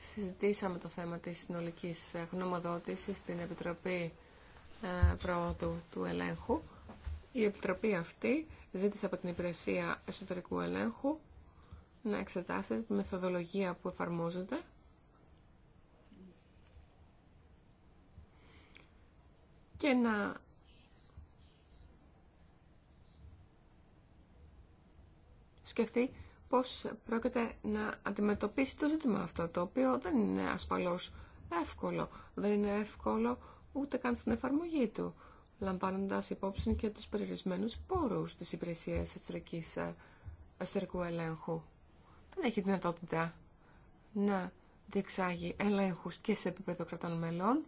Συζητήσαμε το θέμα της συνολικής γνωμοδότησης στην Επιτροπή ε, Πρόοδου του Ελέγχου. Η Επιτροπή αυτή ζήτησε από την Υπηρεσία Εσωτερικού Ελέγχου να εξετάσει τη μεθοδολογία που εφαρμόζεται και να σκεφτεί πώς πρόκειται να αντιμετωπίσει το ζήτημα αυτό, το οποίο δεν είναι ασφαλώς εύκολο. Δεν είναι εύκολο ούτε καν στην εφαρμογή του λαμβάνοντας υπόψη και τους περιορισμένους πόρους της υπηρεσίας εσωτερικού ε, ιστορικού ελέγχου. Δεν έχει δυνατότητα να διεξάγει ελέγχους και σε επίπεδο κρατών μελών.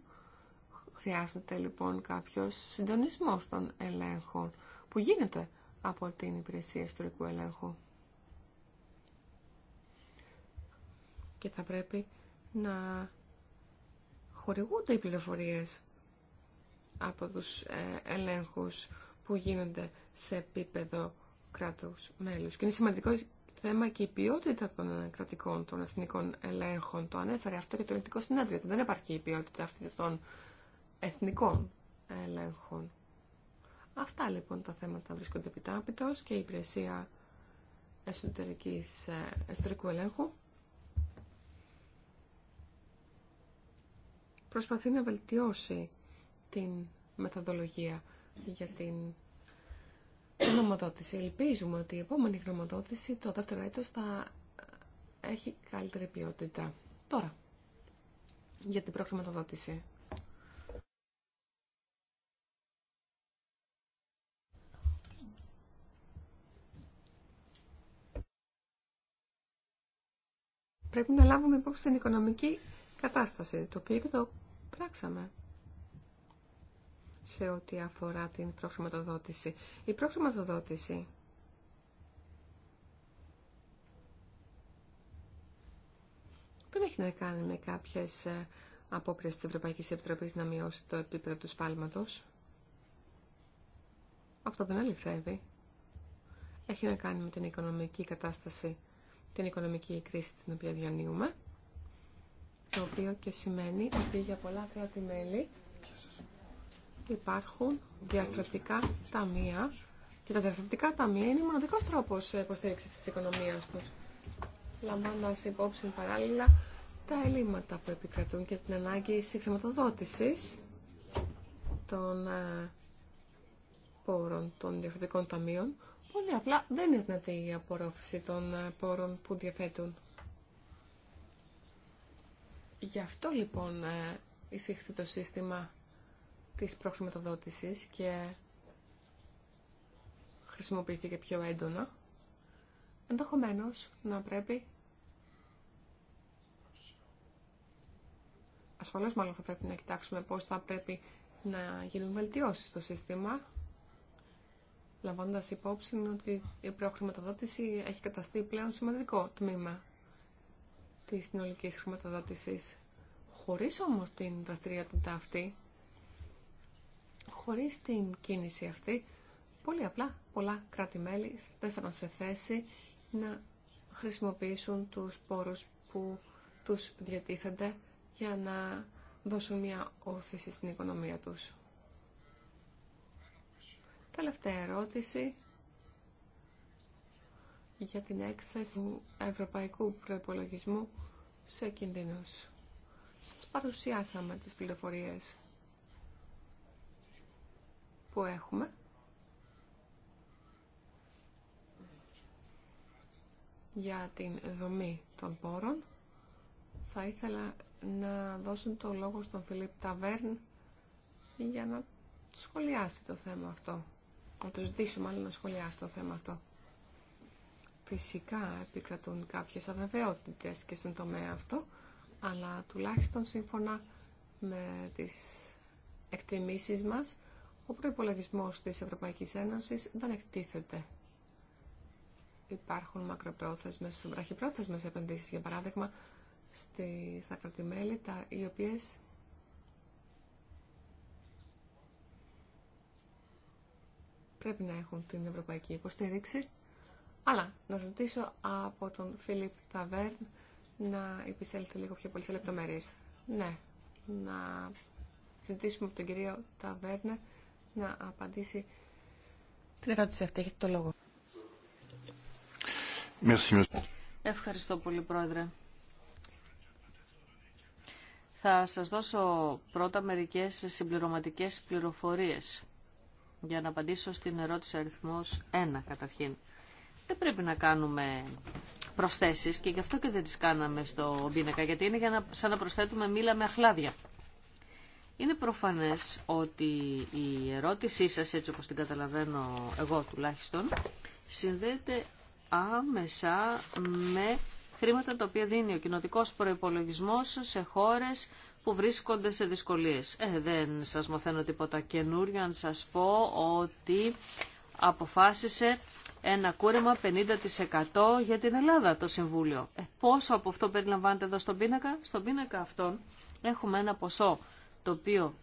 Χρειάζεται λοιπόν κάποιος συντονισμός των ελέγχων που γίνεται από την υπηρεσία ιστορικού ελέγχου. Και θα πρέπει να χορηγούνται οι πληροφορίες από τους ε, ελέγχους που γίνονται σε επίπεδο κράτους μέλους. Και είναι σημαντικό θέμα και η ποιότητα των κρατικών, των εθνικών ελέγχων. Το ανέφερε αυτό και το ελληνικό συνέδριο. Δεν υπάρχει η ποιότητα αυτή των εθνικών ελέγχων. Αυτά λοιπόν τα θέματα βρίσκονται επιτάπητος και η υπηρεσία εσωτερικής, ε, εσωτερικού ελέγχου προσπαθεί να βελτιώσει την μεθοδολογία για την γνωμοδότηση. Ελπίζουμε ότι η επόμενη το δεύτερο έτος θα έχει καλύτερη ποιότητα. Τώρα, για την προχρηματοδότηση. Πρέπει να λάβουμε υπόψη την οικονομική κατάσταση, το οποίο και το πράξαμε σε ό,τι αφορά την προχρηματοδότηση. Η προχρηματοδότηση δεν έχει να κάνει με κάποιες ε, απόπειρες της Ευρωπαϊκής Επιτροπής να μειώσει το επίπεδο του σφάλματος. Αυτό δεν αληθεύει. Έχει να κάνει με την οικονομική κατάσταση, την οικονομική κρίση την οποία διανύουμε, το οποίο και σημαίνει ότι για πολλά κράτη-μέλη υπάρχουν διαρθρωτικά ταμεία και τα διαρθρωτικά ταμεία είναι ο μοναδικός τρόπος υποστήριξης της οικονομίας τους. Λαμβάνοντας υπόψη παράλληλα τα ελλείμματα που επικρατούν και την ανάγκη συγχρηματοδότησης των ε, πόρων των διαρθρωτικών ταμείων, πολύ απλά δεν είναι δυνατή η απορρόφηση των ε, πόρων που διαθέτουν. Γι' αυτό λοιπόν ε, εισήχθη το σύστημα της προχρηματοδότησης και και πιο έντονα, ενδεχομένω να πρέπει ασφαλώς μάλλον θα πρέπει να κοιτάξουμε πώς θα πρέπει να γίνουν βελτιώσεις στο σύστημα λαμβάνοντας υπόψη ότι η προχρηματοδότηση έχει καταστεί πλέον σημαντικό τμήμα της συνολικής χρηματοδότησης χωρίς όμως την δραστηριότητα αυτή Χωρίς την κίνηση αυτή, πολύ απλά πολλά κράτη-μέλη δεν θα ήταν σε θέση να χρησιμοποιήσουν τους πόρους που τους διατίθενται για να δώσουν μια όθηση στην οικονομία τους. Τελευταία ερώτηση για την έκθεση του Ευρωπαϊκού Προϋπολογισμού σε κινδύνους. Σας παρουσιάσαμε τις πληροφορίες που έχουμε για την δομή των πόρων. Θα ήθελα να δώσω το λόγο στον Φιλίπ Ταβέρν για να σχολιάσει το θέμα αυτό. Να το ζητήσω μάλλον να σχολιάσει το θέμα αυτό. Φυσικά επικρατούν κάποιες αβεβαιότητες και στον τομέα αυτό, αλλά τουλάχιστον σύμφωνα με τις εκτιμήσεις μας ο προπολογισμό της Ευρωπαϊκής Ένωση δεν εκτίθεται. Υπάρχουν μακροπρόθεσμε, βραχυπρόθεσμε επενδύσει, για παράδειγμα, στη, στα κρατημέλη, τα, οι οποίες πρέπει να έχουν την ευρωπαϊκή υποστήριξη. Αλλά να ζητήσω από τον Φίλιπ Ταβέρν να επισέλθει λίγο πιο πολύ σε λεπτομέρειε. Ναι, να ζητήσουμε από τον κύριο Ταβέρνερ να απαντήσει την ερώτηση αυτή. Έχετε το λόγο. Ευχαριστώ πολύ, Πρόεδρε. Θα σας δώσω πρώτα μερικές συμπληρωματικές πληροφορίες για να απαντήσω στην ερώτηση αριθμός 1 καταρχήν. Δεν πρέπει να κάνουμε προσθέσεις και γι' αυτό και δεν τις κάναμε στο πίνακα, γιατί είναι για να, σαν να προσθέτουμε μήλα με αχλάδια. Είναι προφανές ότι η ερώτησή σας, έτσι όπως την καταλαβαίνω εγώ τουλάχιστον, συνδέεται άμεσα με χρήματα τα οποία δίνει ο κοινοτικός προϋπολογισμός σε χώρες που βρίσκονται σε δυσκολίες. Ε, δεν σας μαθαίνω τίποτα καινούριο αν σας πω ότι αποφάσισε ένα κούρεμα 50% για την Ελλάδα το Συμβούλιο. Ε, πόσο από αυτό περιλαμβάνεται εδώ στον πίνακα. Στον πίνακα αυτόν έχουμε ένα ποσό το οποίο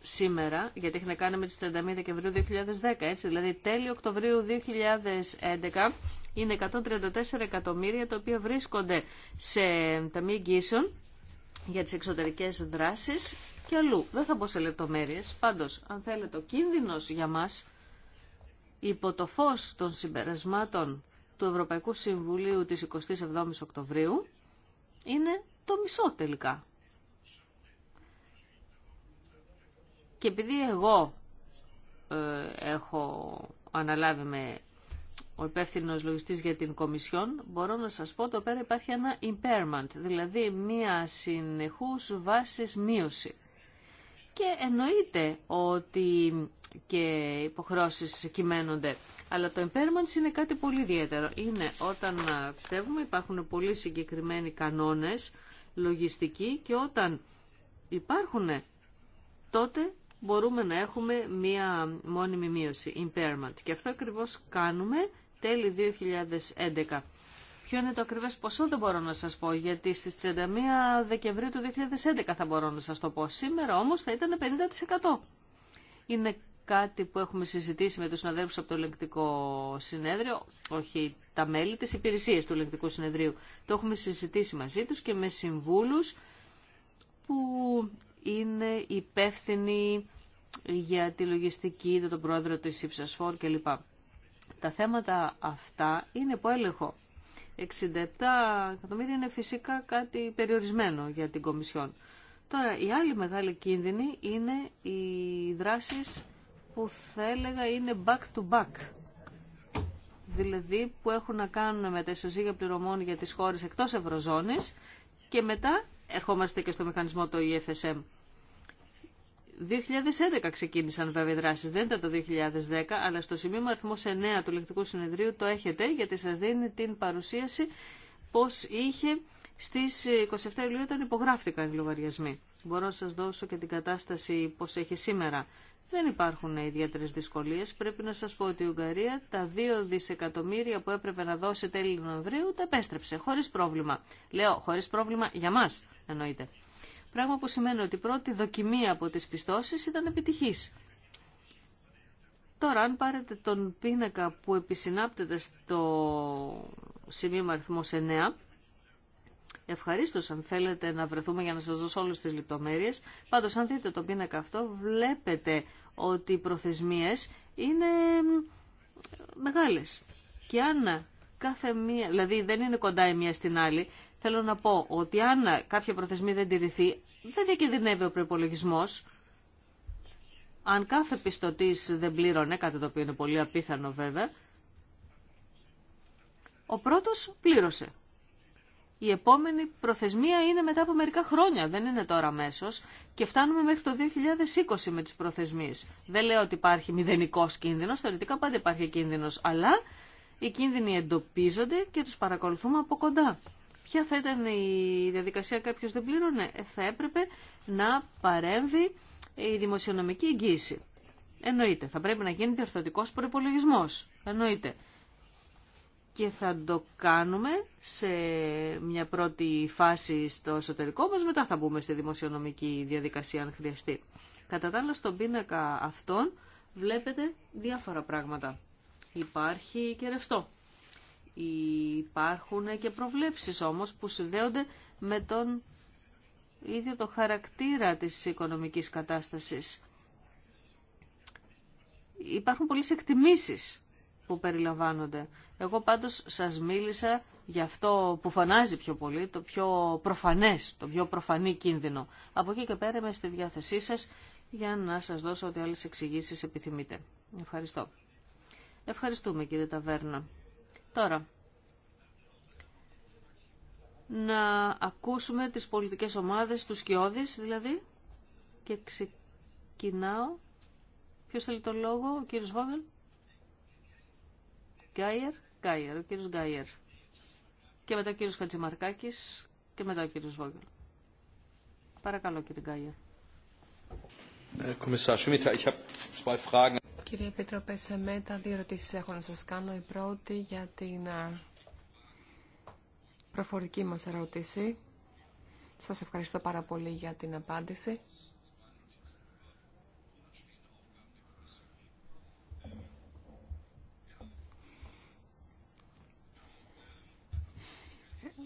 σήμερα, γιατί έχει να κάνει με τις 31 Δεκεμβρίου 2010, έτσι, δηλαδή τέλη Οκτωβρίου 2011, είναι 134 εκατομμύρια τα οποία βρίσκονται σε ταμείο εγγύσεων για τις εξωτερικές δράσεις και αλλού. Δεν θα μπω σε λεπτομέρειες. Πάντως, αν θέλετε, ο κίνδυνος για μας υπό το φως των συμπερασμάτων του Ευρωπαϊκού Συμβουλίου της 27ης Οκτωβρίου είναι το μισό τελικά. Και επειδή εγώ ε, έχω αναλάβει με ο υπεύθυνο λογιστής για την Κομισιόν, μπορώ να σας πω ότι πέρα υπάρχει ένα impairment, δηλαδή μία συνεχούς βάσης μείωση. Και εννοείται ότι και υποχρώσεις κυμαίνονται. Αλλά το impairment είναι κάτι πολύ ιδιαίτερο. Είναι όταν πιστεύουμε υπάρχουν πολύ συγκεκριμένοι κανόνες λογιστικοί και όταν υπάρχουν τότε μπορούμε να έχουμε μία μόνιμη μείωση, impairment. Και αυτό ακριβώς κάνουμε τέλη 2011. Ποιο είναι το ακριβές ποσό δεν μπορώ να σας πω, γιατί στις 31 Δεκεμβρίου του 2011 θα μπορώ να σας το πω. Σήμερα όμως θα ήταν 50%. Είναι κάτι που έχουμε συζητήσει με τους συναδέλφους από το ελεγκτικό συνέδριο, όχι τα μέλη, τις υπηρεσίες του ελεγκτικού συνεδρίου. Το έχουμε συζητήσει μαζί τους και με συμβούλους που είναι υπεύθυνοι για τη λογιστική, το τον πρόεδρο της Υψασφόρ κλπ. Τα θέματα αυτά είναι υπό έλεγχο. 67 εκατομμύρια είναι φυσικά κάτι περιορισμένο για την Κομισιόν. Τώρα, η άλλη μεγάλη κίνδυνη είναι οι δράσεις που θα έλεγα είναι back to back. Δηλαδή που έχουν να κάνουν με τα ισοζύγια πληρωμών για τις χώρες εκτός Ευρωζώνης και μετά ερχόμαστε και στο μηχανισμό το EFSM. 2011 ξεκίνησαν βέβαια οι δράσεις, δεν ήταν το 2010, αλλά στο σημείο αριθμό 9 του Λεκτικού Συνεδρίου το έχετε, γιατί σας δίνει την παρουσίαση πώς είχε στις 27 Ιουλίου όταν υπογράφτηκαν οι λογαριασμοί. Μπορώ να σας δώσω και την κατάσταση πώς έχει σήμερα δεν υπάρχουν ιδιαίτερε δυσκολίε. Πρέπει να σα πω ότι η Ουγγαρία τα 2 δισεκατομμύρια που έπρεπε να δώσει τέλη Νοεμβρίου τα επέστρεψε χωρί πρόβλημα. Λέω χωρί πρόβλημα για μα, εννοείται. Πράγμα που σημαίνει ότι η πρώτη δοκιμή από τι πιστώσει ήταν επιτυχή. Τώρα, αν πάρετε τον πίνακα που επισυνάπτεται στο σημείο αριθμό 9, Ευχαρίστω αν θέλετε να βρεθούμε για να σας δώσω όλες τις λεπτομέρειες. Πάντως αν δείτε τον πίνακα αυτό βλέπετε ότι οι προθεσμίες είναι μεγάλες. Και αν κάθε μία, δηλαδή δεν είναι κοντά η μία στην άλλη, θέλω να πω ότι αν κάποια προθεσμία δεν τηρηθεί, δεν διακινδυνεύει ο προπολογισμό. Αν κάθε πιστωτής δεν πλήρωνε, κάτι το οποίο είναι πολύ απίθανο βέβαια, ο πρώτος πλήρωσε. Η επόμενη προθεσμία είναι μετά από μερικά χρόνια, δεν είναι τώρα αμέσω και φτάνουμε μέχρι το 2020 με τις προθεσμίες. Δεν λέω ότι υπάρχει μηδενικό κίνδυνος, θεωρητικά πάντα υπάρχει κίνδυνος, αλλά οι κίνδυνοι εντοπίζονται και τους παρακολουθούμε από κοντά. Ποια θα ήταν η διαδικασία κάποιο δεν πλήρωνε, ε, θα έπρεπε να παρέμβει η δημοσιονομική εγγύηση. Εννοείται, θα πρέπει να γίνει διορθωτικός προπολογισμό. Εννοείται και θα το κάνουμε σε μια πρώτη φάση στο εσωτερικό μας, μετά θα μπούμε στη δημοσιονομική διαδικασία αν χρειαστεί. Κατά τα άλλα στον πίνακα αυτών βλέπετε διάφορα πράγματα. Υπάρχει και ρευστό. Υπάρχουν και προβλέψεις όμως που συνδέονται με τον ίδιο το χαρακτήρα της οικονομικής κατάστασης. Υπάρχουν πολλές εκτιμήσεις που περιλαμβάνονται. Εγώ πάντως σας μίλησα για αυτό που φανάζει πιο πολύ, το πιο προφανές, το πιο προφανή κίνδυνο. Από εκεί και πέρα είμαι στη διάθεσή σας για να σας δώσω ό,τι άλλες εξηγήσεις επιθυμείτε. Ευχαριστώ. Ευχαριστούμε κύριε Ταβέρνα. Τώρα, να ακούσουμε τις πολιτικές ομάδες, τους Σκιώδης δηλαδή, και ξεκινάω. Ποιος θέλει τον λόγο, ο κύριος Γκάιερ, Γκάιερ, ο κύριος Γκάιερ. Και μετά ο κύριος Χατζημαρκάκης και μετά ο κύριος Βόγγελ. Παρακαλώ κύριε Γκάιερ. Ε, κύριε Επίτροπε, σε μέτα δύο ερωτήσει έχω να σα κάνω. Η πρώτη για την προφορική μας ερώτηση. Σας ευχαριστώ πάρα πολύ για την απάντηση.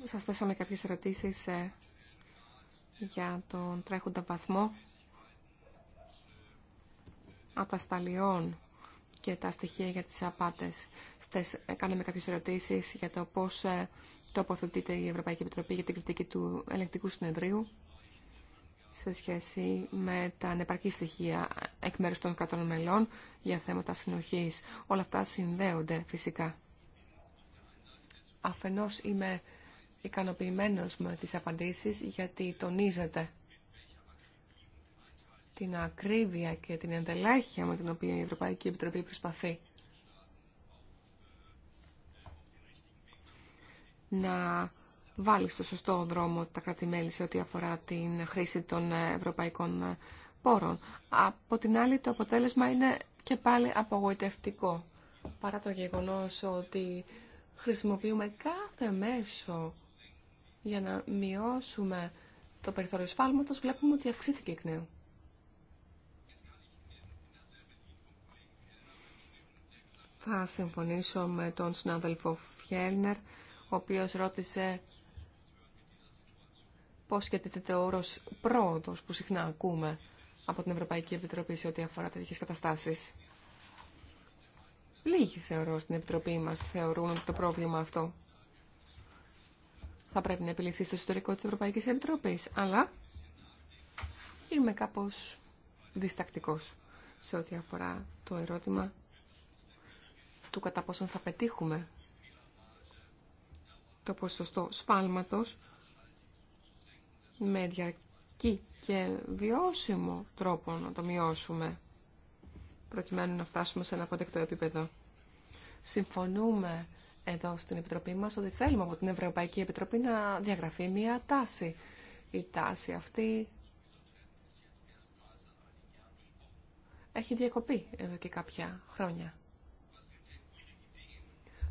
Σας θέσαμε κάποιες ερωτήσεις ε, για τον τρέχοντα βαθμό ατασταλιών και τα στοιχεία για τις απάτες. Στες, κάναμε κάποιες ερωτήσεις για το πώς ε, τοποθετείται η Ευρωπαϊκή Επιτροπή για την κριτική του ελεκτικού συνεδρίου σε σχέση με τα ανεπαρκή στοιχεία εκ μέρους των κρατών μελών για θέματα συνοχής. Όλα αυτά συνδέονται φυσικά. Αφενός είμαι ικανοποιημένος με τις απαντήσεις γιατί τονίζεται την ακρίβεια και την εντελέχεια με την οποία η Ευρωπαϊκή Επιτροπή προσπαθεί να βάλει στο σωστό δρόμο τα κρατημέλη σε ό,τι αφορά την χρήση των ευρωπαϊκών πόρων. Από την άλλη το αποτέλεσμα είναι και πάλι απογοητευτικό παρά το γεγονός ότι χρησιμοποιούμε κάθε μέσο για να μειώσουμε το περιθώριο σφάλματος, βλέπουμε ότι αυξήθηκε εκ νέου. Θα συμφωνήσω με τον συνάδελφο Φιέλνερ, ο οποίος ρώτησε πώς σχετίζεται ο όρος πρόοδος που συχνά ακούμε από την Ευρωπαϊκή Επιτροπή σε ό,τι αφορά τέτοιες καταστάσεις. Λίγοι θεωρώ στην Επιτροπή μας θεωρούν το πρόβλημα αυτό θα πρέπει να επιληθεί στο ιστορικό της Ευρωπαϊκής Επιτροπής, αλλά είμαι κάπως διστακτικός σε ό,τι αφορά το ερώτημα του κατά πόσον θα πετύχουμε το ποσοστό σφάλματος με διακή και βιώσιμο τρόπο να το μειώσουμε προκειμένου να φτάσουμε σε ένα αποδεκτό επίπεδο. Συμφωνούμε εδώ στην Επιτροπή μας ότι θέλουμε από την Ευρωπαϊκή Επιτροπή να διαγραφεί μια τάση. Η τάση αυτή έχει διακοπεί εδώ και κάποια χρόνια.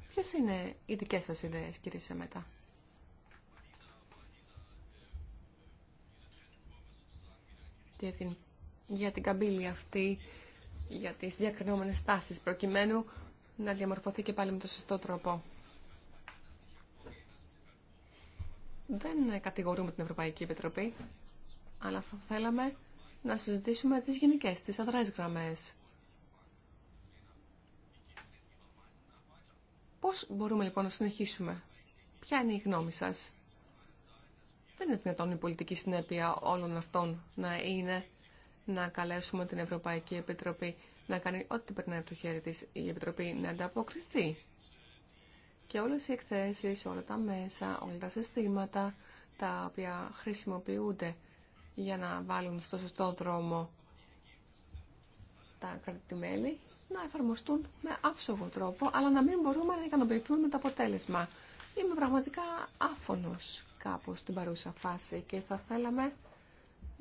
Ποιες είναι οι δικές σας ιδέες, κύριε Σεμέτα. Για την, για καμπύλη αυτή, για τις διακρινόμενες τάσεις, προκειμένου να διαμορφωθεί και πάλι με το σωστό τρόπο. Δεν κατηγορούμε την Ευρωπαϊκή Επιτροπή, αλλά θα θέλαμε να συζητήσουμε τις γενικές, τις αδρές γραμμές. Πώς μπορούμε λοιπόν να συνεχίσουμε. Ποια είναι η γνώμη σας. Δεν είναι δυνατόν η πολιτική συνέπεια όλων αυτών να είναι να καλέσουμε την Ευρωπαϊκή Επιτροπή να κάνει ό,τι περνάει από το χέρι της η Επιτροπή να ανταποκριθεί. Και όλες οι εκθέσεις, όλα τα μέσα, όλα τα συστήματα τα οποία χρησιμοποιούνται για να βάλουν στο σωστό δρόμο τα κρατημέλη να εφαρμοστούν με άψογο τρόπο, αλλά να μην μπορούμε να ικανοποιηθούμε με το αποτέλεσμα. Είμαι πραγματικά άφωνος κάπως στην παρούσα φάση και θα θέλαμε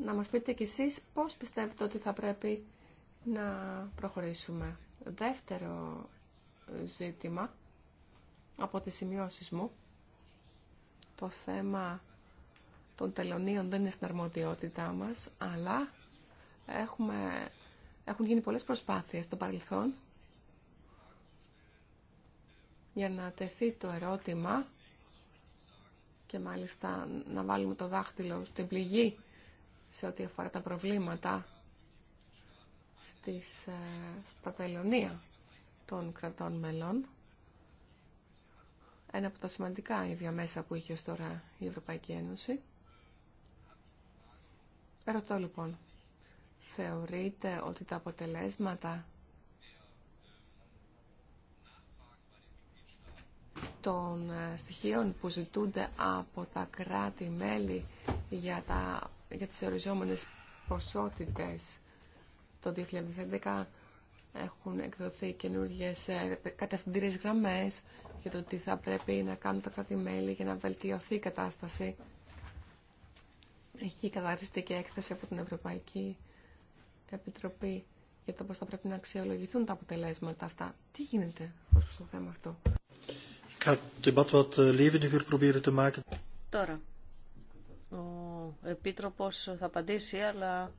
να μας πείτε κι εσείς πώς πιστεύετε ότι θα πρέπει να προχωρήσουμε. Δεύτερο ζήτημα από τις σημειώσεις μου. Το θέμα των τελωνίων δεν είναι στην αρμοδιότητά μας, αλλά έχουμε, έχουν γίνει πολλές προσπάθειες στο παρελθόν για να τεθεί το ερώτημα και μάλιστα να βάλουμε το δάχτυλο στην πληγή σε ό,τι αφορά τα προβλήματα στις, ε, στα τελωνία των κρατών μελών. Ένα από τα σημαντικά ίδια μέσα που είχε ως τώρα η Ευρωπαϊκή Ένωση. Ρωτώ λοιπόν, θεωρείτε ότι τα αποτελέσματα των ε, στοιχείων που ζητούνται από τα κράτη-μέλη για, τα, για τις οριζόμενες ποσότητες το 2011 έχουν εκδοθεί καινούριε κατευθυντήριε γραμμέ για το τι θα πρέπει να κάνουν τα κράτη-μέλη για να βελτιωθεί η κατάσταση. Έχει καθαριστεί και έκθεση από την Ευρωπαϊκή Επιτροπή για το πώ θα πρέπει να αξιολογηθούν τα αποτελέσματα αυτά. Τι γίνεται ω προς το θέμα αυτό. Eh, Τώρα, ο Επίτροπος θα απαντήσει, αλλά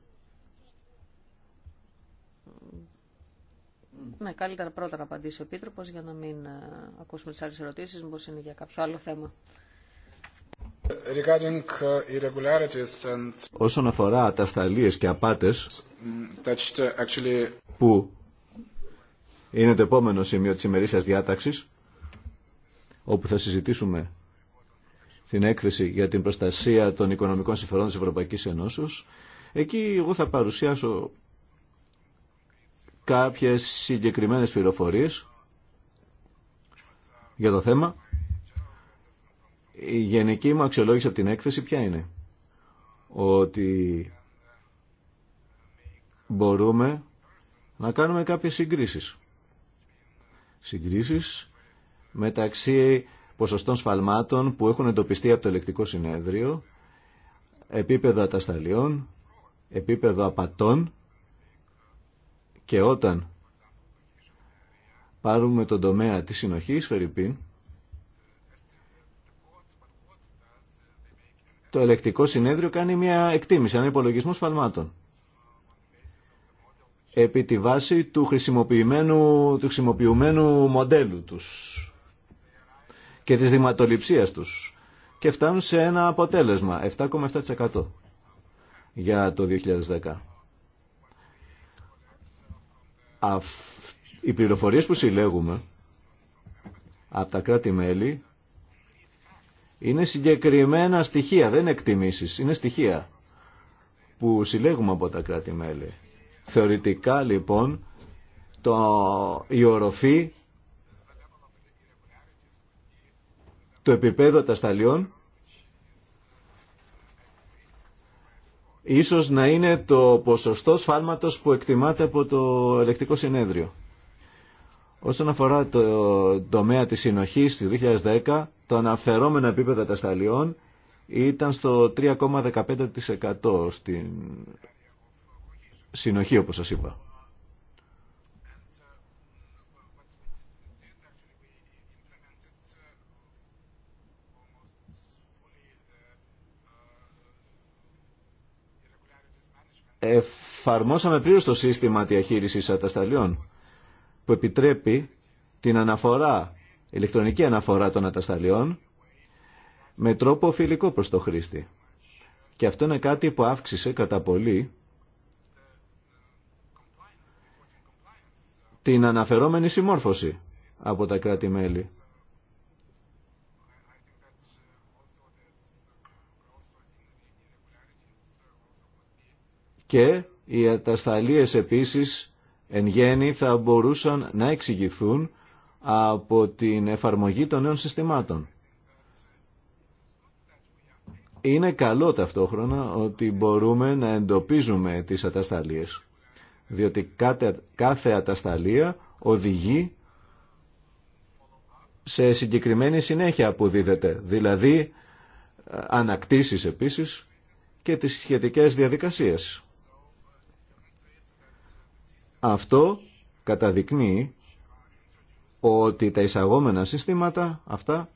Ναι, καλύτερα πρώτα να απαντήσει ο επίτροπο για να μην ε, ακούσουμε τι άλλε ερωτήσει, μήπω είναι για κάποιο άλλο θέμα. Uh, Όσον αφορά τα σταλίες και απάτες uh, που είναι το επόμενο σημείο της ημερήσιας διάταξης όπου θα συζητήσουμε την έκθεση για την προστασία των οικονομικών συμφερόντων της Ευρωπαϊκής Ενώσεως εκεί εγώ θα παρουσιάσω κάποιες συγκεκριμένες πληροφορίες για το θέμα. Η γενική μου αξιολόγηση από την έκθεση ποια είναι. Ότι μπορούμε να κάνουμε κάποιες συγκρίσεις. Συγκρίσεις μεταξύ ποσοστών σφαλμάτων που έχουν εντοπιστεί από το ελεκτικό συνέδριο, επίπεδο ατασταλιών, επίπεδο απατών και όταν πάρουμε τον τομέα της συνοχής, Φερρυπίν, το ελεκτικό συνέδριο κάνει μια εκτίμηση, ένα υπολογισμό σφαλμάτων. Επί τη βάση του χρησιμοποιημένου, του μοντέλου τους και της δηματοληψίας τους και φτάνουν σε ένα αποτέλεσμα 7,7% για το 2010 οι πληροφορίες που συλλέγουμε από τα κράτη-μέλη είναι συγκεκριμένα στοιχεία, δεν εκτιμήσεις, είναι στοιχεία που συλλέγουμε από τα κράτη-μέλη. Θεωρητικά λοιπόν το, η οροφή του επίπεδου σταλιών ίσως να είναι το ποσοστό σφάλματος που εκτιμάται από το ελεκτικό συνέδριο. Όσον αφορά το τομέα της συνοχής του 2010, το αναφερόμενο επίπεδα τασταλιών ήταν στο 3,15% στην συνοχή όπως σας είπα. εφαρμόσαμε πλήρως το σύστημα διαχείρισης ατασταλιών που επιτρέπει την αναφορά, ηλεκτρονική αναφορά των ατασταλιών με τρόπο φιλικό προς το χρήστη. Και αυτό είναι κάτι που αύξησε κατά πολύ την αναφερόμενη συμμόρφωση από τα κράτη-μέλη. και οι ατασταλίες επίσης εν γέννη θα μπορούσαν να εξηγηθούν από την εφαρμογή των νέων συστημάτων. Είναι καλό ταυτόχρονα ότι μπορούμε να εντοπίζουμε τις ατασταλίες, διότι κάθε ατασταλία οδηγεί σε συγκεκριμένη συνέχεια που δίδεται, δηλαδή ε, ανακτήσεις επίσης και τις σχετικές διαδικασίες. Αυτό καταδεικνύει ότι τα εισαγόμενα συστήματα αυτά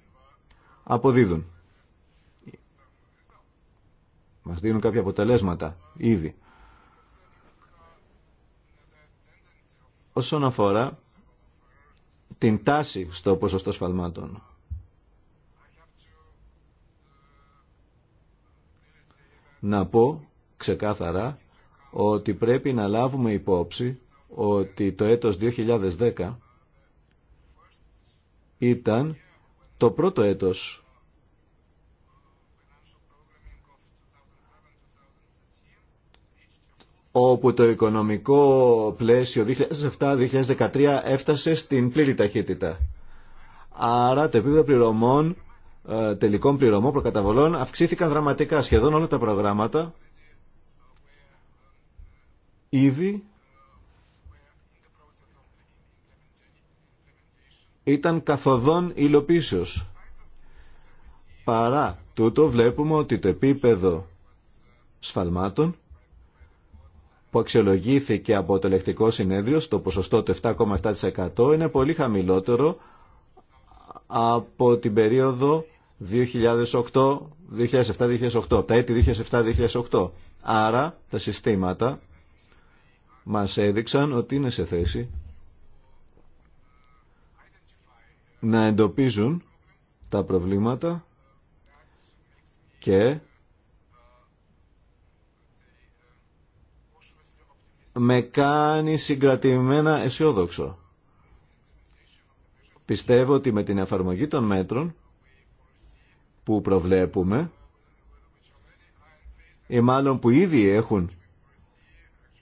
αποδίδουν. Μας δίνουν κάποια αποτελέσματα ήδη. Όσον αφορά την τάση στο ποσοστό σφαλμάτων. Να πω ξεκάθαρα ότι πρέπει να λάβουμε υπόψη ότι το έτος 2010 ήταν το πρώτο έτος όπου το οικονομικό πλαίσιο 2007-2013 έφτασε στην πλήρη ταχύτητα. Άρα το επίπεδο πληρωμών, ε, τελικών πληρωμών προκαταβολών αυξήθηκαν δραματικά. Σχεδόν όλα τα προγράμματα ήδη ήταν καθοδόν υλοποίησεως. Παρά τούτο βλέπουμε ότι το επίπεδο σφαλμάτων που αξιολογήθηκε από το ελεκτικό συνέδριο στο ποσοστό του 7,7% είναι πολύ χαμηλότερο από την περίοδο 2008, 2007-2008, τα έτη 2007-2008. Άρα τα συστήματα μας έδειξαν ότι είναι σε θέση να εντοπίζουν τα προβλήματα και με κάνει συγκρατημένα αισιόδοξο. Πιστεύω ότι με την εφαρμογή των μέτρων που προβλέπουμε ή μάλλον που ήδη έχουν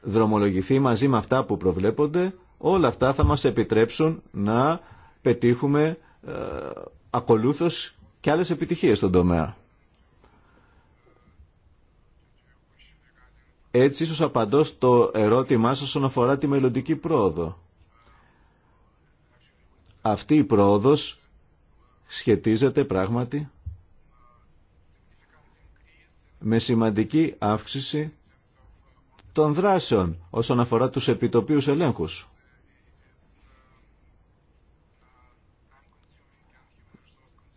δρομολογηθεί μαζί με αυτά που προβλέπονται όλα αυτά θα μας επιτρέψουν να πετύχουμε ε, ακολούθως και άλλες επιτυχίες στον τομέα. Έτσι ίσως απαντώ στο ερώτημά σας όσον αφορά τη μελλοντική πρόοδο. Αυτή η πρόοδος σχετίζεται πράγματι με σημαντική αύξηση των δράσεων όσον αφορά τους επιτοπίους ελέγχους.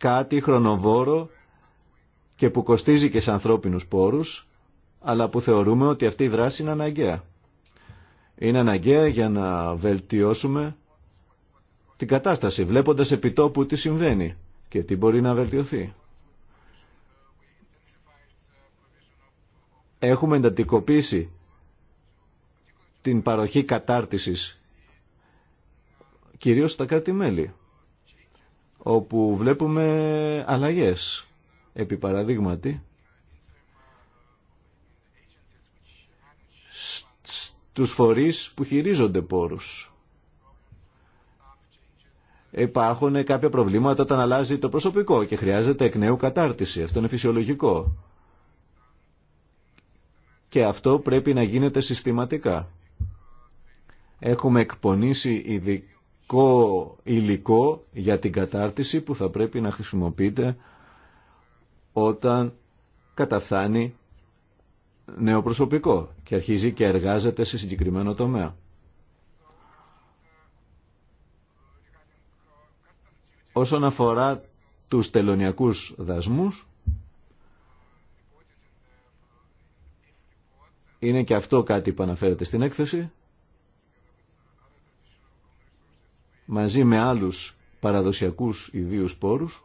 κάτι χρονοβόρο και που κοστίζει και σε ανθρώπινους πόρους, αλλά που θεωρούμε ότι αυτή η δράση είναι αναγκαία. Είναι αναγκαία για να βελτιώσουμε την κατάσταση, βλέποντας επιτόπου τι συμβαίνει και τι μπορεί να βελτιωθεί. Έχουμε εντατικοποίησει την παροχή κατάρτισης, κυρίως στα κράτη-μέλη όπου βλέπουμε αλλαγές. Επί παραδείγματι, στους φορείς που χειρίζονται πόρους. Υπάρχουν κάποια προβλήματα όταν αλλάζει το προσωπικό και χρειάζεται εκ νέου κατάρτιση. Αυτό είναι φυσιολογικό. Και αυτό πρέπει να γίνεται συστηματικά. Έχουμε εκπονήσει ειδικά βασικό υλικό για την κατάρτιση που θα πρέπει να χρησιμοποιείται όταν καταφθάνει νέο προσωπικό και αρχίζει και εργάζεται σε συγκεκριμένο τομέα. Όσον αφορά τους τελωνιακούς δασμούς, είναι και αυτό κάτι που αναφέρεται στην έκθεση. μαζί με άλλους παραδοσιακούς ιδίους πόρους.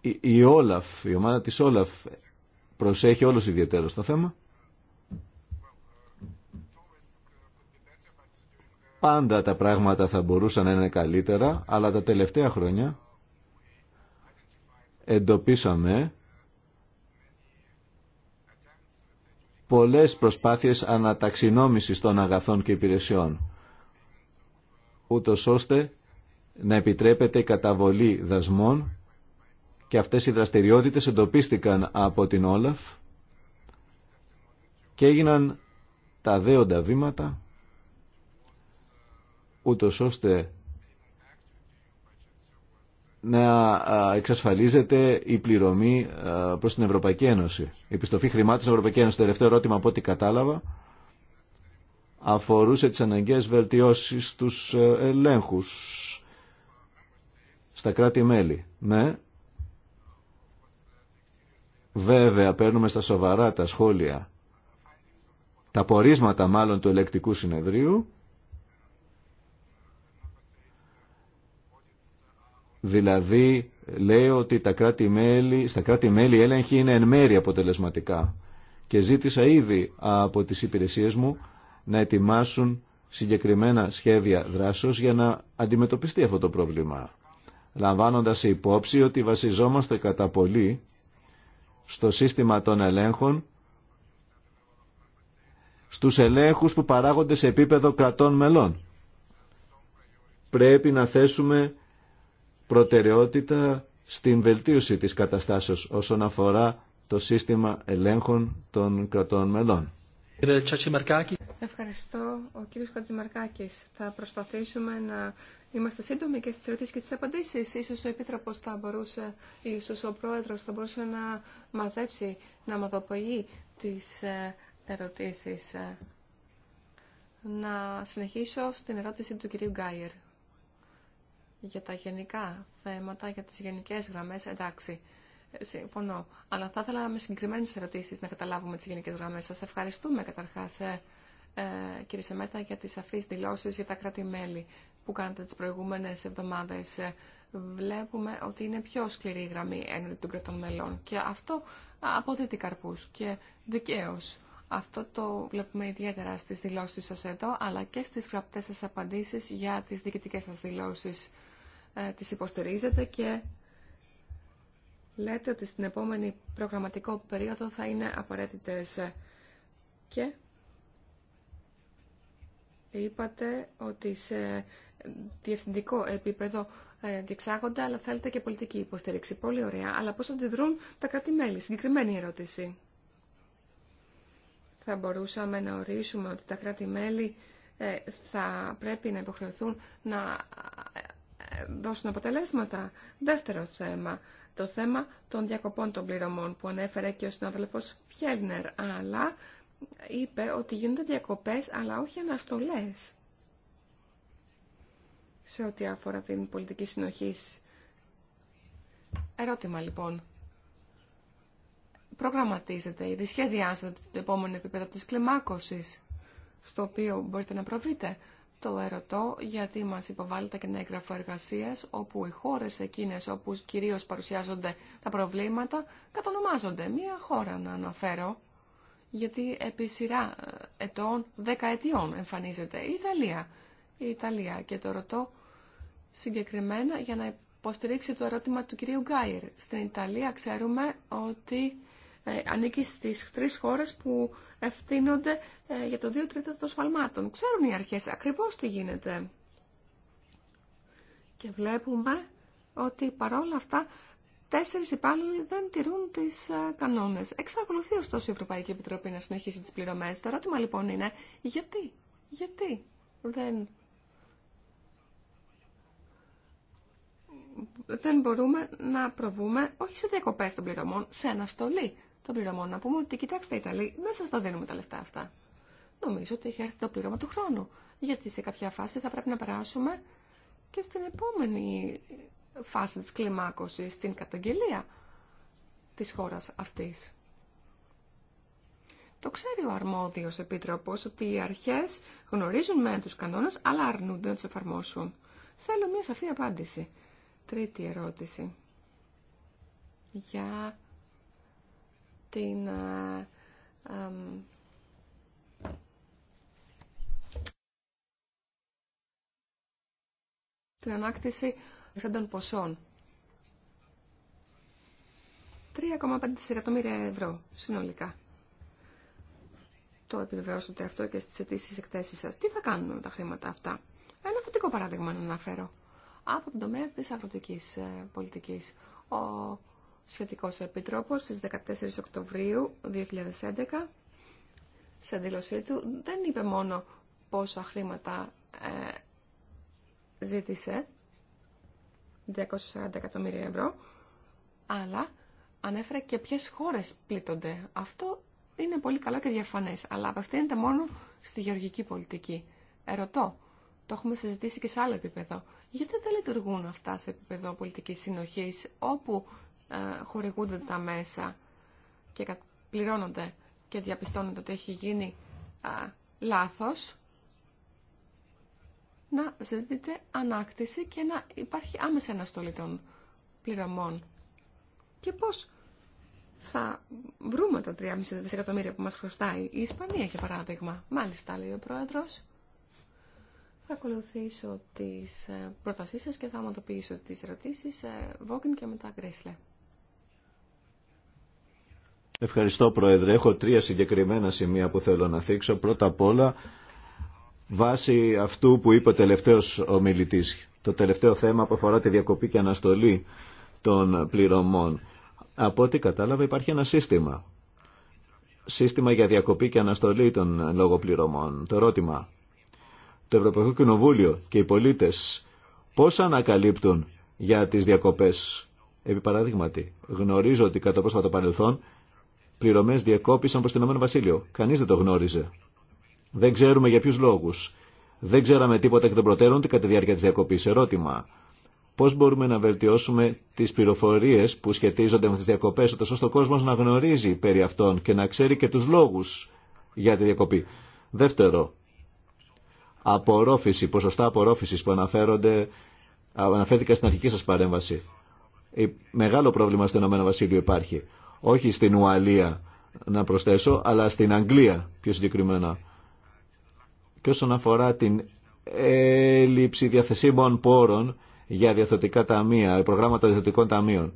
Η, η Όλαφ, η ομάδα της Όλαφ προσέχει όλος ιδιαίτερο το θέμα. Πάντα τα πράγματα θα μπορούσαν να είναι καλύτερα, αλλά τα τελευταία χρόνια εντοπίσαμε πολλές προσπάθειες αναταξινόμησης των αγαθών και υπηρεσιών, ούτως ώστε να επιτρέπεται καταβολή δασμών και αυτές οι δραστηριότητες εντοπίστηκαν από την Όλαφ και έγιναν τα δέοντα βήματα ούτως ώστε να εξασφαλίζεται η πληρωμή προς την Ευρωπαϊκή Ένωση. Η επιστοφή χρημάτων στην Ευρωπαϊκή Ένωση. Το τελευταίο ερώτημα από ό,τι κατάλαβα αφορούσε τις αναγκαίες βελτιώσεις στους ε, ελέγχους στα κράτη-μέλη. Ναι, βέβαια παίρνουμε στα σοβαρά τα σχόλια, τα πορίσματα μάλλον του ελεκτικού συνεδρίου Δηλαδή λέει ότι τα κράτη -μέλη, στα κράτη-μέλη έλεγχη είναι εν μέρη αποτελεσματικά και ζήτησα ήδη από τις υπηρεσίες μου να ετοιμάσουν συγκεκριμένα σχέδια δράσεως για να αντιμετωπιστεί αυτό το πρόβλημα. Λαμβάνοντας υπόψη ότι βασιζόμαστε κατά πολύ στο σύστημα των ελέγχων στους ελέγχους που παράγονται σε επίπεδο κρατών μελών. Πρέπει να θέσουμε προτεραιότητα στην βελτίωση της καταστάσεως όσον αφορά το σύστημα ελέγχων των κρατών μελών. Ευχαριστώ, ο κύριος Χατζημαρκάκης. Θα προσπαθήσουμε να είμαστε σύντομοι και στις ερωτήσεις και στις απαντήσεις. Ίσως ο Επίτροπος θα μπορούσε, ίσως ο Πρόεδρος θα μπορούσε να μαζέψει, να μαδοποιεί τις ε, ερωτήσεις. Να συνεχίσω στην ερώτηση του κυρίου Γκάιερ για τα γενικά θέματα, για τις γενικές γραμμές, εντάξει, ε, συμφωνώ. Αλλά θα ήθελα με συγκεκριμένες ερωτήσεις να καταλάβουμε τις γενικές γραμμές. Σας ευχαριστούμε καταρχάς, ε, ε, κύριε Σεμέτα, για τις σαφείς δηλώσεις για τα κράτη-μέλη που κάνατε τις προηγούμενες εβδομάδες. Ε, βλέπουμε ότι είναι πιο σκληρή η γραμμή έναντι των κρατών μελών και αυτό αποδίδει καρπούς και δικαίω. Αυτό το βλέπουμε ιδιαίτερα στις δηλώσεις σας εδώ, αλλά και στις γραπτές σα απαντήσεις για τις διοικητικές σα δηλώσεις ε, τις υποστηρίζετε και λέτε ότι στην επόμενη προγραμματικό περίοδο θα είναι απαραίτητες και είπατε ότι σε διευθυντικό επίπεδο ε, διεξάγονται, αλλά θέλετε και πολιτική υποστήριξη. Πολύ ωραία. Αλλά πώς αντιδρούν τα κράτη-μέλη. Συγκεκριμένη ερώτηση. Θα μπορούσαμε να ορίσουμε ότι τα κράτη-μέλη ε, θα πρέπει να υποχρεωθούν να δώσουν αποτελέσματα. Δεύτερο θέμα, το θέμα των διακοπών των πληρωμών που ανέφερε και ο συνάδελφος Φιέλνερ, αλλά είπε ότι γίνονται διακοπές αλλά όχι αναστολές σε ό,τι αφορά την πολιτική συνοχής. Ερώτημα λοιπόν. Προγραμματίζετε ήδη, σχεδιάζετε το επόμενο επίπεδο της κλιμάκωσης, στο οποίο μπορείτε να προβείτε το ερωτώ γιατί μας υποβάλλεται και ένα έγγραφο εργασία όπου οι χώρες εκείνες όπου κυρίως παρουσιάζονται τα προβλήματα κατονομάζονται. Μία χώρα να αναφέρω γιατί επί σειρά ε, ετών, δεκαετιών εμφανίζεται η Ιταλία. Η Ιταλία και το ρωτώ συγκεκριμένα για να υποστηρίξει το ερώτημα του κυρίου Γκάιρ. Στην Ιταλία ξέρουμε ότι ε, ανήκει στις τρεις χώρες που ευθύνονται ε, για το 2 τρίτο των σφαλμάτων. Ξέρουν οι αρχές ακριβώς τι γίνεται. Και βλέπουμε ότι παρόλα αυτά τέσσερις υπάλληλοι δεν τηρούν τις ε, κανόνες. Εξακολουθεί ωστόσο η Ευρωπαϊκή Επιτροπή να συνεχίσει τις πληρωμές. Το ερώτημα λοιπόν είναι γιατί, γιατί δεν... δεν μπορούμε να προβούμε όχι σε διακοπές των πληρωμών, σε αναστολή το πληρωμών να πούμε ότι κοιτάξτε Ιταλοί, δεν σα τα δίνουμε τα λεφτά αυτά. Νομίζω ότι έχει έρθει το πλήρωμα του χρόνου. Γιατί σε κάποια φάση θα πρέπει να περάσουμε και στην επόμενη φάση της κλιμάκωσης, στην καταγγελία της χώρας αυτής. Το ξέρει ο αρμόδιος επίτροπος ότι οι αρχές γνωρίζουν μέν τους κανόνες, αλλά αρνούνται να τους εφαρμόσουν. Θέλω μια σαφή απάντηση. Τρίτη ερώτηση. Για την ε, την ανάκτηση των ποσών. 3,5 δισεκατομμύρια ευρώ συνολικά. Το επιβεβαιώσατε αυτό και στις αιτήσει εκτέσεις σας. Τι θα κάνουμε με τα χρήματα αυτά. Ένα φωτικό παράδειγμα να αναφέρω. Από τον τομέα της αγροτικής ε, πολιτικής. Ο σχετικός επιτρόπος στις 14 Οκτωβρίου 2011 σε δήλωσή του δεν είπε μόνο πόσα χρήματα ε, ζήτησε 240 εκατομμύρια ευρώ αλλά ανέφερε και ποιες χώρες πλήττονται. Αυτό είναι πολύ καλό και διαφανές, αλλά απευθύνεται μόνο στη γεωργική πολιτική. Ερωτώ, το έχουμε συζητήσει και σε άλλο επίπεδο. Γιατί δεν λειτουργούν αυτά σε επίπεδο πολιτικής συνοχής, όπου ε, χορηγούνται τα μέσα και πληρώνονται και διαπιστώνονται ότι έχει γίνει λάθος, να ζητείτε ανάκτηση και να υπάρχει άμεσα αναστολή των πληρωμών. Και πώς θα βρούμε τα 3,5 δισεκατομμύρια που μας χρωστάει η Ισπανία, για παράδειγμα. Μάλιστα, λέει ο Πρόεδρος. Θα ακολουθήσω τις ε, προτάσεις σας και θα οματοποιήσω τις ερωτήσεις ε, Βόγκεν και μετά Γκρέσλε. Ευχαριστώ Πρόεδρε. Έχω τρία συγκεκριμένα σημεία που θέλω να θίξω. Πρώτα απ' όλα, βάσει αυτού που είπε ο τελευταίος Το τελευταίο θέμα που αφορά τη διακοπή και αναστολή των πληρωμών. Από ό,τι κατάλαβα υπάρχει ένα σύστημα. Σύστημα για διακοπή και αναστολή των πληρωμών. Το ερώτημα. Το Ευρωπαϊκό Κοινοβούλιο και οι πολίτες πώς ανακαλύπτουν για τις διακοπές. Επί γνωρίζω ότι κατά πρόσφατο παρελθόν πληρωμέ διακόπησαν προ το Ηνωμένο Βασίλειο. Κανεί δεν το γνώριζε. Δεν ξέρουμε για ποιου λόγου. Δεν ξέραμε τίποτα εκ των προτέρων κατά τη διάρκεια τη διακοπή. Ερώτημα. Πώ μπορούμε να βελτιώσουμε τι πληροφορίε που σχετίζονται με τις διακοπές, ώστε ο κόσμος να γνωρίζει περί αυτών και να ξέρει και του λόγου για τη διακοπή. Δεύτερο, απορρόφηση, ποσοστά απορρόφησης που αναφέρονται, αναφέρθηκα στην αρχική σα παρέμβαση. Μεγάλο πρόβλημα στο Ηνωμένο Βασίλειο υπάρχει όχι στην Ουαλία να προσθέσω, αλλά στην Αγγλία πιο συγκεκριμένα. Και όσον αφορά την έλλειψη διαθεσίμων πόρων για διαθετικά ταμεία, προγράμματα διαθετικών ταμείων.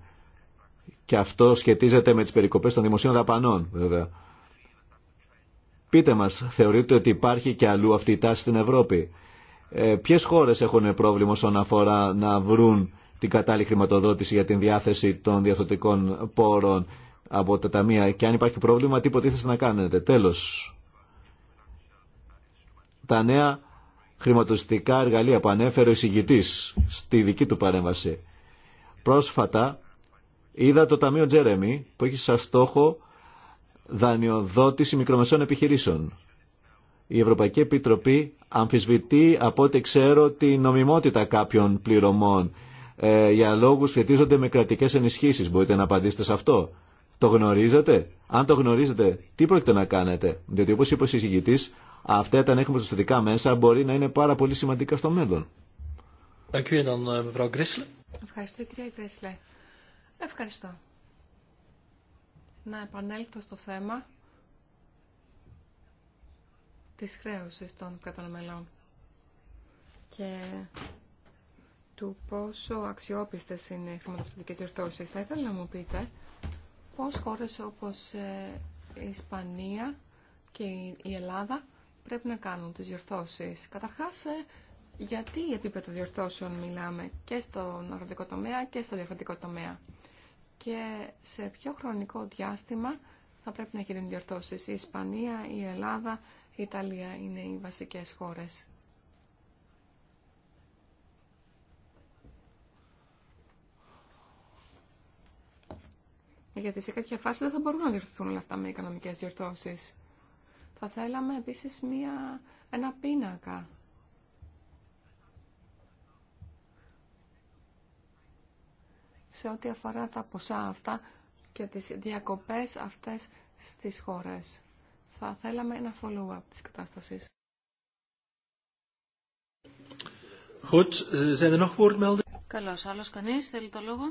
Και αυτό σχετίζεται με τις περικοπές των δημοσίων δαπανών, βέβαια. Πείτε μας, θεωρείτε ότι υπάρχει και αλλού αυτή η τάση στην Ευρώπη. Ε, ποιες χώρες έχουν πρόβλημα όσον αφορά να βρουν την κατάλληλη χρηματοδότηση για την διάθεση των διαθωτικών πόρων από τα ταμεία και αν υπάρχει πρόβλημα τι υποτίθεστε να κάνετε. Τέλος, τα νέα χρηματοστικά εργαλεία που ανέφερε ο εισηγητής στη δική του παρέμβαση. Πρόσφατα είδα το Ταμείο Τζέρεμι που έχει σαν στόχο δανειοδότηση μικρομεσών επιχειρήσεων. Η Ευρωπαϊκή Επιτροπή αμφισβητεί από ό,τι ξέρω τη νομιμότητα κάποιων πληρωμών ε, για λόγους σχετίζονται με κρατικές ενισχύσεις. Μπορείτε να απαντήσετε σε αυτό. Το γνωρίζετε. Αν το γνωρίζετε, τι πρόκειται να κάνετε. Διότι όπω είπε ο συζητητή, αυτά τα ανέχουμε μέσα μπορεί να είναι πάρα πολύ σημαντικά στο μέλλον. Ευχαριστώ κυρία Γκρέσλε. Ευχαριστώ. Να επανέλθω στο θέμα τη χρέωση των κρατών μελών και του πόσο αξιόπιστε είναι οι χρηματοπιστωτικές διορθώσεις. Θα ήθελα να μου πείτε πως χώρες όπως ε, η Ισπανία και η Ελλάδα πρέπει να κάνουν τις διορθώσεις. Καταρχάς, ε, γιατί επίπεδο διορθώσεων μιλάμε και στον αγροτικό τομέα και στο διαφορετικό τομέα και σε ποιο χρονικό διάστημα θα πρέπει να γίνουν διορθώσεις. Η Ισπανία, η Ελλάδα, η Ιταλία είναι οι βασικές χώρες. γιατί σε κάποια φάση δεν θα μπορούν να διορθωθούν όλα αυτά με οικονομικές διορθώσεις. Θα θέλαμε επίσης μία, ένα πίνακα. Σε ό,τι αφορά τα ποσά αυτά και τις διακοπές αυτές στις χώρες. Θα θέλαμε ένα follow-up της κατάστασης. Goed, zijn er Καλώς, άλλος κανείς θέλει το λόγο.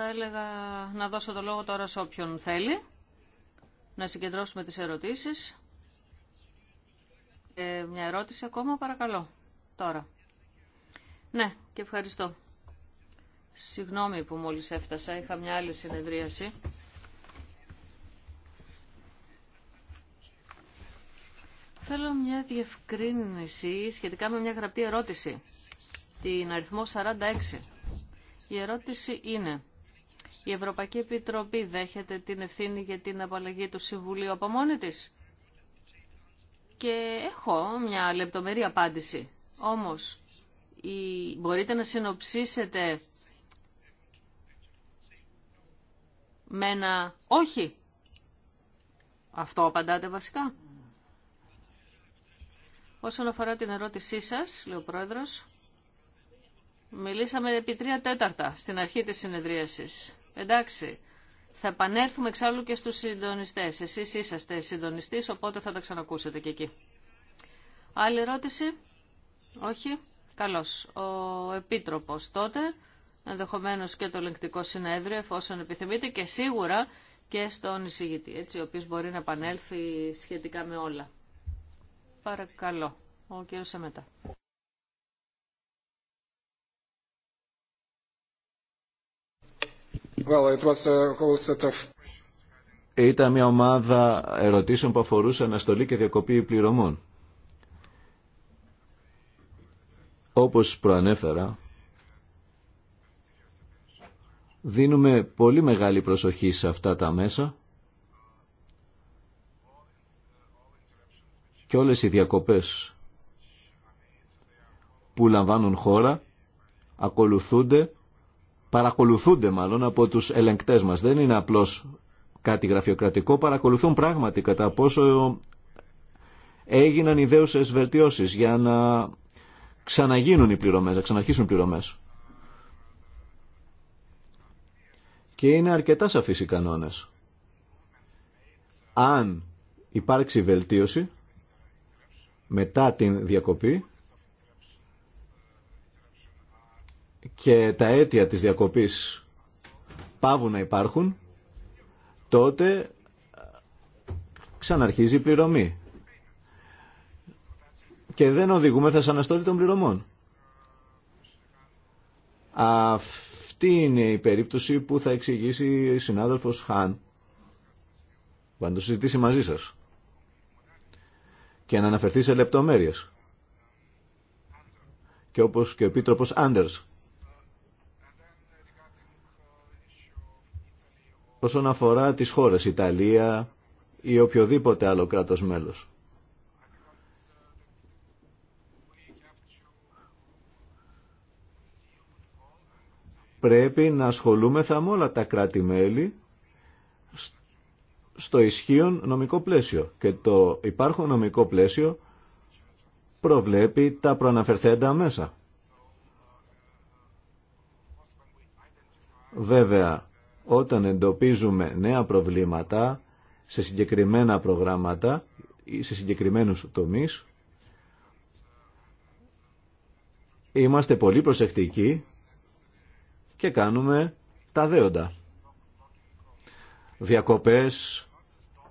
Θα έλεγα να δώσω το λόγο τώρα σε όποιον θέλει, να συγκεντρώσουμε τις ερωτήσεις. Ε, μια ερώτηση ακόμα, παρακαλώ. Τώρα. Ναι, και ευχαριστώ. Συγγνώμη που μόλις έφτασα, είχα μια άλλη συνεδρίαση. Θέλω μια διευκρίνηση σχετικά με μια γραπτή ερώτηση. Την αριθμό 46. Η ερώτηση είναι η Ευρωπαϊκή Επιτροπή δέχεται την ευθύνη για την απαλλαγή του Συμβουλίου από μόνη της. Και έχω μια λεπτομερή απάντηση. Όμως, η... μπορείτε να συνοψίσετε με ένα όχι. Αυτό απαντάτε βασικά. Όσον αφορά την ερώτησή σας, λέει ο Πρόεδρος, μιλήσαμε επί τρία τέταρτα στην αρχή της συνεδρίασης. Εντάξει. Θα επανέλθουμε εξάλλου και στους συντονιστές. Εσείς είσαστε συντονιστή, οπότε θα τα ξανακούσετε και εκεί. Άλλη ερώτηση? Όχι? Καλώς. Ο Επίτροπος τότε, ενδεχομένως και το ελεγκτικό συνέδριο, εφόσον επιθυμείτε, και σίγουρα και στον εισηγητή, έτσι, ο οποίος μπορεί να επανέλθει σχετικά με όλα. Παρακαλώ. Ο κύριος Σεμέτα. Ήταν μια ομάδα ερωτήσεων που αφορούσε αναστολή και διακοπή πληρωμών. Όπως προανέφερα, δίνουμε πολύ μεγάλη προσοχή σε αυτά τα μέσα και όλες οι διακοπές που λαμβάνουν χώρα ακολουθούνται παρακολουθούνται μάλλον από τους ελεγκτές μας. Δεν είναι απλώς κάτι γραφειοκρατικό, παρακολουθούν πράγματι κατά πόσο έγιναν ιδέουσες βελτιώσεις για να ξαναγίνουν οι πληρωμές, να ξαναρχίσουν οι πληρωμές. Και είναι αρκετά σαφείς οι κανόνες. Αν υπάρξει βελτίωση μετά την διακοπή, και τα αίτια της διακοπής πάβουν να υπάρχουν, τότε ξαναρχίζει η πληρωμή. Και δεν οδηγούμε θα αναστολή των πληρωμών. Αυτή είναι η περίπτωση που θα εξηγήσει η συνάδελφος Χάν. Που θα το συζητήσει μαζί σας. Και να αναφερθεί σε λεπτομέρειες. Και όπως και ο Επίτροπος Άντερς όσον αφορά τις χώρες Ιταλία ή οποιοδήποτε άλλο κράτος μέλος. Πρέπει να ασχολούμεθα με όλα τα κράτη-μέλη στο ισχύον νομικό πλαίσιο και το υπάρχον νομικό πλαίσιο προβλέπει τα προαναφερθέντα μέσα. Βέβαια, όταν εντοπίζουμε νέα προβλήματα σε συγκεκριμένα προγράμματα ή σε συγκεκριμένους τομείς, είμαστε πολύ προσεκτικοί και κάνουμε τα δέοντα. Διακοπές,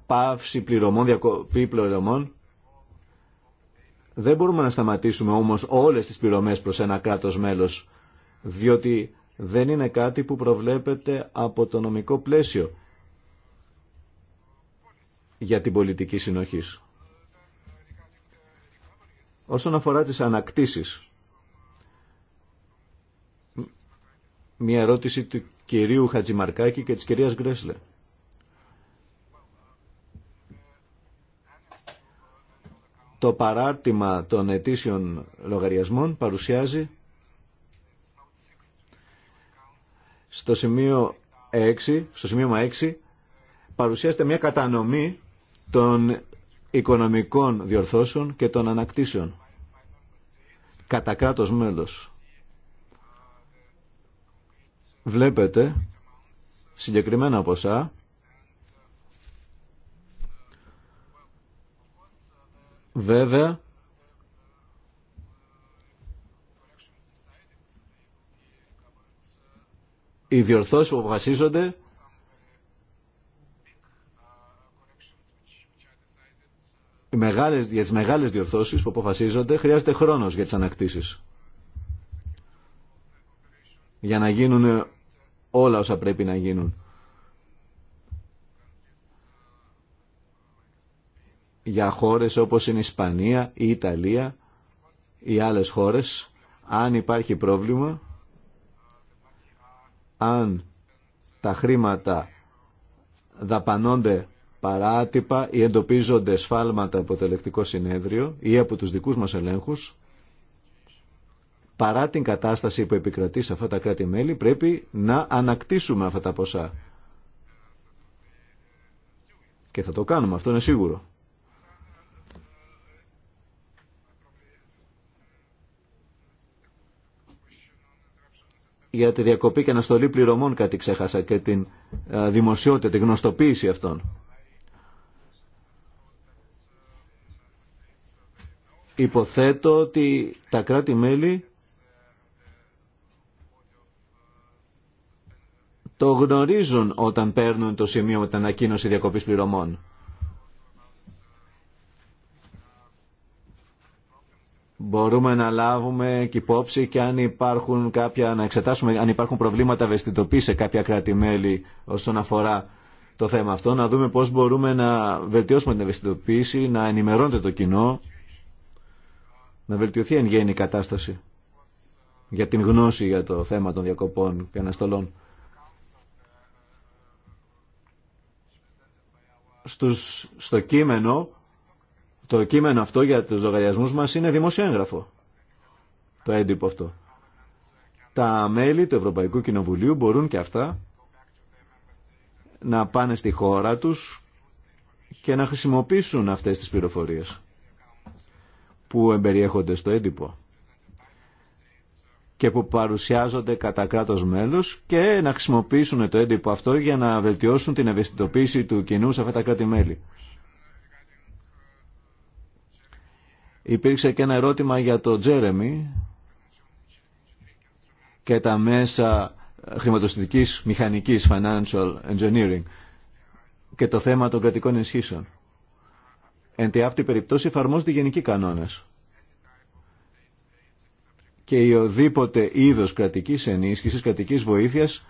πάυση πληρωμών, διακοπή πληρωμών. Δεν μπορούμε να σταματήσουμε όμως όλες τις πληρωμές προς ένα κράτος μέλος, διότι δεν είναι κάτι που προβλέπεται από το νομικό πλαίσιο για την πολιτική συνοχής. Όσον αφορά τις ανακτήσεις, μια ερώτηση του κυρίου Χατζημαρκάκη και της κυρίας Γκρέσλε. Το παράρτημα των ετήσιων λογαριασμών παρουσιάζει Στο σημείο 6, στο σημείο 6 παρουσιάζεται μια κατανομή των οικονομικών διορθώσεων και των ανακτήσεων κατά κράτος μέλος. Βλέπετε συγκεκριμένα ποσά βέβαια οι διορθώσεις που αποφασίζονται οι μεγάλες, για τις μεγάλες διορθώσεις που αποφασίζονται χρειάζεται χρόνος για τις ανακτήσεις για να γίνουν όλα όσα πρέπει να γίνουν. Για χώρες όπως είναι η Ισπανία, η Ιταλία, ή άλλες χώρες, αν υπάρχει πρόβλημα, αν τα χρήματα δαπανώνται παράτυπα ή εντοπίζονται σφάλματα από το ελεκτικό συνέδριο ή από τους δικούς μας ελέγχους, παρά την κατάσταση που επικρατεί σε αυτά τα κράτη-μέλη, πρέπει να ανακτήσουμε αυτά τα ποσά. Και θα το κάνουμε, αυτό είναι σίγουρο. για τη διακοπή και αναστολή πληρωμών κάτι ξέχασα και την δημοσιότητα, την γνωστοποίηση αυτών. Υποθέτω ότι τα κράτη-μέλη το γνωρίζουν όταν παίρνουν το σημείο με την ανακοίνωση διακοπής πληρωμών. μπορούμε να λάβουμε και υπόψη και αν υπάρχουν κάποια, να εξετάσουμε αν υπάρχουν προβλήματα ευαισθητοποίηση σε κάποια κράτη-μέλη όσον αφορά το θέμα αυτό, να δούμε πώς μπορούμε να βελτιώσουμε την ευαισθητοποίηση, να ενημερώνεται το κοινό, να βελτιωθεί εν γέννη η κατάσταση για την γνώση για το θέμα των διακοπών και αναστολών. στο κείμενο το κείμενο αυτό για τους λογαριασμούς μας είναι δημοσιόγραφο. Το έντυπο αυτό. Τα μέλη του Ευρωπαϊκού Κοινοβουλίου μπορούν και αυτά να πάνε στη χώρα τους και να χρησιμοποιήσουν αυτές τις πληροφορίες που εμπεριέχονται στο έντυπο και που παρουσιάζονται κατά κράτο μέλο και να χρησιμοποιήσουν το έντυπο αυτό για να βελτιώσουν την ευαισθητοποίηση του κοινού σε αυτά τα κράτη-μέλη. Υπήρξε και ένα ερώτημα για το Τζέρεμι και τα μέσα χρηματοστητικής μηχανικής financial engineering και το θέμα των κρατικών ενισχύσεων. Εν τη αυτή περιπτώση εφαρμόζονται γενικοί κανόνες. Και η οδήποτε είδος κρατικής ενίσχυσης, κρατικής βοήθειας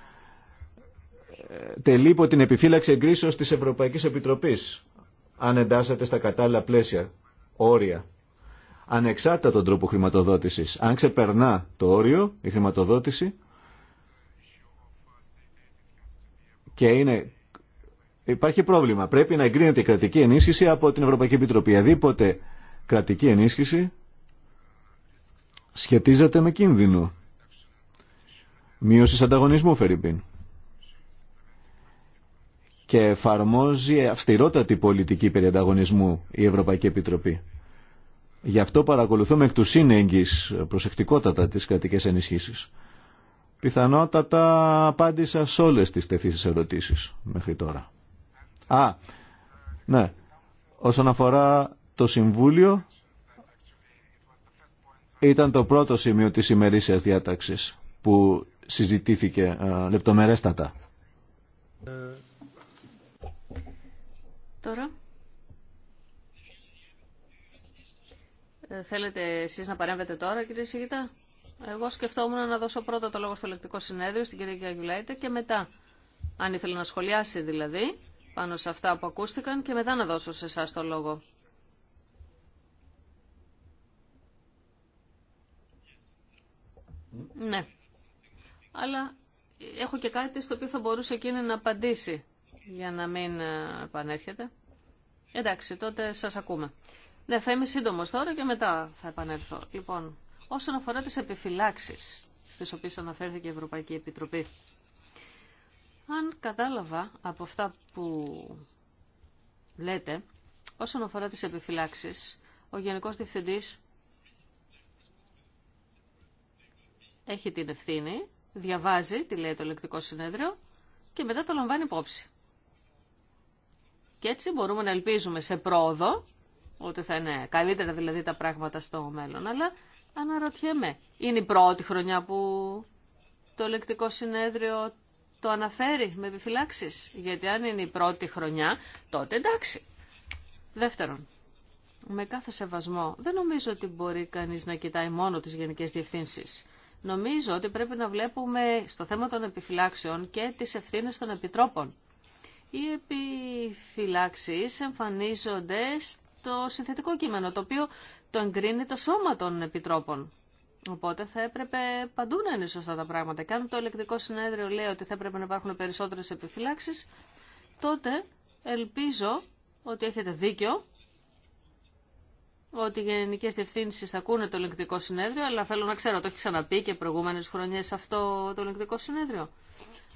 ε, τελεί υπό την επιφύλαξη εγκρίσεως της Ευρωπαϊκής Επιτροπής αν εντάσσεται στα κατάλληλα πλαίσια, όρια ανεξάρτητα τον τρόπο χρηματοδότησης. Αν ξεπερνά το όριο, η χρηματοδότηση, και είναι... Υπάρχει πρόβλημα. Πρέπει να εγκρίνεται η κρατική ενίσχυση από την Ευρωπαϊκή Επιτροπή. Αδίποτε κρατική ενίσχυση σχετίζεται με κίνδυνο. Μείωση ανταγωνισμού, Φερρυπίν. Και εφαρμόζει αυστηρότατη πολιτική περί ανταγωνισμού η Ευρωπαϊκή Επιτροπή. Γι' αυτό παρακολουθούμε εκ του σύνεγγυς προσεκτικότατα τις κρατικές ενισχύσεις. Πιθανότατα απάντησα σε όλες τις τεθήσεις ερωτήσεις μέχρι τώρα. Α, ναι, όσον αφορά το Συμβούλιο, ήταν το πρώτο σημείο της ημερήσιας διάταξης που συζητήθηκε ε, λεπτομερέστατα. Τώρα Ε, θέλετε εσεί να παρέμβετε τώρα κύριε Σιγητά. Εγώ σκεφτόμουν να δώσω πρώτα το λόγο στο λεπτικό συνέδριο στην κυρία Γιαγιουλάιτε και μετά, αν ήθελε να σχολιάσει δηλαδή, πάνω σε αυτά που ακούστηκαν και μετά να δώσω σε εσά το λόγο. Ναι. Αλλά έχω και κάτι στο οποίο θα μπορούσε εκείνη να απαντήσει για να μην ε, επανέρχεται. Εντάξει, τότε σας ακούμε. Ναι, θα είμαι σύντομο τώρα και μετά θα επανέλθω. Λοιπόν, όσον αφορά τι επιφυλάξει στι οποίε αναφέρθηκε η Ευρωπαϊκή Επιτροπή. Αν κατάλαβα από αυτά που λέτε, όσον αφορά τις επιφυλάξεις, ο Γενικός Διευθυντής έχει την ευθύνη, διαβάζει τι λέει το ελεκτικό συνέδριο και μετά το λαμβάνει υπόψη. Και έτσι μπορούμε να ελπίζουμε σε πρόοδο ότι θα είναι καλύτερα δηλαδή τα πράγματα στο μέλλον. Αλλά αναρωτιέμαι, είναι η πρώτη χρονιά που το λεκτικό συνέδριο το αναφέρει με επιφυλάξει. Γιατί αν είναι η πρώτη χρονιά, τότε εντάξει. Δεύτερον, με κάθε σεβασμό, δεν νομίζω ότι μπορεί κανείς να κοιτάει μόνο τις γενικές διευθύνσεις. Νομίζω ότι πρέπει να βλέπουμε στο θέμα των επιφυλάξεων και τις ευθύνες των επιτρόπων. Οι επιφυλάξεις εμφανίζονται το συνθετικό κείμενο, το οποίο το εγκρίνει το σώμα των επιτρόπων. Οπότε θα έπρεπε παντού να είναι σωστά τα πράγματα. Και αν το ελεκτικό συνέδριο λέει ότι θα έπρεπε να υπάρχουν περισσότερε επιφυλάξει, τότε ελπίζω ότι έχετε δίκιο ότι οι γενικέ διευθύνσει θα ακούνε το ελεκτικό συνέδριο, αλλά θέλω να ξέρω, το έχει ξαναπεί και προηγούμενε χρονιέ αυτό το ελεκτικό συνέδριο.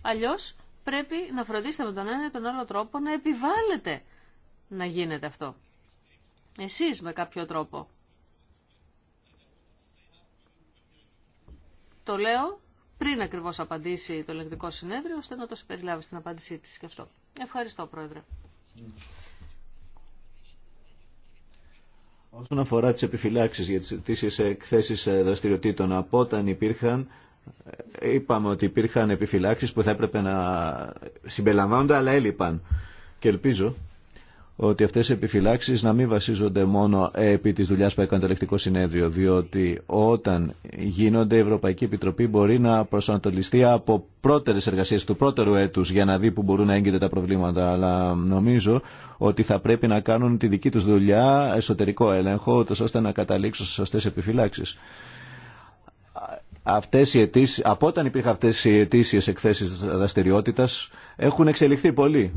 Αλλιώ πρέπει να φροντίσετε με τον ένα ή τον άλλο τρόπο να επιβάλλετε να γίνεται αυτό. Εσείς με κάποιο τρόπο. Το λέω πριν ακριβώς απαντήσει το ελεγκτικό συνέδριο, ώστε να το συμπεριλάβει στην απάντησή της και αυτό. Ευχαριστώ, Πρόεδρε. Όσον αφορά τις επιφυλάξεις για τις αιτήσεις εκθέσεις δραστηριοτήτων, από όταν υπήρχαν, είπαμε ότι υπήρχαν επιφυλάξεις που θα έπρεπε να συμπεριλαμβάνονται, αλλά έλειπαν. Και ελπίζω ότι αυτές οι επιφυλάξεις να μην βασίζονται μόνο επί της δουλειάς που έκανε το ελεκτικό συνέδριο, διότι όταν γίνονται η Ευρωπαϊκή Επιτροπή μπορεί να προσανατολιστεί από πρώτερες εργασίες του πρώτερου έτους για να δει που μπορούν να έγκυται τα προβλήματα, αλλά νομίζω ότι θα πρέπει να κάνουν τη δική τους δουλειά εσωτερικό έλεγχο, ώστε να καταλήξουν σε σωστές επιφυλάξεις. Αυτές οι αιτήσεις, από όταν υπήρχαν αυτές οι αιτήσιες εκθέσεις δραστηριότητα, έχουν εξελιχθεί πολύ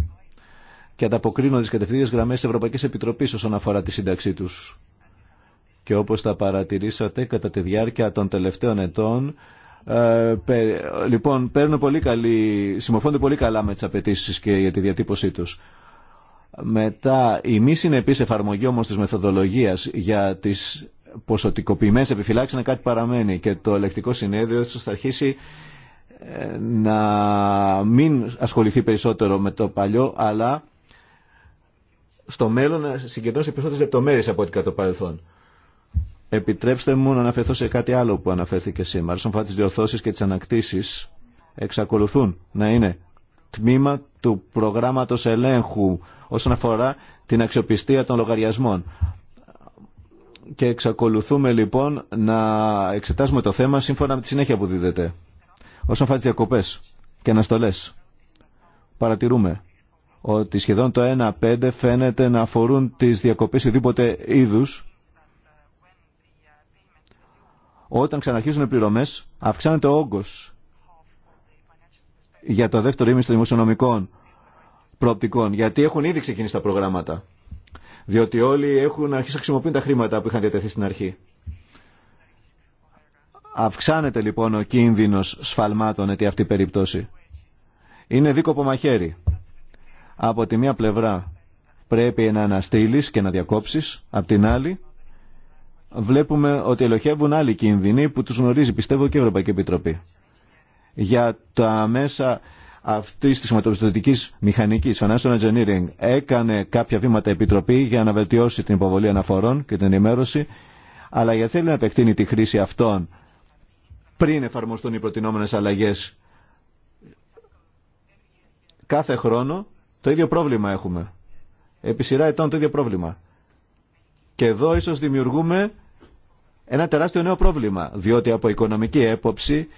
και ανταποκρίνονται τι κατευθείαν γραμμέ τη Ευρωπαϊκή Επιτροπή όσον αφορά τη σύνταξή του. Και όπω τα παρατηρήσατε κατά τη διάρκεια των τελευταίων ετών, ε, λοιπόν, παίρνουν πολύ καλή, συμμορφώνται πολύ καλά με τι απαιτήσει και για τη διατύπωσή του. Μετά, η μη συνεπή εφαρμογή όμω τη μεθοδολογία για τι ποσοτικοποιημένε επιφυλάξει είναι κάτι παραμένει και το ελεκτικό συνέδριο θα αρχίσει ε, να μην ασχοληθεί περισσότερο με το παλιό, αλλά στο μέλλον να συγκεντρώσει περισσότερε λεπτομέρειες από ό,τι κατά το παρελθόν. Επιτρέψτε μου να αναφερθώ σε κάτι άλλο που αναφέρθηκε σήμερα. Σαν αφορά τι διορθώσει και τι ανακτήσει, εξακολουθούν να είναι τμήμα του προγράμματο ελέγχου όσον αφορά την αξιοπιστία των λογαριασμών. Και εξακολουθούμε λοιπόν να εξετάζουμε το θέμα σύμφωνα με τη συνέχεια που δίδεται. Όσον αφορά τι διακοπέ και αναστολέ, παρατηρούμε ότι σχεδόν το 1-5 φαίνεται να αφορούν τις διακοπές οδήποτε είδους. Όταν ξαναρχίζουν οι πληρωμές, αυξάνεται ο όγκος για το δεύτερο ήμιση των δημοσιονομικών προοπτικών, γιατί έχουν ήδη ξεκινήσει τα προγράμματα. Διότι όλοι έχουν αρχίσει να χρησιμοποιούν τα χρήματα που είχαν διατεθεί στην αρχή. Αυξάνεται λοιπόν ο κίνδυνος σφαλμάτων ετί αυτή η περίπτωση. Είναι δίκοπο μαχαίρι. Από τη μία πλευρά πρέπει να αναστείλεις και να διακόψεις, από την άλλη βλέπουμε ότι ελοχεύουν άλλοι κίνδυνοι που τους γνωρίζει πιστεύω και η Ευρωπαϊκή Επιτροπή. Για τα μέσα αυτή τη χρηματοπιστωτική μηχανική, Financial Engineering, έκανε κάποια βήματα επιτροπή για να βελτιώσει την υποβολή αναφορών και την ενημέρωση, αλλά γιατί θέλει να επεκτείνει τη χρήση αυτών πριν εφαρμοστούν οι προτινόμενες αλλαγέ Κάθε χρόνο το ίδιο πρόβλημα έχουμε. Επί σειρά ετών το ίδιο πρόβλημα. Και εδώ ίσως δημιουργούμε ένα τεράστιο νέο πρόβλημα, διότι από οικονομική έποψη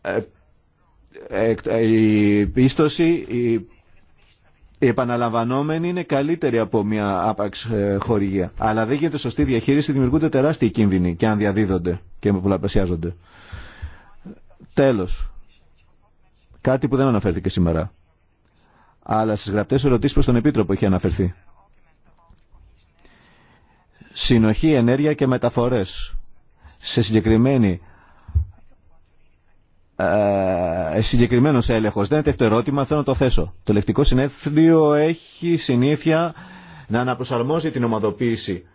ε, ε, ε, η πίστοση, η επαναλαμβανόμενη είναι καλύτερη από μια άπαξ χορηγία. Αλλά δεν γίνεται σωστή διαχείριση, δημιουργούνται τεράστιοι κίνδυνοι και αν διαδίδονται και πολλαπλασιάζονται. Τέλος, κάτι που δεν αναφέρθηκε σήμερα αλλά στις γραπτές ερωτήσεις προς τον Επίτροπο είχε αναφερθεί. Συνοχή, ενέργεια και μεταφορές. Σε συγκεκριμένη ε, ε συγκεκριμένο έλεγχο. Δεν είναι τέτοιο ερώτημα, θέλω να το θέσω. Το λεκτικό συνέδριο έχει συνήθεια να αναπροσαρμόζει την ομαδοποίηση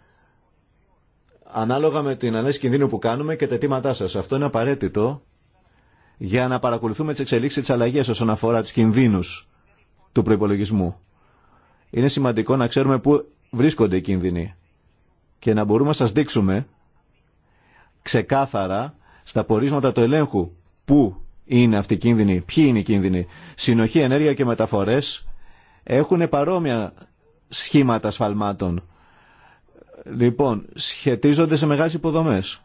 ανάλογα με την ανέση κινδύνου που κάνουμε και τα αιτήματά σα. Αυτό είναι απαραίτητο για να παρακολουθούμε τι εξελίξει τη αλλαγή όσον αφορά του κινδύνου του προπολογισμού. Είναι σημαντικό να ξέρουμε πού βρίσκονται οι κίνδυνοι και να μπορούμε να σας δείξουμε ξεκάθαρα στα πορίσματα του ελέγχου πού είναι αυτοί οι κίνδυνοι, ποιοι είναι οι κίνδυνοι. Συνοχή, ενέργεια και μεταφορές έχουν παρόμοια σχήματα ασφαλμάτων. Λοιπόν, σχετίζονται σε μεγάλες υποδομές.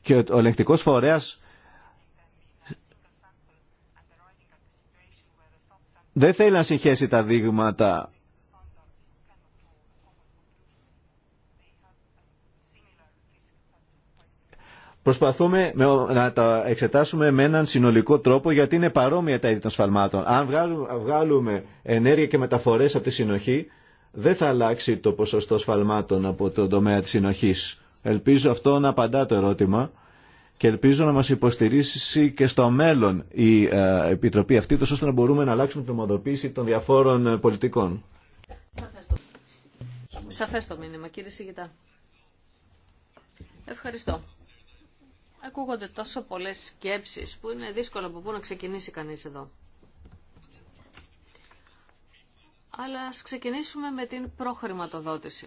Και ο φορέας δεν θέλει να συγχέσει τα δείγματα. Προσπαθούμε να τα εξετάσουμε με έναν συνολικό τρόπο γιατί είναι παρόμοια τα είδη των σφαλμάτων. Αν βγάλουμε ενέργεια και μεταφορές από τη συνοχή, δεν θα αλλάξει το ποσοστό σφαλμάτων από τον τομέα της συνοχής. Ελπίζω αυτό να απαντά το ερώτημα και ελπίζω να μας υποστηρίσει και στο μέλλον η ε, Επιτροπή αυτή, τόσο ώστε να μπορούμε να αλλάξουμε την ομοδοποίηση των διαφόρων ε, πολιτικών. Σαφές το, Σαφές το μήνυμα, κύριε Σιγητά. Ευχαριστώ. Ακούγονται τόσο πολλές σκέψεις που είναι δύσκολο από πού να ξεκινήσει κανείς εδώ. Αλλά ας ξεκινήσουμε με την προχρηματοδότηση.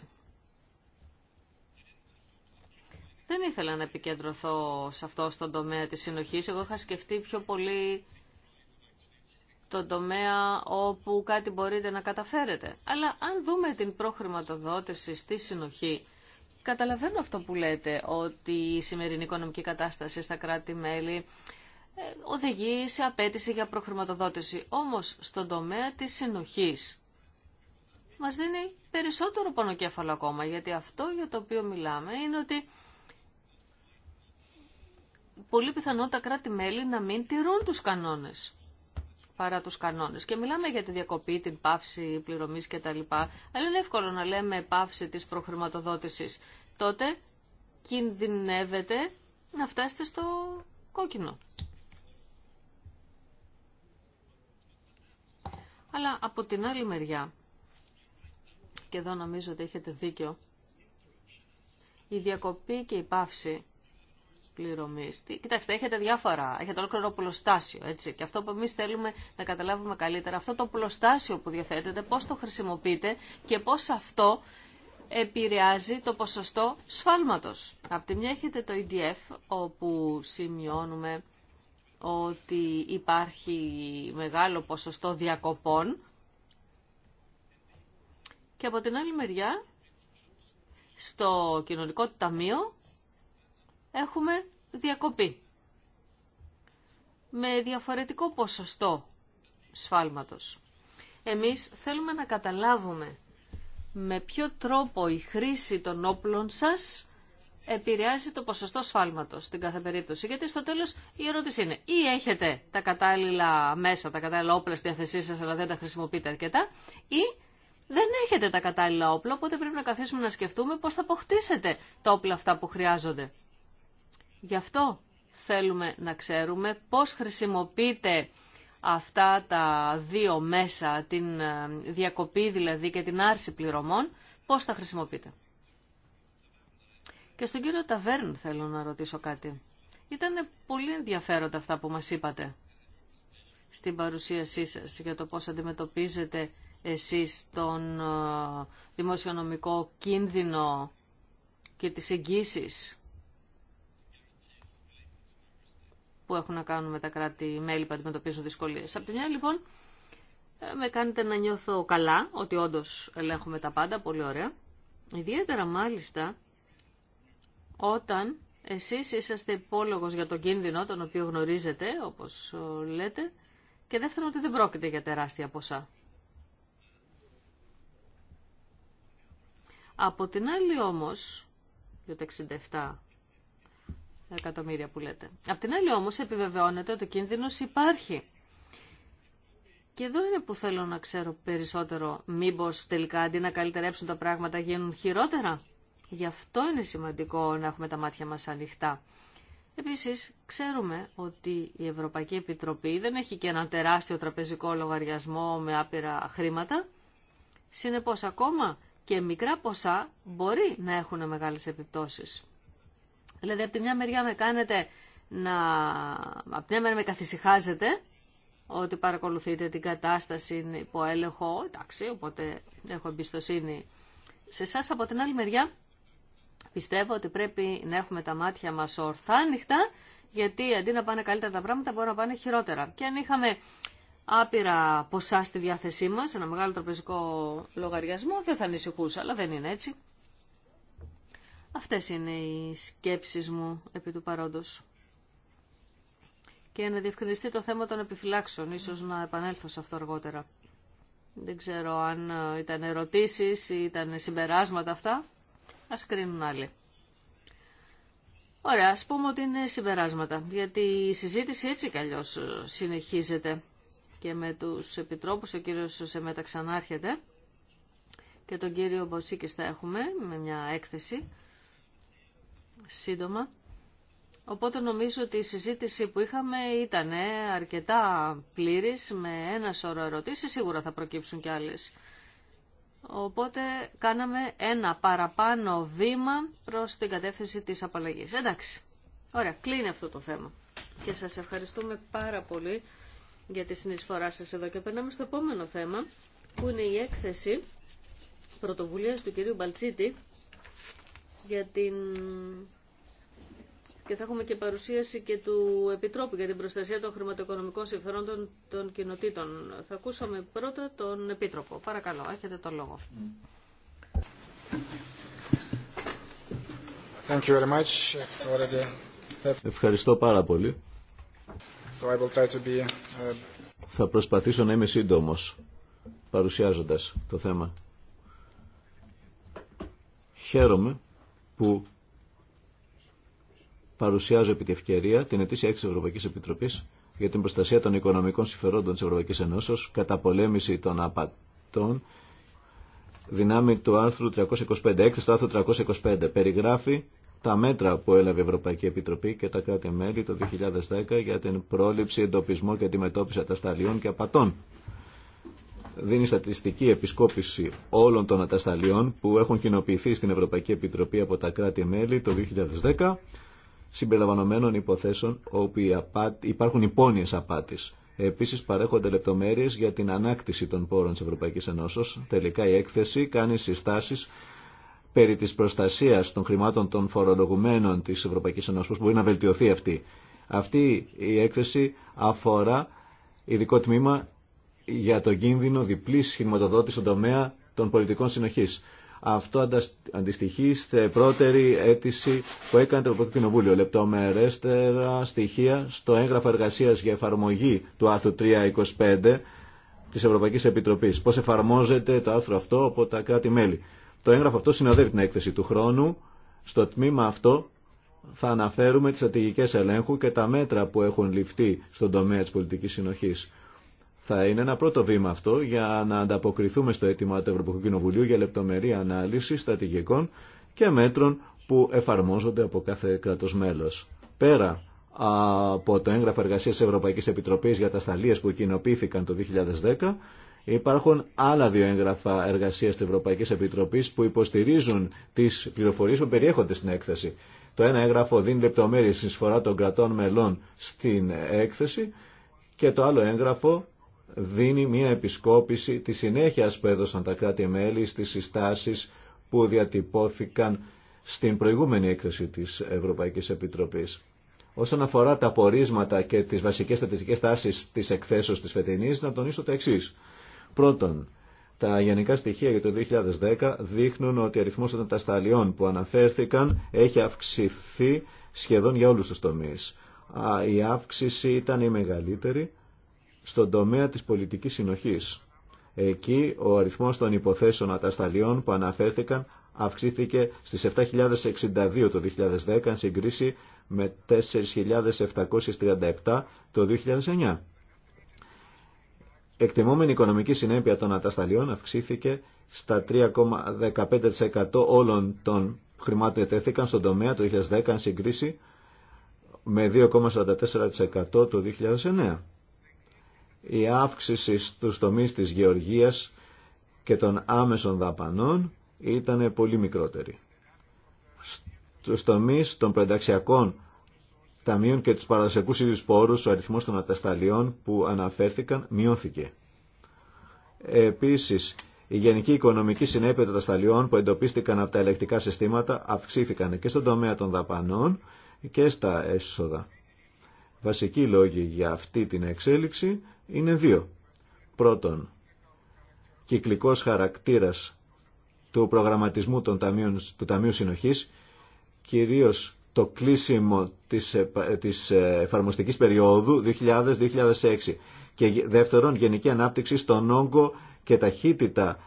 Δεν ήθελα να επικεντρωθώ σε αυτό στον τομέα της συνοχής. Εγώ είχα σκεφτεί πιο πολύ τον τομέα όπου κάτι μπορείτε να καταφέρετε. Αλλά αν δούμε την προχρηματοδότηση στη συνοχή, καταλαβαίνω αυτό που λέτε, ότι η σημερινή οικονομική κατάσταση στα κράτη-μέλη ε, οδηγεί σε απέτηση για προχρηματοδότηση. Όμως στον τομέα της συνοχής μας δίνει περισσότερο πονοκέφαλο ακόμα, γιατί αυτό για το οποίο μιλάμε είναι ότι πολύ πιθανό τα κράτη-μέλη να μην τηρούν τους κανόνες παρά τους κανόνες. Και μιλάμε για τη διακοπή, την πάυση πληρωμής κτλ. Αλλά είναι εύκολο να λέμε πάυση της προχρηματοδότησης. Τότε κινδυνεύετε να φτάσετε στο κόκκινο. Αλλά από την άλλη μεριά, και εδώ νομίζω ότι έχετε δίκιο, η διακοπή και η πάυση Κοιτάξτε, έχετε διάφορα, έχετε ολόκληρο πλωστάσιο, έτσι. Και αυτό που εμεί θέλουμε να καταλάβουμε καλύτερα, αυτό το πλωστάσιο που διαθέτεται, πώς το χρησιμοποιείτε και πώς αυτό επηρεάζει το ποσοστό σφάλματος. Απ' τη μια έχετε το EDF, όπου σημειώνουμε ότι υπάρχει μεγάλο ποσοστό διακοπών και από την άλλη μεριά στο κοινωνικό ταμείο έχουμε διακοπή με διαφορετικό ποσοστό σφάλματος. Εμείς θέλουμε να καταλάβουμε με ποιο τρόπο η χρήση των όπλων σας επηρεάζει το ποσοστό σφάλματος στην κάθε περίπτωση. Γιατί στο τέλος η ερώτηση είναι ή έχετε τα κατάλληλα μέσα, τα κατάλληλα όπλα στη διάθεσή σας αλλά δεν τα χρησιμοποιείτε αρκετά ή δεν έχετε τα κατάλληλα όπλα οπότε πρέπει να καθίσουμε να σκεφτούμε πώς θα αποκτήσετε τα όπλα αυτά που χρειάζονται. Γι' αυτό θέλουμε να ξέρουμε πώς χρησιμοποιείτε αυτά τα δύο μέσα, την ε, διακοπή δηλαδή και την άρση πληρωμών, πώς τα χρησιμοποιείτε. Και στον κύριο Ταβέρν θέλω να ρωτήσω κάτι. Ήταν πολύ ενδιαφέροντα αυτά που μας είπατε στην παρουσίασή σας για το πώς αντιμετωπίζετε εσείς τον ε, δημοσιονομικό κίνδυνο και τις εγγύσεις που έχουν να κάνουν με τα κράτη-μέλη που αντιμετωπίζουν δυσκολίε. Από τη μια λοιπόν ε, με κάνετε να νιώθω καλά ότι όντω ελέγχουμε τα πάντα, πολύ ωραία. Ιδιαίτερα μάλιστα όταν εσείς είσαστε υπόλογο για τον κίνδυνο τον οποίο γνωρίζετε, όπως λέτε, και δεύτερον ότι δεν πρόκειται για τεράστια ποσά. Από την άλλη όμως, το 67 εκατομμύρια που λέτε. Απ' την άλλη όμως επιβεβαιώνεται ότι ο κίνδυνος υπάρχει. Και εδώ είναι που θέλω να ξέρω περισσότερο μήπως τελικά αντί να καλυτερέψουν τα πράγματα γίνουν χειρότερα. Γι' αυτό είναι σημαντικό να έχουμε τα μάτια μας ανοιχτά. Επίσης, ξέρουμε ότι η Ευρωπαϊκή Επιτροπή δεν έχει και ένα τεράστιο τραπεζικό λογαριασμό με άπειρα χρήματα. Συνεπώς, ακόμα και μικρά ποσά μπορεί να έχουν μεγάλες επιπτώσεις. Δηλαδή από τη μια μεριά με κάνετε να... από τη μια μεριά με καθησυχάζετε ότι παρακολουθείτε την κατάσταση, υπό έλεγχο, εντάξει, οπότε έχω εμπιστοσύνη σε εσά. Από την άλλη μεριά πιστεύω ότι πρέπει να έχουμε τα μάτια μας ορθά ανοιχτά, γιατί αντί να πάνε καλύτερα τα πράγματα μπορούν να πάνε χειρότερα. Και αν είχαμε άπειρα ποσά στη διάθεσή μας, ένα μεγάλο τροπεζικό λογαριασμό, δεν θα ανησυχούσα, αλλά δεν είναι έτσι. Αυτές είναι οι σκέψεις μου επί του παρόντος. Και να διευκρινιστεί το θέμα των επιφυλάξεων, ίσως να επανέλθω σε αυτό αργότερα. Δεν ξέρω αν ε, ήταν ερωτήσεις ή ήταν συμπεράσματα αυτά. Ας κρίνουν άλλοι. Ωραία, ας πούμε ότι είναι συμπεράσματα, γιατί η συζήτηση έτσι κι αλλιώς ε, συνεχίζεται και με τους επιτρόπους, ο κύριος Σεμέτα ξανάρχεται και τον κύριο Μποσίκης θα έχουμε με μια έκθεση σύντομα. Οπότε νομίζω ότι η συζήτηση που είχαμε ήταν αρκετά πλήρης με ένα σώρο ερωτήσεις, σίγουρα θα προκύψουν κι άλλες. Οπότε κάναμε ένα παραπάνω βήμα προς την κατεύθυνση της απαλλαγής. Εντάξει, ωραία, κλείνει αυτό το θέμα. Και σας ευχαριστούμε πάρα πολύ για τη συνεισφορά σας εδώ. Και περνάμε στο επόμενο θέμα, που είναι η έκθεση πρωτοβουλίας του κυρίου Μπαλτσίτη, για την... και θα έχουμε και παρουσίαση και του Επιτρόπου για την προστασία των χρηματοοικονομικών συμφερόντων των κοινοτήτων. Θα ακούσαμε πρώτα τον Επίτροπο. Παρακαλώ, έχετε τον λόγο. Thank you very much. Ευχαριστώ πάρα πολύ. So I will try to be... Uh, θα προσπαθήσω να είμαι σύντομος παρουσιάζοντας το θέμα. Χαίρομαι που παρουσιάζω επί τη ευκαιρία την ετήσια έξι Ευρωπαϊκής Επιτροπής για την προστασία των οικονομικών συμφερόντων της Ευρωπαϊκής Ενώσεως κατά πολέμηση των απατών δυνάμει του άρθρου 325. Έκθεση του άρθρου 325 περιγράφει τα μέτρα που έλαβε η Ευρωπαϊκή Επιτροπή και τα κράτη-μέλη το 2010 για την πρόληψη, εντοπισμό και αντιμετώπιση ατασταλιών και απατών δίνει στατιστική επισκόπηση όλων των ατασταλιών που έχουν κοινοποιηθεί στην Ευρωπαϊκή Επιτροπή από τα κράτη-μέλη το 2010, συμπεριλαμβανομένων υποθέσεων όπου υπάρχουν υπόνοιες απάτης. Επίση, παρέχονται λεπτομέρειε για την ανάκτηση των πόρων τη Ευρωπαϊκή Ενώσεω. Τελικά, η έκθεση κάνει συστάσει περί τη προστασία των χρημάτων των φορολογουμένων τη Ευρωπαϊκή Ενώσεω. Μπορεί να βελτιωθεί αυτή. Αυτή η έκθεση αφορά ειδικό τμήμα για τον κίνδυνο διπλής χρηματοδότηση στον τομέα των πολιτικών συνοχής. Αυτό αντιστοιχεί στην πρώτερη αίτηση που έκανε το Ευρωπαϊκό Κοινοβούλιο. Λεπτομερέστερα στοιχεία στο έγγραφο εργασίας για εφαρμογή του άρθρου 325 της Ευρωπαϊκής Επιτροπής. Πώς εφαρμόζεται το άρθρο αυτό από τα κράτη-μέλη. Το έγγραφο αυτό συνοδεύει την έκθεση του χρόνου. Στο τμήμα αυτό θα αναφέρουμε τις στρατηγικές ελέγχου και τα μέτρα που έχουν ληφθεί στον τομέα τη πολιτικής συνοχής. Θα είναι ένα πρώτο βήμα αυτό για να ανταποκριθούμε στο αίτημα του Ευρωπαϊκού Κοινοβουλίου για λεπτομερή ανάλυση στρατηγικών και μέτρων που εφαρμόζονται από κάθε κράτος μέλος. Πέρα από το έγγραφο εργασίας Ευρωπαϊκής Επιτροπής για τα σταλίες που κοινοποιήθηκαν το 2010, Υπάρχουν άλλα δύο έγγραφα εργασίας της Ευρωπαϊκής Επιτροπής που υποστηρίζουν τις πληροφορίες που περιέχονται στην έκθεση. Το ένα έγγραφο δίνει λεπτομέρειες συνεισφορά των κρατών μελών στην έκθεση και το άλλο έγγραφο δίνει μια επισκόπηση της συνέχεια που έδωσαν τα κράτη-μέλη στις συστάσεις που διατυπώθηκαν στην προηγούμενη έκθεση της Ευρωπαϊκής Επιτροπής. Όσον αφορά τα πορίσματα και τις βασικές στατιστικές τάσεις της εκθέσεως της φετινής, να τονίσω τα εξή. Πρώτον, τα γενικά στοιχεία για το 2010 δείχνουν ότι ο αριθμός των τασταλιών που αναφέρθηκαν έχει αυξηθεί σχεδόν για όλους τους τομείς. Η αύξηση ήταν η μεγαλύτερη στον τομέα της πολιτικής συνοχής. Εκεί ο αριθμός των υποθέσεων ατασταλιών που αναφέρθηκαν αυξήθηκε στις 7.062 το 2010 σε συγκρίση με 4.737 το 2009. Εκτιμόμενη οικονομική συνέπεια των ατασταλιών αυξήθηκε στα 3,15% όλων των χρημάτων ετέθηκαν στον τομέα το 2010 σε συγκρίση με 2,44% το 2009 η αύξηση στους τομείς της γεωργίας και των άμεσων δαπανών ήταν πολύ μικρότερη. Στους τομείς των πενταξιακών ταμείων και τους παραδοσιακούς ίδιους πόρους, ο αριθμός των ατασταλιών που αναφέρθηκαν μειώθηκε. Επίσης, η γενική οικονομική συνέπεια των ατασταλιών που εντοπίστηκαν από τα ελεκτικά συστήματα αυξήθηκαν και στον τομέα των δαπανών και στα έσοδα. Βασικοί λόγοι για αυτή την εξέλιξη είναι δύο. Πρώτον, κυκλικός χαρακτήρας του προγραμματισμού των ταμείων, του Ταμείου Συνοχής, κυρίως το κλείσιμο της, της ε, εφαρμοστικής περίοδου 2000-2006 και δεύτερον γενική ανάπτυξη στον όγκο και ταχύτητα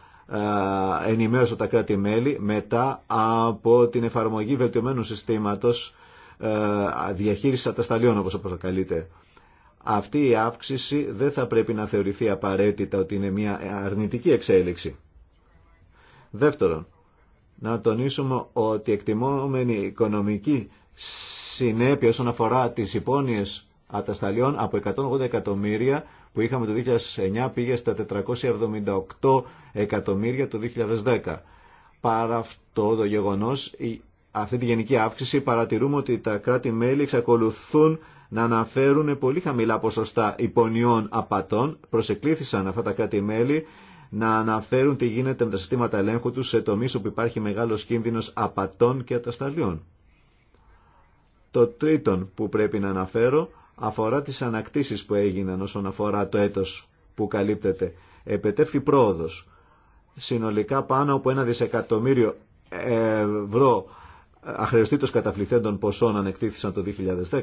ενημέρωσε τα κράτη-μέλη μετά από την εφαρμογή βελτιωμένου συστήματος ε, διαχείρισης ατασταλιών όπως αποκαλείται. Αυτή η αύξηση δεν θα πρέπει να θεωρηθεί απαραίτητα ότι είναι μια αρνητική εξέλιξη. Δεύτερον, να τονίσουμε ότι εκτιμόμενη οικονομική συνέπεια όσον αφορά τις υπόνοιες ατασταλιών από 180 εκατομμύρια που είχαμε το 2009 πήγε στα 478 εκατομμύρια το 2010. Παρά αυτό το γεγονός αυτή τη γενική αύξηση παρατηρούμε ότι τα κράτη-μέλη εξακολουθούν να αναφέρουν πολύ χαμηλά ποσοστά υπονιών απατών. Προσεκλήθησαν αυτά τα κράτη-μέλη να αναφέρουν τι γίνεται με τα συστήματα ελέγχου τους σε τομείς όπου υπάρχει μεγάλος κίνδυνος απατών και ατασταλιών. Το τρίτο που πρέπει να αναφέρω αφορά τις ανακτήσεις που έγιναν όσον αφορά το έτος που καλύπτεται. Επετεύχθη πρόοδος. Συνολικά πάνω από ένα δισεκατομμύριο ευρώ αχρεωστήτως καταφληθέντων ποσών ανεκτήθησαν το 2010.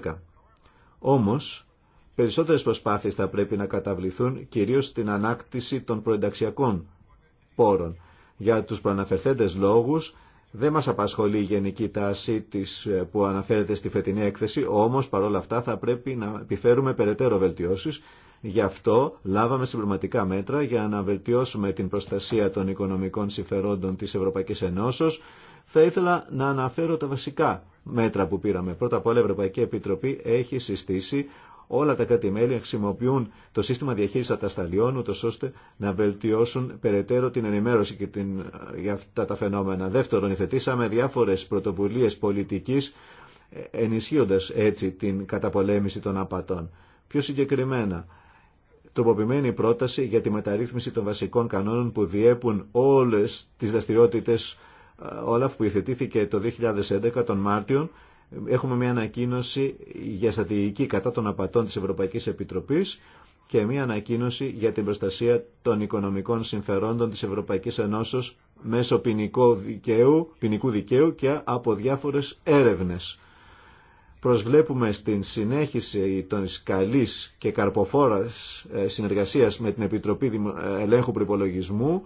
Όμως, περισσότερες προσπάθειες θα πρέπει να καταβληθούν κυρίως στην ανάκτηση των προενταξιακών πόρων. Για τους προαναφερθέντες λόγους δεν μας απασχολεί η γενική τάση της ε, που αναφέρεται στη φετινή έκθεση, όμως παρόλα αυτά θα πρέπει να επιφέρουμε περαιτέρω βελτιώσεις. Γι' αυτό λάβαμε συμπληρωματικά μέτρα για να βελτιώσουμε την προστασία των οικονομικών συμφερόντων της Ευρωπαϊκής Ενώσεως, θα ήθελα να αναφέρω τα βασικά μέτρα που πήραμε. Πρώτα απ' όλα η Ευρωπαϊκή Επιτροπή έχει συστήσει όλα τα κράτη-μέλη χρησιμοποιούν το σύστημα διαχείριση ατασταλιών, ούτω ώστε να βελτιώσουν περαιτέρω την ενημέρωση και την... Ε, για αυτά τα φαινόμενα. Δεύτερον, υθετήσαμε διάφορε πρωτοβουλίε πολιτική, ε, ενισχύοντα έτσι την καταπολέμηση των απατών. Πιο συγκεκριμένα, τροποποιημένη πρόταση για τη μεταρρύθμιση των βασικών κανόνων που διέπουν όλε τι δραστηριότητε Όλαφ που υιοθετήθηκε το 2011 τον Μάρτιο έχουμε μια ανακοίνωση για στρατηγική κατά των απατών της Ευρωπαϊκής Επιτροπής και μια ανακοίνωση για την προστασία των οικονομικών συμφερόντων της Ευρωπαϊκής Ενώσεως μέσω ποινικού δικαίου, ποινικού δικαίου και από διάφορες έρευνες. Προσβλέπουμε στην συνέχιση των καλής και καρποφόρας ε, συνεργασίας με την Επιτροπή ε, Ελέγχου Προπολογισμού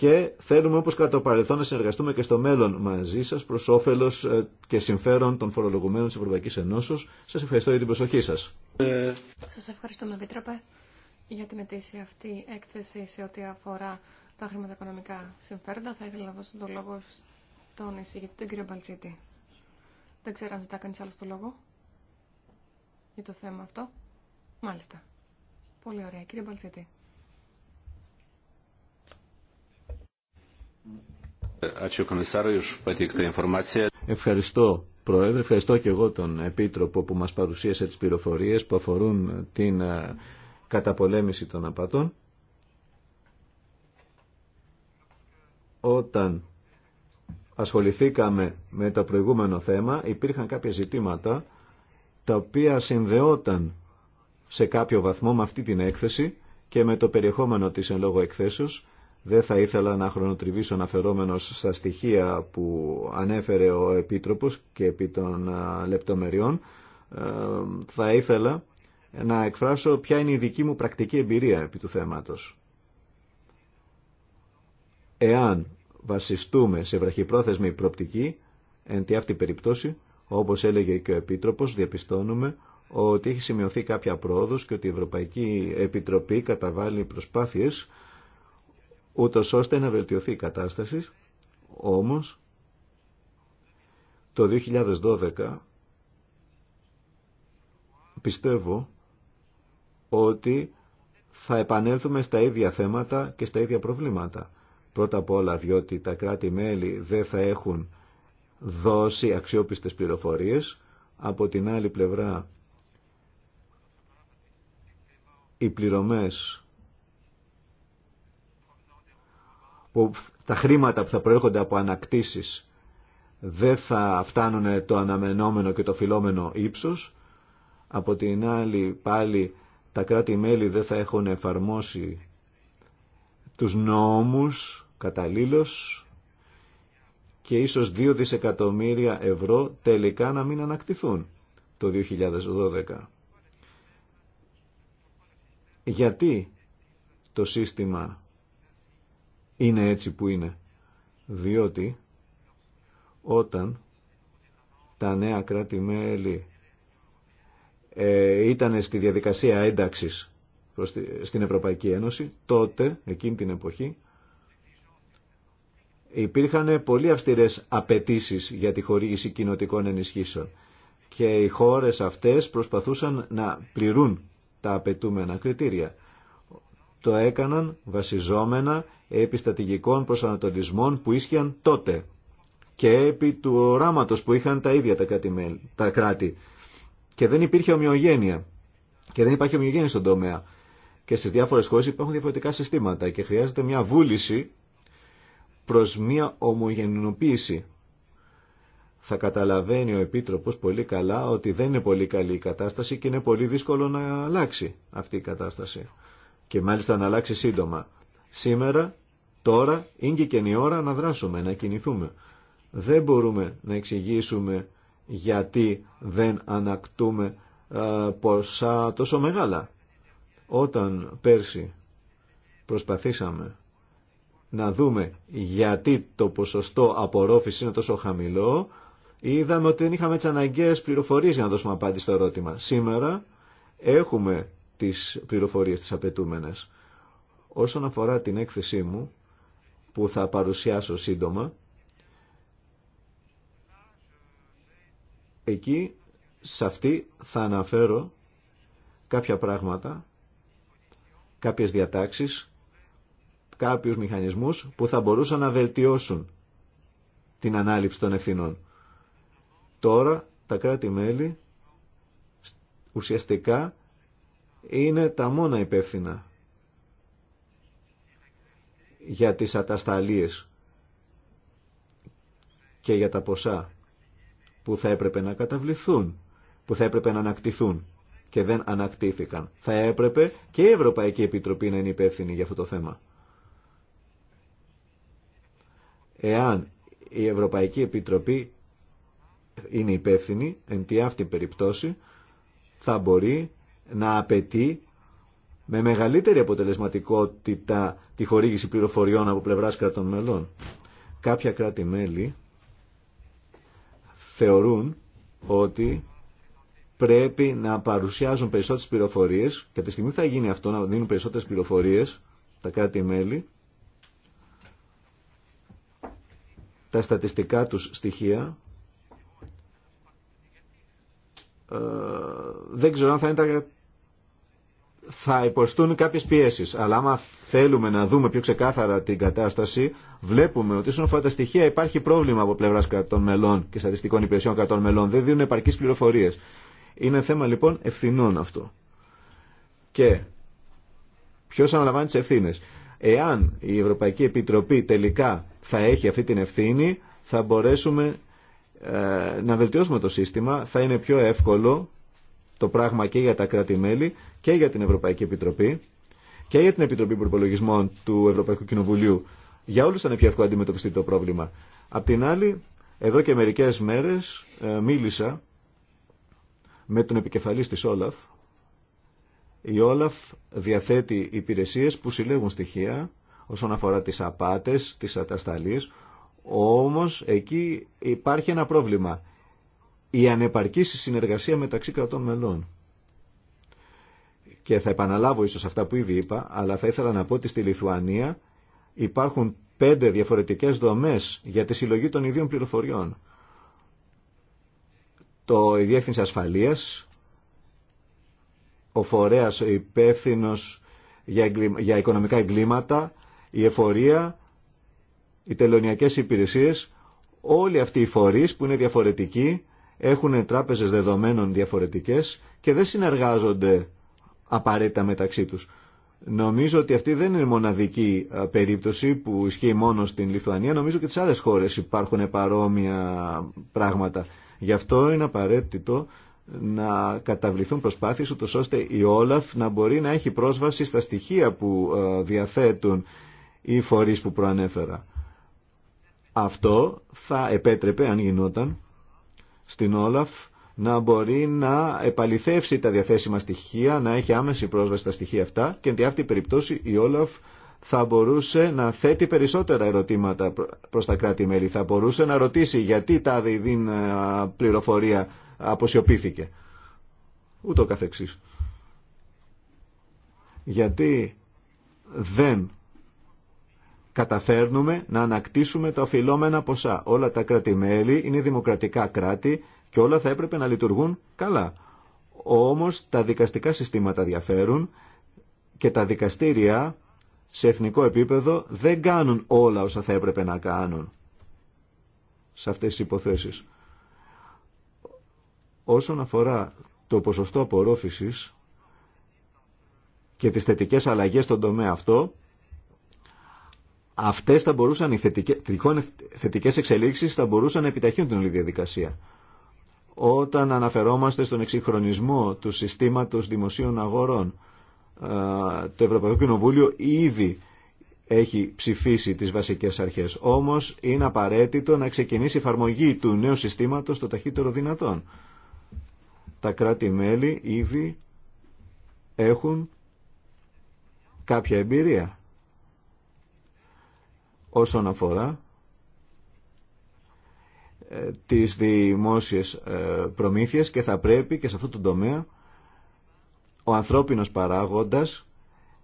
και θέλουμε όπως κατά το παρελθόν να συνεργαστούμε και στο μέλλον μαζί σας προς όφελος ε, και συμφέρον των φορολογουμένων της Ευρωπαϊκής Ενώσεως. Σας ευχαριστώ για την προσοχή σας. Σας ευχαριστούμε Επίτροπε για την αιτήση αυτή έκθεση σε ό,τι αφορά τα χρηματοοικονομικά συμφέροντα. Θα ήθελα να δώσω τον λόγο στον εισηγητή, τον κύριο Μπαλτσίτη. Δεν ξέρω αν ζητά κανεί άλλο το λόγο για το θέμα αυτό. Μάλιστα. Πολύ ωραία. Κύριε Μπαλτσίτη. Ευχαριστώ, Πρόεδρε. Ευχαριστώ και εγώ τον Επίτροπο που μας παρουσίασε τις πληροφορίες που αφορούν την ε, καταπολέμηση των απατών. Όταν ασχοληθήκαμε με το προηγούμενο θέμα, υπήρχαν κάποια ζητήματα τα οποία συνδεόταν σε κάποιο βαθμό με αυτή την έκθεση και με το περιεχόμενο της εν λόγω εκθέσεως δεν θα ήθελα να χρονοτριβήσω αναφερόμενος στα στοιχεία που ανέφερε ο Επίτροπος και επί των λεπτομεριών. Ε, θα ήθελα να εκφράσω ποια είναι η δική μου πρακτική εμπειρία επί του θέματος. Εάν βασιστούμε σε βραχυπρόθεσμη προπτική, εν τη αυτή περιπτώση, όπως έλεγε και ο Επίτροπος, διαπιστώνουμε ότι έχει σημειωθεί κάποια πρόοδος και ότι η Ευρωπαϊκή Επιτροπή καταβάλει προσπάθειες ούτως ώστε να βελτιωθεί η κατάσταση. Όμως, το 2012 πιστεύω ότι θα επανέλθουμε στα ίδια θέματα και στα ίδια προβλήματα. Πρώτα απ' όλα διότι τα κράτη-μέλη δεν θα έχουν δώσει αξιόπιστες πληροφορίες. Από την άλλη πλευρά οι πληρωμές που τα χρήματα που θα προέρχονται από ανακτήσεις δεν θα φτάνουν το αναμενόμενο και το φιλόμενο ύψος. Από την άλλη πάλι τα κράτη-μέλη δεν θα έχουν εφαρμόσει τους νόμους καταλήλως και ίσως 2 δισεκατομμύρια ευρώ τελικά να μην ανακτηθούν το 2012. Γιατί το σύστημα είναι έτσι που είναι. Διότι όταν τα νέα κράτη-μέλη ε, ήταν στη διαδικασία ένταξης προς στην Ευρωπαϊκή Ένωση, τότε, εκείνη την εποχή, υπήρχαν πολύ αυστηρές απαιτήσεις για τη χορήγηση κοινοτικών ενισχύσεων και οι χώρες αυτές προσπαθούσαν να πληρούν τα απαιτούμενα κριτήρια το έκαναν βασιζόμενα επί στατηγικών προσανατολισμών που ίσχυαν τότε και επί του οράματος που είχαν τα ίδια τα κράτη. Τα κράτη. Και δεν υπήρχε ομοιογένεια. Και δεν υπάρχει ομοιογένεια στον τομέα. Και στις διάφορες χώρες υπάρχουν διαφορετικά συστήματα και χρειάζεται μια βούληση προς μια ομογενοποίηση. Θα καταλαβαίνει ο Επίτροπος πολύ καλά ότι δεν είναι πολύ καλή η κατάσταση και είναι πολύ δύσκολο να αλλάξει αυτή η κατάσταση και μάλιστα να αλλάξει σύντομα. Σήμερα, τώρα, είναι και η ώρα να δράσουμε, να κινηθούμε. Δεν μπορούμε να εξηγήσουμε γιατί δεν ανακτούμε ποσά τόσο μεγάλα. Όταν πέρσι προσπαθήσαμε να δούμε γιατί το ποσοστό απορρόφησης είναι τόσο χαμηλό, είδαμε ότι δεν είχαμε τι αναγκαίε πληροφορίε για να δώσουμε απάντηση στο ερώτημα. Σήμερα έχουμε τις πληροφορίες της απαιτούμενες. Όσον αφορά την έκθεσή μου, που θα παρουσιάσω σύντομα, εκεί, σε αυτή θα αναφέρω κάποια πράγματα, κάποιες διατάξεις, κάποιους μηχανισμούς που θα μπορούσαν να βελτιώσουν την ανάληψη των ευθυνών. Τώρα τα κράτη-μέλη ουσιαστικά είναι τα μόνα υπεύθυνα για τις ατασταλίες και για τα ποσά που θα έπρεπε να καταβληθούν, που θα έπρεπε να ανακτηθούν και δεν ανακτήθηκαν. Θα έπρεπε και η Ευρωπαϊκή Επιτροπή να είναι υπεύθυνη για αυτό το θέμα. Εάν η Ευρωπαϊκή Επιτροπή είναι υπεύθυνη, εν τη αυτή περιπτώσει, θα μπορεί να απαιτεί με μεγαλύτερη αποτελεσματικότητα τη χορήγηση πληροφοριών από πλευράς κρατών μελών. Κάποια κράτη-μέλη θεωρούν ότι πρέπει να παρουσιάζουν περισσότερες πληροφορίες και από τη στιγμή θα γίνει αυτό να δίνουν περισσότερες πληροφορίες τα κράτη-μέλη τα στατιστικά τους στοιχεία ε, δεν ξέρω αν θα είναι τα θα υποστούν κάποιες πιέσεις. Αλλά άμα θέλουμε να δούμε πιο ξεκάθαρα την κατάσταση, βλέπουμε ότι όσον αφορά τα στοιχεία υπάρχει πρόβλημα από πλευράς κρατών μελών και στατιστικών υπηρεσιών κρατών μελών. Δεν δίνουν επαρκείς πληροφορίες. Είναι θέμα λοιπόν ευθυνών αυτό. Και ποιο αναλαμβάνει τι ευθύνε. Εάν η Ευρωπαϊκή Επιτροπή τελικά θα έχει αυτή την ευθύνη, θα μπορέσουμε ε, να βελτιώσουμε το σύστημα, θα είναι πιο εύκολο το πράγμα και για τα κράτη-μέλη και για την Ευρωπαϊκή Επιτροπή και για την Επιτροπή Προπολογισμών του Ευρωπαϊκού Κοινοβουλίου. Για όλου ήταν πιο εύκολο αντιμετωπιστεί το πρόβλημα. Απ' την άλλη, εδώ και μερικέ μέρε ε, μίλησα με τον επικεφαλής της Όλαφ. Η Όλαφ διαθέτει υπηρεσίες που συλλέγουν στοιχεία όσον αφορά τις απάτες, τις ατασταλείς. όμως εκεί υπάρχει ένα πρόβλημα. Η ανεπαρκή συνεργασία μεταξύ κρατών μελών και θα επαναλάβω ίσως αυτά που ήδη είπα, αλλά θα ήθελα να πω ότι στη Λιθουανία υπάρχουν πέντε διαφορετικές δομές για τη συλλογή των ιδίων πληροφοριών. Το η Διεύθυνση Ασφαλείας, ο φορέας υπεύθυνο για, για οικονομικά εγκλήματα, η εφορία, οι τελωνιακές υπηρεσίες, όλοι αυτοί οι φορείς που είναι διαφορετικοί, έχουν τράπεζες δεδομένων διαφορετικές και δεν συνεργάζονται απαραίτητα μεταξύ τους. Νομίζω ότι αυτή δεν είναι μοναδική ε, περίπτωση που ισχύει μόνο στην Λιθουανία. Νομίζω και στις άλλες χώρες υπάρχουν παρόμοια πράγματα. Γι' αυτό είναι απαραίτητο να καταβληθούν προσπάθειες ούτως ώστε η Όλαφ να μπορεί να έχει πρόσβαση στα στοιχεία που ε, διαθέτουν οι φορείς που προανέφερα. Αυτό θα επέτρεπε, αν γινόταν, στην Όλαφ να μπορεί να επαληθεύσει τα διαθέσιμα στοιχεία, να έχει άμεση πρόσβαση στα στοιχεία αυτά και εν αυτή περιπτώση η Όλαφ θα μπορούσε να θέτει περισσότερα ερωτήματα προς τα κράτη-μέλη. Θα μπορούσε να ρωτήσει γιατί τα διδύν ε, πληροφορία αποσιωπήθηκε. Ούτω καθεξής. Γιατί δεν καταφέρνουμε να ανακτήσουμε τα οφειλόμενα ποσά. Όλα τα κράτη-μέλη είναι δημοκρατικά κράτη και όλα θα έπρεπε να λειτουργούν καλά. Όμως τα δικαστικά συστήματα διαφέρουν και τα δικαστήρια σε εθνικό επίπεδο δεν κάνουν όλα όσα θα έπρεπε να κάνουν σε αυτές τις υποθέσεις. Όσον αφορά το ποσοστό απορρόφησης και τις θετικές αλλαγές στον τομέα αυτό, αυτές θα μπορούσαν, οι θετικές, θετικές εξελίξεις θα μπορούσαν να επιταχύνουν την όλη διαδικασία όταν αναφερόμαστε στον εξυγχρονισμό του συστήματος δημοσίων αγορών. Το Ευρωπαϊκό Κοινοβούλιο ήδη έχει ψηφίσει τις βασικές αρχές. Όμως είναι απαραίτητο να ξεκινήσει η εφαρμογή του νέου συστήματος το ταχύτερο δυνατόν. Τα κράτη-μέλη ήδη έχουν κάποια εμπειρία όσον αφορά τις δημόσιες ε, προμήθειες και θα πρέπει και σε αυτό το τομέα ο ανθρώπινος παράγοντας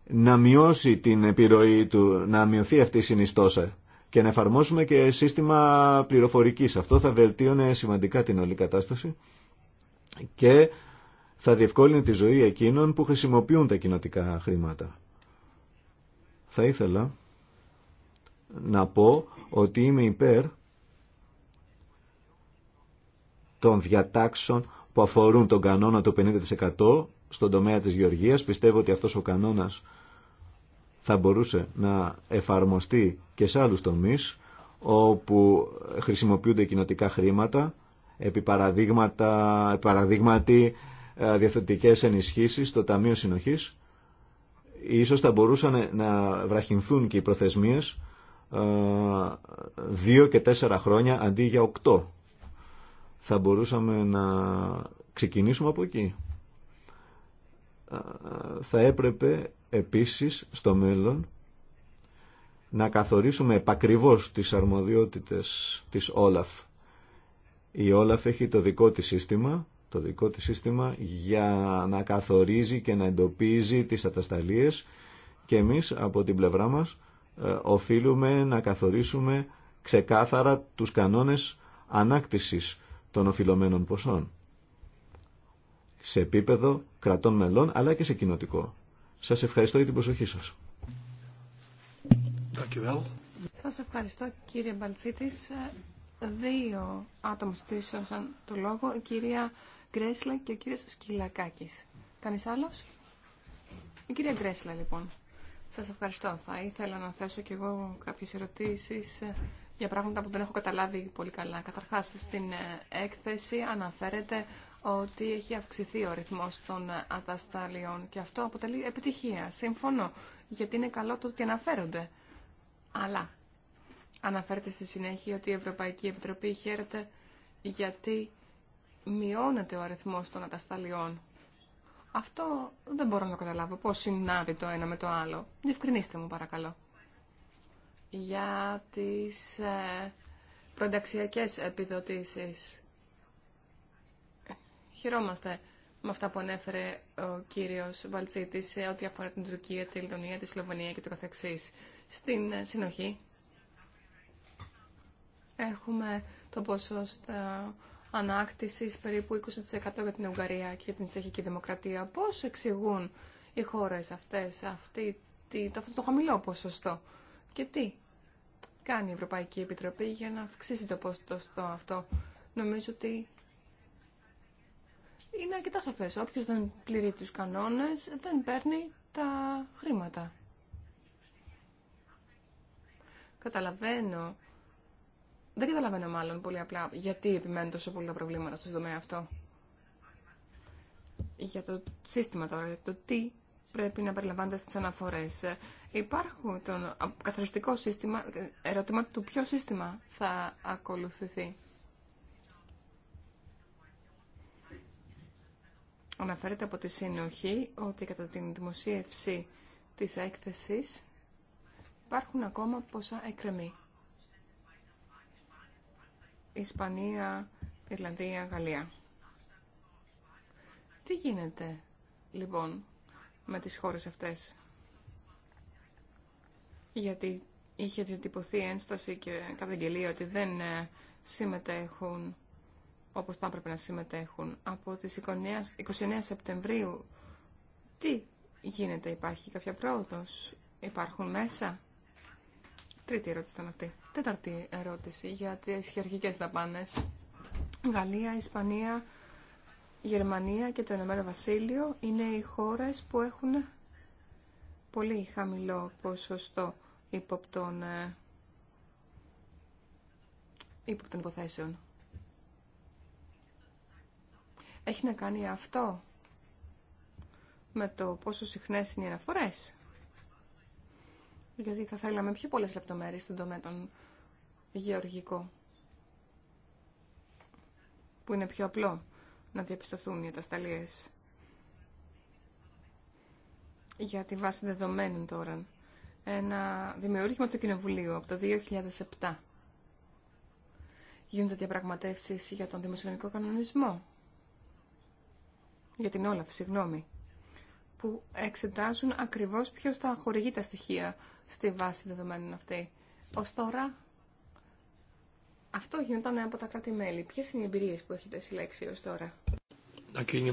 να μειώσει την επιρροή του, να μειωθεί αυτή η συνιστόσα και να εφαρμόσουμε και σύστημα πληροφορικής. Αυτό θα βελτίωνε σημαντικά την όλη κατάσταση και θα διευκόλυνε τη ζωή εκείνων που χρησιμοποιούν τα κοινοτικά χρήματα. Θα ήθελα να πω ότι είμαι υπέρ των διατάξεων που αφορούν τον κανόνα του 50% στον τομέα της γεωργίας. Πιστεύω ότι αυτός ο κανόνας θα μπορούσε να εφαρμοστεί και σε άλλους τομείς όπου χρησιμοποιούνται κοινοτικά χρήματα, επί παραδείγματα, παραδείγματι ε, διαθετικές ενισχύσεις στο Ταμείο Συνοχής. Ίσως θα μπορούσαν να βραχυνθούν και οι προθεσμίες ε, δύο και τέσσερα χρόνια αντί για οκτώ θα μπορούσαμε να ξεκινήσουμε από εκεί. Θα έπρεπε επίσης στο μέλλον να καθορίσουμε επακριβώς τις αρμοδιότητες της Όλαφ. Η Όλαφ έχει το δικό της σύστημα, το δικό της σύστημα για να καθορίζει και να εντοπίζει τις ατασταλίες και εμείς από την πλευρά μας ε, οφείλουμε να καθορίσουμε ξεκάθαρα τους κανόνες ανάκτησης των οφειλωμένων ποσών σε επίπεδο κρατών μελών αλλά και σε κοινοτικό. Σας ευχαριστώ για την προσοχή σας. Σας ευχαριστώ κύριε Μπαλτσίτης. Δύο άτομα στήσωσαν το λόγο, η κυρία Γκρέσλα και ο κύριος Σκυλακάκης. Κανείς άλλος? Η κυρία Γκρέσλα λοιπόν. Σας ευχαριστώ. Θα ήθελα να θέσω κι εγώ κάποιες ερωτήσεις για πράγματα που δεν έχω καταλάβει πολύ καλά. Καταρχάς, στην ε, έκθεση αναφέρεται ότι έχει αυξηθεί ο ρυθμός των ατασταλιών και αυτό αποτελεί επιτυχία. Σύμφωνο. γιατί είναι καλό το ότι αναφέρονται. Αλλά αναφέρεται στη συνέχεια ότι η Ευρωπαϊκή Επιτροπή χαίρεται γιατί μειώνεται ο αριθμός των ατασταλιών. Αυτό δεν μπορώ να καταλάβω πώς συνάδει το ένα με το άλλο. Διευκρινίστε μου παρακαλώ για τις ε, προνταξιακές επιδοτήσεις. Χαιρόμαστε με αυτά που ανέφερε ο κύριος Βαλτσίτης σε ό,τι αφορά την Τουρκία, τη Λιδονία, τη Σλοβενία και το καθεξής. Στην ε, συνοχή έχουμε το ποσοστό ε, ανάκτησης περίπου 20% για την Ουγγαρία και την Τσεχική Δημοκρατία. Πώς εξηγούν οι χώρες αυτές αυτή, αυτό το χαμηλό ποσοστό και τι κάνει η Ευρωπαϊκή Επιτροπή για να αυξήσει το στο αυτό. Νομίζω ότι είναι αρκετά σαφές. Όποιος δεν πληρεί τους κανόνες δεν παίρνει τα χρήματα. Καταλαβαίνω. Δεν καταλαβαίνω μάλλον πολύ απλά γιατί επιμένουν τόσο πολλά προβλήματα στον τομέα αυτό. Για το σύστημα τώρα, για το τι πρέπει να περιλαμβάνεται στι αναφορέ. Υπάρχουν το καθαριστικό σύστημα, ερώτημα του ποιο σύστημα θα ακολουθηθεί. Αναφέρεται από τη συνοχή ότι κατά την δημοσίευση της έκθεσης υπάρχουν ακόμα πόσα εκκρεμή. Ισπανία, Ιρλανδία, Γαλλία. Τι γίνεται λοιπόν με τις χώρες αυτές. Γιατί είχε διατυπωθεί ένσταση και καταγγελία ότι δεν ε, συμμετέχουν όπως θα έπρεπε να συμμετέχουν. Από τις 29, Σεπτεμβρίου, τι γίνεται, υπάρχει κάποια πρόοδος, υπάρχουν μέσα. Τρίτη ερώτηση ήταν αυτή. Τέταρτη ερώτηση για τις χειρουργικές δαπάνες. Γαλλία, Ισπανία, η Γερμανία και το Ηνωμένο Βασίλειο είναι οι χώρες που έχουν πολύ χαμηλό ποσοστό υποπτών, ε, υποπτών υποθέσεων. Έχει να κάνει αυτό με το πόσο συχνές είναι οι αναφορές. Γιατί θα θέλαμε πιο πολλές λεπτομέρειες στον τομέα των γεωργικών που είναι πιο απλό να διαπιστωθούν οι ατασταλίες για τη βάση δεδομένων τώρα. Ένα δημιούργημα του Κοινοβουλίου από το 2007. Γίνονται διαπραγματεύσεις για τον δημοσιονομικό κανονισμό. Για την Όλαφ, συγγνώμη. Που εξετάζουν ακριβώς ποιος θα χορηγεί τα στοιχεία στη βάση δεδομένων αυτή. Ως τώρα αυτό γινόταν από τα κράτη-μέλη. Ποιε είναι οι εμπειρίε που έχετε συλλέξει ω τώρα, ε,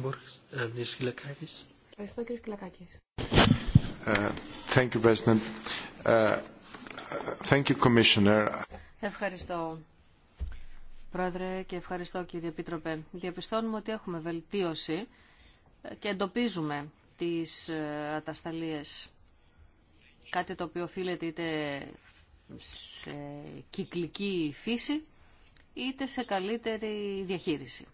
Ευχαριστώ, κύριε Κυλακάκη. Ε, ε, ευχαριστώ, Πρόεδρε, και ευχαριστώ, κύριε Επίτροπε. Διαπιστώνουμε ότι έχουμε βελτίωση και εντοπίζουμε τις ατασταλίες. Κάτι το οποίο οφείλεται είτε σε κυκλική φύση, είτε σε καλύτερη διαχείριση.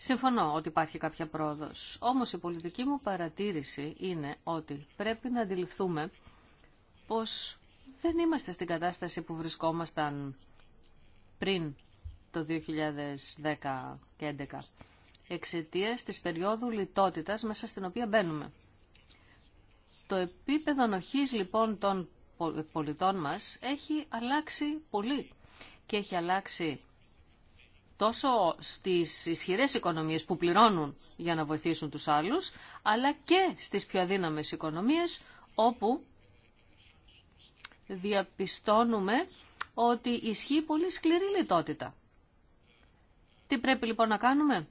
Συμφωνώ ότι υπάρχει κάποια πρόοδος, όμως η πολιτική μου παρατήρηση είναι ότι πρέπει να αντιληφθούμε πως δεν είμαστε στην κατάσταση που βρισκόμασταν πριν το 2010 και 2011 εξαιτίας της περίοδου λιτότητας μέσα στην οποία μπαίνουμε. Το επίπεδο ανοχής λοιπόν των πολιτών μας έχει αλλάξει πολύ και έχει αλλάξει τόσο στις ισχυρές οικονομίες που πληρώνουν για να βοηθήσουν τους άλλους, αλλά και στις πιο αδύναμες οικονομίες όπου διαπιστώνουμε ότι ισχύει πολύ σκληρή λιτότητα. Τι πρέπει λοιπόν να κάνουμε?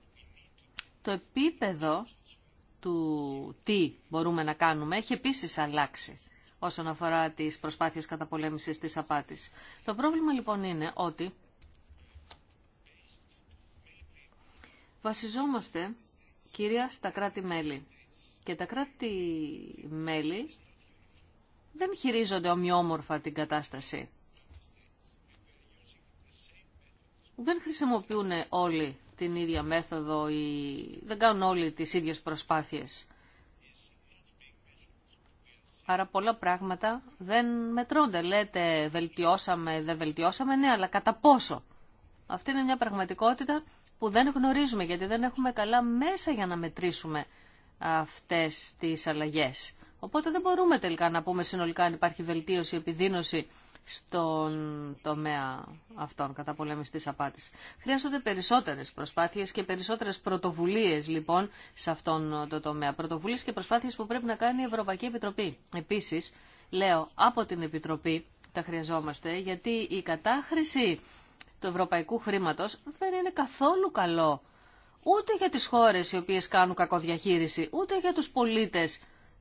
Το επίπεδο του τι μπορούμε να κάνουμε έχει επίσης αλλάξει όσον αφορά τις προσπάθειες καταπολέμησης της απάτης. Το πρόβλημα λοιπόν είναι ότι βασιζόμαστε κυρία στα κράτη-μέλη και τα κράτη-μέλη δεν χειρίζονται ομοιόμορφα την κατάσταση. Δεν χρησιμοποιούν όλοι την ίδια μέθοδο ή δεν κάνουν όλοι τις ίδιες προσπάθειες. Άρα πολλά πράγματα δεν μετρώνται. Λέτε βελτιώσαμε, δεν βελτιώσαμε, ναι, αλλά κατά πόσο. Αυτή είναι μια πραγματικότητα που δεν γνωρίζουμε, γιατί δεν έχουμε καλά μέσα για να μετρήσουμε αυτές τις αλλαγές. Οπότε δεν μπορούμε τελικά να πούμε συνολικά αν υπάρχει βελτίωση, επιδίνωση στον τομέα αυτών, κατά πολεμιστής απάτης. Χρειάζονται περισσότερες προσπάθειες και περισσότερες πρωτοβουλίες λοιπόν σε αυτόν τον τομέα. Πρωτοβουλίες και προσπάθειες που πρέπει να κάνει η Ευρωπαϊκή Επιτροπή. Επίσης, λέω από την Επιτροπή τα χρειαζόμαστε γιατί η κατάχρηση του ευρωπαϊκού χρήματος δεν είναι καθόλου καλό ούτε για τις χώρες οι οποίες κάνουν κακοδιαχείριση, ούτε για τους πολίτες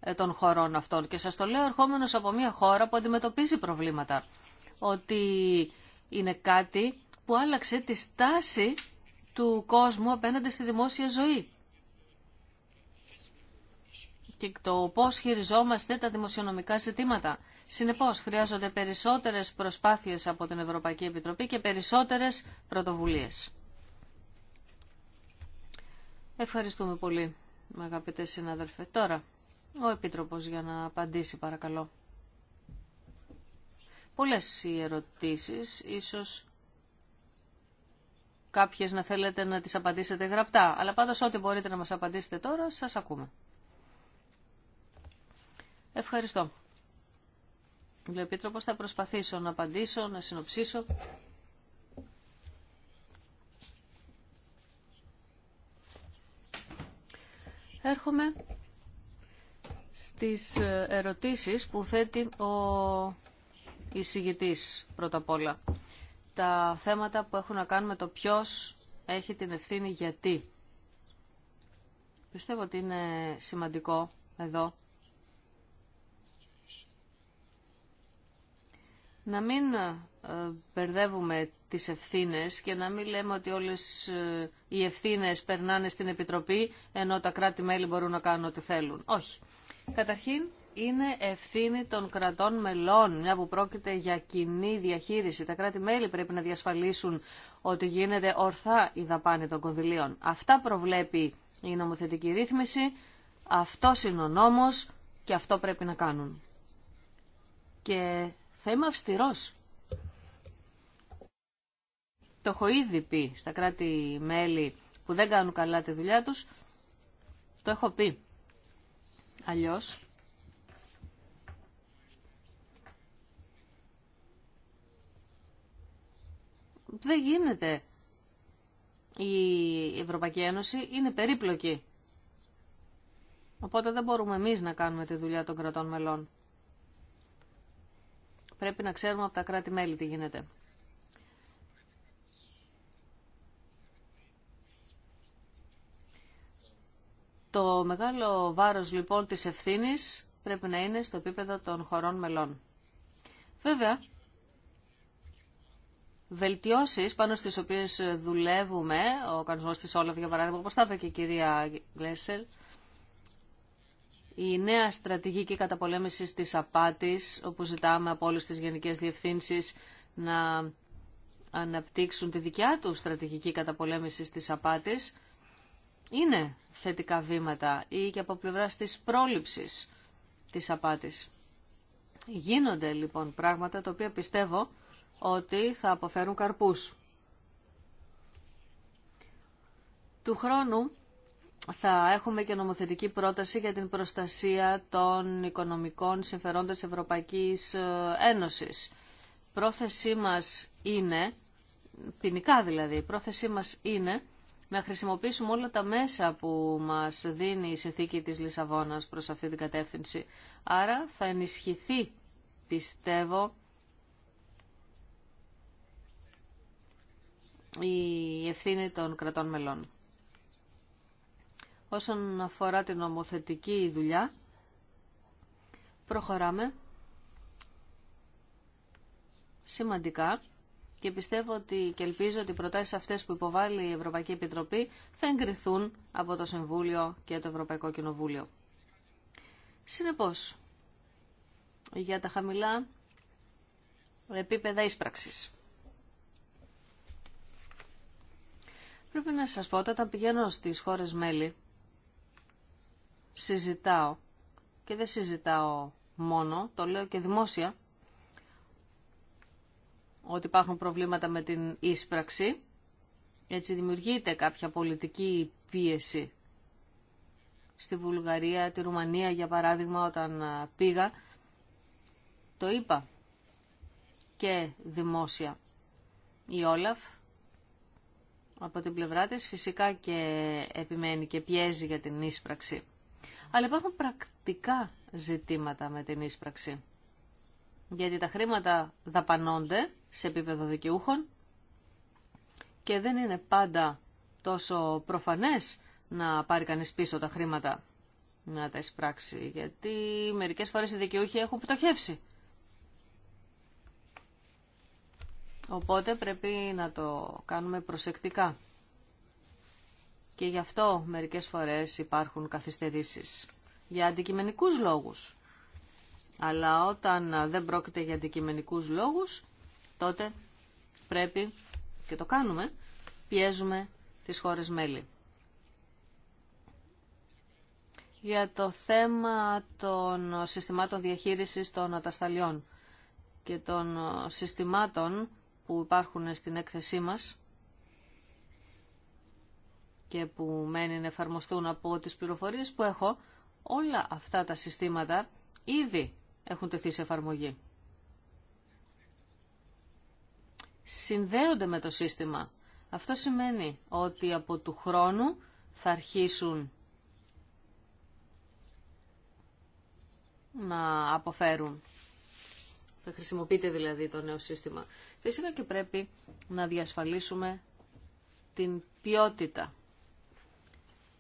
ε, των χωρών αυτών. Και σας το λέω ερχόμενος από μια χώρα που αντιμετωπίζει προβλήματα. Ότι είναι κάτι που άλλαξε τη στάση του κόσμου απέναντι στη δημόσια ζωή. Και το πώς χειριζόμαστε τα δημοσιονομικά ζητήματα. Συνεπώς, χρειάζονται περισσότερες προσπάθειες από την Ευρωπαϊκή Επιτροπή και περισσότερες πρωτοβουλίες. Ευχαριστούμε πολύ, αγαπητέ συνάδελφε. Τώρα, ο Επίτροπος για να απαντήσει παρακαλώ. Πολλές οι ερωτήσεις, ίσως κάποιες να θέλετε να τις απαντήσετε γραπτά, αλλά πάντως ό,τι μπορείτε να μας απαντήσετε τώρα, σας ακούμε. Ευχαριστώ. Ο Επίτροπος, θα προσπαθήσω να απαντήσω, να συνοψίσω. Έρχομαι στις ε, ερωτήσεις που θέτει ο εισηγητής πρώτα απ' όλα. Τα θέματα που έχουν να κάνουν με το ποιος έχει την ευθύνη γιατί. Πιστεύω ότι είναι σημαντικό εδώ να μην ε, μπερδεύουμε τις ευθύνες και να μην λέμε ότι όλες ε, οι ευθύνες περνάνε στην Επιτροπή ενώ τα κράτη-μέλη μπορούν να κάνουν ό,τι θέλουν. Όχι. Καταρχήν, είναι ευθύνη των κρατών μελών, μια που πρόκειται για κοινή διαχείριση. Τα κράτη-μέλη πρέπει να διασφαλίσουν ότι γίνεται ορθά η δαπάνη των κονδυλίων. Αυτά προβλέπει η νομοθετική ρύθμιση, αυτό είναι ο νόμος και αυτό πρέπει να κάνουν. Και θα είμαι αυστηρός. Το έχω ήδη πει στα κράτη-μέλη που δεν κάνουν καλά τη δουλειά τους, το έχω πει. Αλλιώς, δεν γίνεται. Η Ευρωπαϊκή Ένωση είναι περίπλοκη. Οπότε δεν μπορούμε εμείς να κάνουμε τη δουλειά των κρατών μελών. Πρέπει να ξέρουμε από τα κράτη-μέλη τι γίνεται. Το μεγάλο βάρος λοιπόν της ευθύνης πρέπει να είναι στο επίπεδο των χωρών μελών. Βέβαια, βελτιώσεις πάνω στις οποίες δουλεύουμε, ο κανονισμός της Όλαφ για παράδειγμα, όπως τα είπε και η κυρία Γκλέσσελ, η νέα στρατηγική καταπολέμηση της απάτης, όπου ζητάμε από όλες τις γενικές διευθύνσεις να αναπτύξουν τη δικιά του στρατηγική καταπολέμηση της απάτης, είναι θετικά βήματα ή και από πλευράς της πρόληψης της απάτης. Γίνονται λοιπόν πράγματα τα οποία πιστεύω ότι θα αποφέρουν καρπούς. Του χρόνου θα έχουμε και νομοθετική πρόταση για την προστασία των οικονομικών συμφερόντων της Ευρωπαϊκής ε, Ένωσης. Πρόθεσή μας είναι, ποινικά δηλαδή, πρόθεσή μας είναι να χρησιμοποιήσουμε όλα τα μέσα που μας δίνει η συνθήκη της Λισαβόνας προς αυτή την κατεύθυνση. Άρα θα ενισχυθεί, πιστεύω, η ευθύνη των κρατών μελών. Όσον αφορά την νομοθετική δουλειά, προχωράμε σημαντικά και πιστεύω ότι και ελπίζω ότι οι προτάσεις αυτές που υποβάλλει η Ευρωπαϊκή Επιτροπή θα εγκριθούν από το Συμβούλιο και το Ευρωπαϊκό Κοινοβούλιο. Συνεπώς, για τα χαμηλά επίπεδα ίσπραξης. Πρέπει να σας πω, όταν πηγαίνω στις χώρες μέλη, συζητάω και δεν συζητάω μόνο, το λέω και δημόσια, ότι υπάρχουν προβλήματα με την ίσπραξη. Έτσι δημιουργείται κάποια πολιτική πίεση. Στη Βουλγαρία, τη Ρουμανία για παράδειγμα όταν πήγα, το είπα και δημόσια. Η Όλαφ από την πλευρά της φυσικά και επιμένει και πιέζει για την ίσπραξη. Αλλά υπάρχουν πρακτικά ζητήματα με την ίσπραξη γιατί τα χρήματα δαπανώνται σε επίπεδο δικαιούχων και δεν είναι πάντα τόσο προφανές να πάρει κανείς πίσω τα χρήματα να τα εισπράξει, γιατί μερικές φορές οι δικαιούχοι έχουν πτωχεύσει. Οπότε πρέπει να το κάνουμε προσεκτικά. Και γι' αυτό μερικές φορές υπάρχουν καθυστερήσεις. Για αντικειμενικούς λόγους. Αλλά όταν ε, δεν πρόκειται για αντικειμενικούς λόγους, τότε πρέπει, και το κάνουμε, πιέζουμε τις χώρες μέλη. Για το θέμα των συστημάτων διαχείρισης των ατασταλιών και των ε, συστημάτων που υπάρχουν στην έκθεσή μας και που μένει να εφαρμοστούν από τις πληροφορίες που έχω, όλα αυτά τα συστήματα ήδη έχουν τεθεί σε εφαρμογή. Συνδέονται με το σύστημα. Αυτό σημαίνει ότι από του χρόνου θα αρχίσουν να αποφέρουν. Θα χρησιμοποιείται δηλαδή το νέο σύστημα. Φυσικά και πρέπει να διασφαλίσουμε την ποιότητα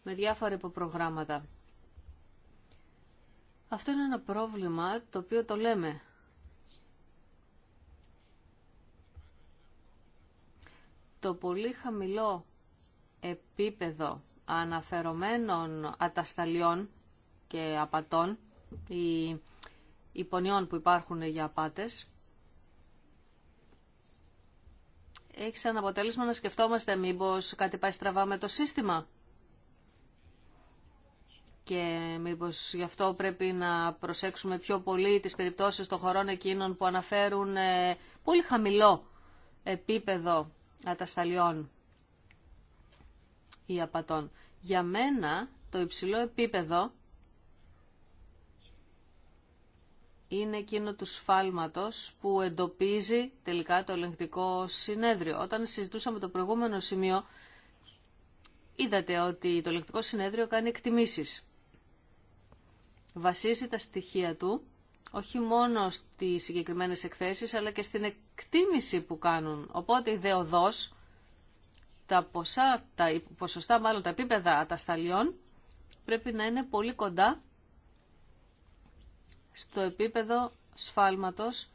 με διάφορα υποπρογράμματα. Αυτό είναι ένα πρόβλημα το οποίο το λέμε. Το πολύ χαμηλό επίπεδο αναφερομένων ατασταλιών και απατών ή υπονιών που υπάρχουν για απάτες έχει σαν αποτέλεσμα να σκεφτόμαστε μήπως κάτι πάει στραβά με το σύστημα και μήπως γι' αυτό πρέπει να προσέξουμε πιο πολύ τις περιπτώσεις των χωρών εκείνων που αναφέρουν ε, πολύ χαμηλό επίπεδο ατασταλιών ή απατών. Για μένα το υψηλό επίπεδο είναι εκείνο του σφάλματος που εντοπίζει τελικά το ελεγκτικό συνέδριο. Όταν συζητούσαμε το προηγούμενο σημείο, είδατε ότι το ελεγκτικό συνέδριο κάνει εκτιμήσεις βασίζει τα στοιχεία του όχι μόνο στις συγκεκριμένες εκθέσεις αλλά και στην εκτίμηση που κάνουν. Οπότε ιδεοδός τα, ποσά, τα ποσοστά, μάλλον τα επίπεδα ατασταλιών πρέπει να είναι πολύ κοντά στο επίπεδο σφάλματος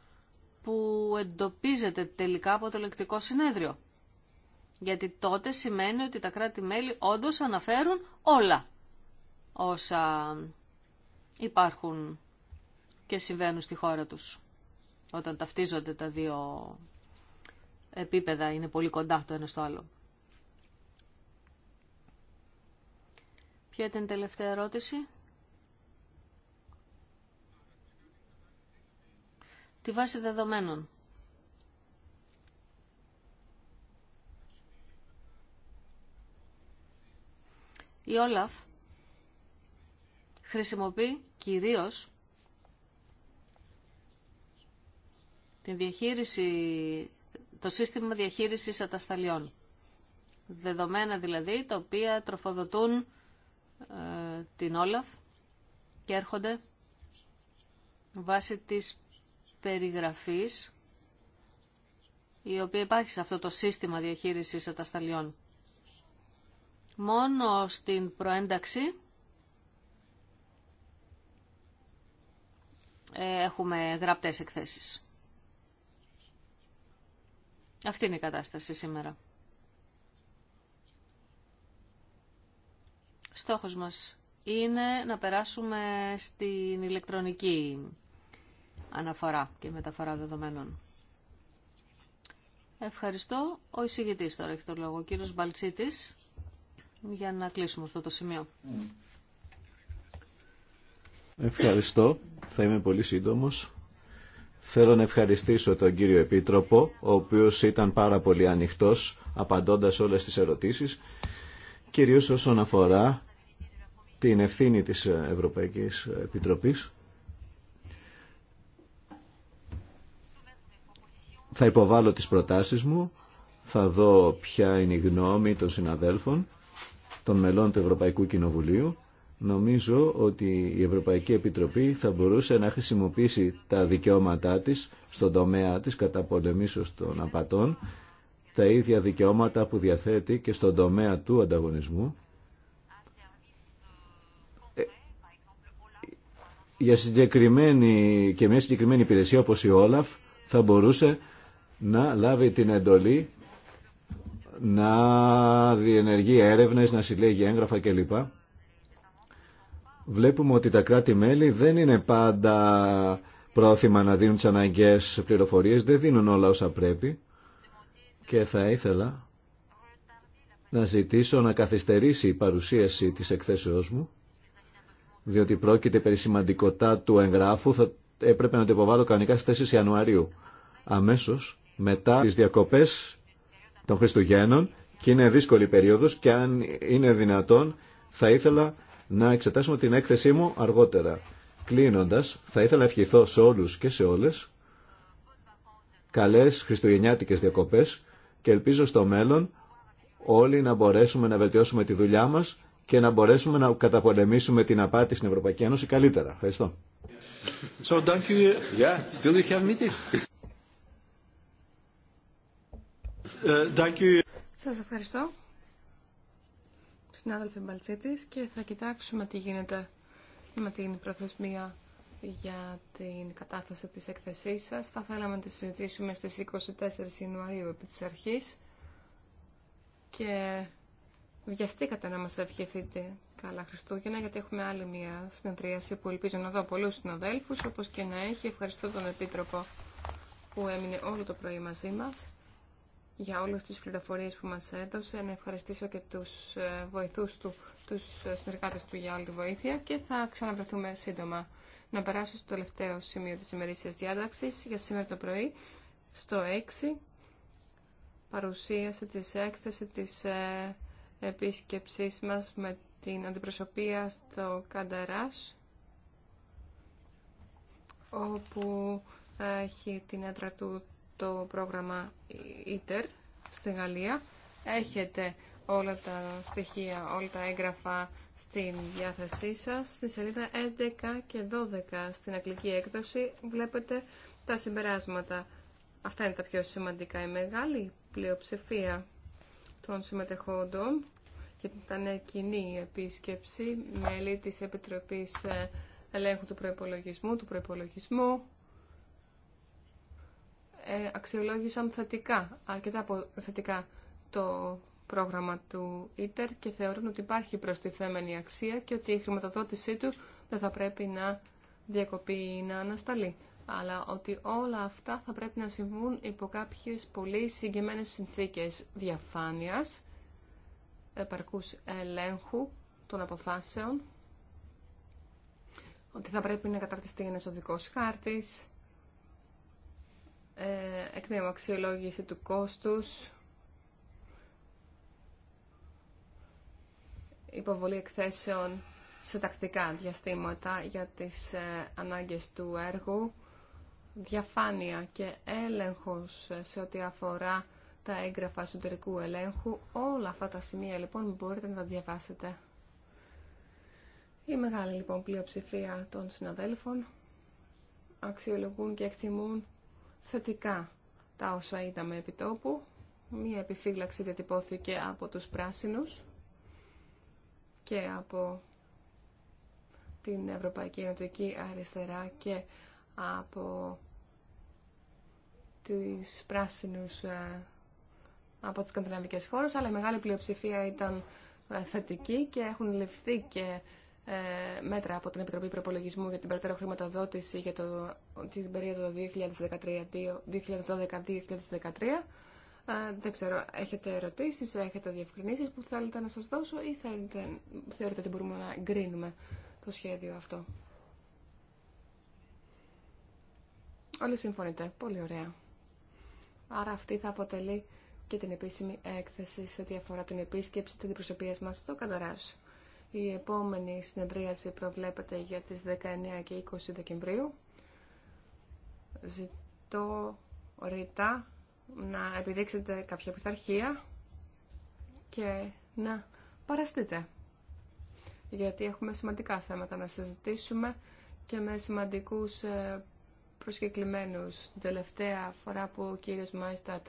που εντοπίζεται τελικά από το λεκτικό συνέδριο. Γιατί τότε σημαίνει ότι τα κράτη-μέλη όντως αναφέρουν όλα όσα υπάρχουν και συμβαίνουν στη χώρα τους. Όταν ταυτίζονται τα δύο επίπεδα είναι πολύ κοντά το ένα στο άλλο. Ποια ήταν η τελευταία ερώτηση. Τη βάση δεδομένων. Η Όλαφ χρησιμοποιεί κυρίως την διαχείριση, το σύστημα διαχείρισης ατασταλιών. Δεδομένα δηλαδή τα οποία τροφοδοτούν ε, την Όλαφ και έρχονται βάσει της περιγραφής η οποία υπάρχει σε αυτό το σύστημα διαχείρισης ατασταλιών. Μόνο στην προένταξη Ε, έχουμε γραπτές εκθέσεις. Αυτή είναι η κατάσταση σήμερα. Στόχος μας είναι να περάσουμε στην ηλεκτρονική αναφορά και μεταφορά δεδομένων. Ευχαριστώ. Ο εισηγητής τώρα έχει το λόγο, ο κύριος Μπαλτσίτης, για να κλείσουμε αυτό το σημείο. Mm. Ευχαριστώ. Θα είμαι πολύ σύντομος. Θέλω να ευχαριστήσω τον κύριο Επίτροπο, ο οποίος ήταν πάρα πολύ ανοιχτός, απαντώντας όλες τις ερωτήσεις, κυρίως όσον αφορά την ευθύνη της Ευρωπαϊκής Επιτροπής. Θα υποβάλω τις προτάσεις μου, θα δω ποια είναι η γνώμη των συναδέλφων, των μελών του Ευρωπαϊκού Κοινοβουλίου Νομίζω ότι η Ευρωπαϊκή Επιτροπή θα μπορούσε να χρησιμοποιήσει τα δικαιώματά της στον τομέα της κατά πολεμήσεως των απατών, τα ίδια δικαιώματα που διαθέτει και στον τομέα του ανταγωνισμού. Ε, για συγκεκριμένη και μια συγκεκριμένη υπηρεσία όπως η Όλαφ θα μπορούσε να λάβει την εντολή να διενεργεί έρευνες, να συλλέγει έγγραφα κλπ βλέπουμε ότι τα κράτη-μέλη δεν είναι πάντα πρόθυμα να δίνουν τι αναγκαίε πληροφορίε. δεν δίνουν όλα όσα πρέπει και θα ήθελα να ζητήσω να καθυστερήσει η παρουσίαση της εκθέσεώς μου διότι πρόκειται περί σημαντικότητα του εγγράφου, θα έπρεπε να το υποβάλω κανονικά στις 4 Ιανουαρίου, αμέσως μετά τις διακοπές των Χριστουγέννων και είναι δύσκολη περίοδος και αν είναι δυνατόν θα ήθελα να εξετάσουμε την έκθεσή μου αργότερα. Κλείνοντας, θα ήθελα να ευχηθώ σε όλους και σε όλες καλές χριστουγεννιάτικες διακοπές και ελπίζω στο μέλλον όλοι να μπορέσουμε να βελτιώσουμε τη δουλειά μας και να μπορέσουμε να καταπολεμήσουμε την απάτη στην Ευρωπαϊκή Ένωση καλύτερα. Ευχαριστώ. So, thank you. Yeah, still you have meeting. Uh, thank you. Σας ευχαριστώ συνάδελφε Μπαλτσίτης και θα κοιτάξουμε τι γίνεται με την προθεσμία για την κατάθεση της έκθεσής σας. Θα θέλαμε να τη συζητήσουμε στις 24 Ιανουαρίου επί της αρχής και βιαστήκατε να μας ευχηθείτε καλά Χριστούγεννα γιατί έχουμε άλλη μια συνεδρίαση που ελπίζω να δω πολλούς συναδέλφους όπως και να έχει. Ευχαριστώ τον Επίτροπο που έμεινε όλο το πρωί μαζί μας για όλες τις πληροφορίες που μας έδωσε, να ευχαριστήσω και τους ε, βοηθούς του, τους ε, συνεργάτες του για όλη τη βοήθεια και θα ξαναβρεθούμε σύντομα. Να περάσω στο τελευταίο σημείο της ημερήσιας διάταξης για σήμερα το πρωί, στο 6, παρουσίασε της έκθεση της ε, επίσκεψής μας με την αντιπροσωπεία στο Κανταράς, όπου έχει την έντρα του το πρόγραμμα ITER στη Γαλλία. Έχετε όλα τα στοιχεία, όλα τα έγγραφα στην διάθεσή σας. Στη σελίδα 11 και 12 στην αγγλική έκδοση βλέπετε τα συμπεράσματα. Αυτά είναι τα πιο σημαντικά. Η μεγάλη πλειοψηφία των συμμετεχόντων και ήταν κοινή επίσκεψη μέλη της Επιτροπής Ελέγχου του Προϋπολογισμού, του Προϋπολογισμού, ε, αξιολόγησαν θετικά, αρκετά θετικά το πρόγραμμα του ΙΤΕΡ και θεωρούν ότι υπάρχει προστιθέμενη αξία και ότι η χρηματοδότησή του δεν θα πρέπει να διακοπεί ή να ανασταλεί. Αλλά ότι όλα αυτά θα πρέπει να συμβούν υπό κάποιες πολύ συγκεκριμένες συνθήκες διαφάνειας, επαρκούς ελέγχου των αποφάσεων, ότι θα πρέπει να καταρτιστεί ένας οδικός χάρτης, ε, εκ νέου αξιολόγηση του κόστους, υποβολή εκθέσεων σε τακτικά διαστήματα για τις ε, ανάγκες του έργου, διαφάνεια και έλεγχος ε, σε ό,τι αφορά τα έγγραφα εσωτερικού ελέγχου. Όλα αυτά τα σημεία λοιπόν μπορείτε να τα διαβάσετε. Η μεγάλη λοιπόν πλειοψηφία των συναδέλφων αξιολογούν και εκτιμούν θετικά τα όσα είδαμε επί τόπου. Μία επιφύλαξη διατυπώθηκε από τους πράσινους και από την Ευρωπαϊκή Ενωτική Αριστερά και από τις πράσινους ε, από τις σκανδιναβικές χώρες, αλλά η μεγάλη πλειοψηφία ήταν ε, θετική και έχουν ληφθεί και ε, μέτρα από την Επιτροπή Προπολογισμού για την περαιτέρω χρηματοδότηση για το, την περίοδο 2012-2013. Ε, δεν ξέρω, έχετε ερωτήσεις, έχετε διευκρινήσεις που θέλετε να σας δώσω ή θέλετε, θεωρείτε ότι μπορούμε να εγκρίνουμε το σχέδιο αυτό. Όλοι συμφωνείτε. Πολύ ωραία. Άρα αυτή θα αποτελεί και την επίσημη έκθεση σε ό,τι αφορά την επίσκεψη της αντιπροσωπείας μας στο Καταράσου. Η επόμενη συνεδρίαση προβλέπεται για τις 19 και 20 Δεκεμβρίου. Ζητώ ρητά να επιδείξετε κάποια πειθαρχία και να παραστείτε. Γιατί έχουμε σημαντικά θέματα να συζητήσουμε και με σημαντικούς ε, προσκεκλημένους. Την τελευταία φορά που ο κύριος Μάιστατ...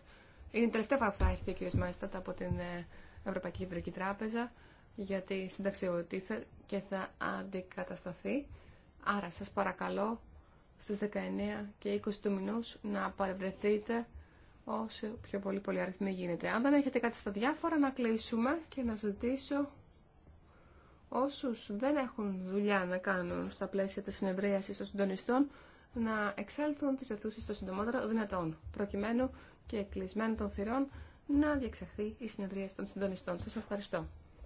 Είναι η τελευταία φορά που θα έρθει ο κύριος Μάιστατ από την ε, Ευρωπαϊκή Κεντρική Τράπεζα γιατί συνταξιοδοτήθε και θα αντικατασταθεί. Άρα σας παρακαλώ στις 19 και 20 του μηνός να παρευρεθείτε όσο πιο πολύ πολύ αριθμή γίνεται. Αν δεν έχετε κάτι στα διάφορα να κλείσουμε και να ζητήσω όσους δεν έχουν δουλειά να κάνουν στα πλαίσια της συνεδρίασης των συντονιστών να εξέλθουν τις αιθούσεις το συντομότερο δυνατόν, προκειμένου και κλεισμένων των θυρών να διεξαχθεί η συνεδρίαση των συντονιστών. Σας ευχαριστώ.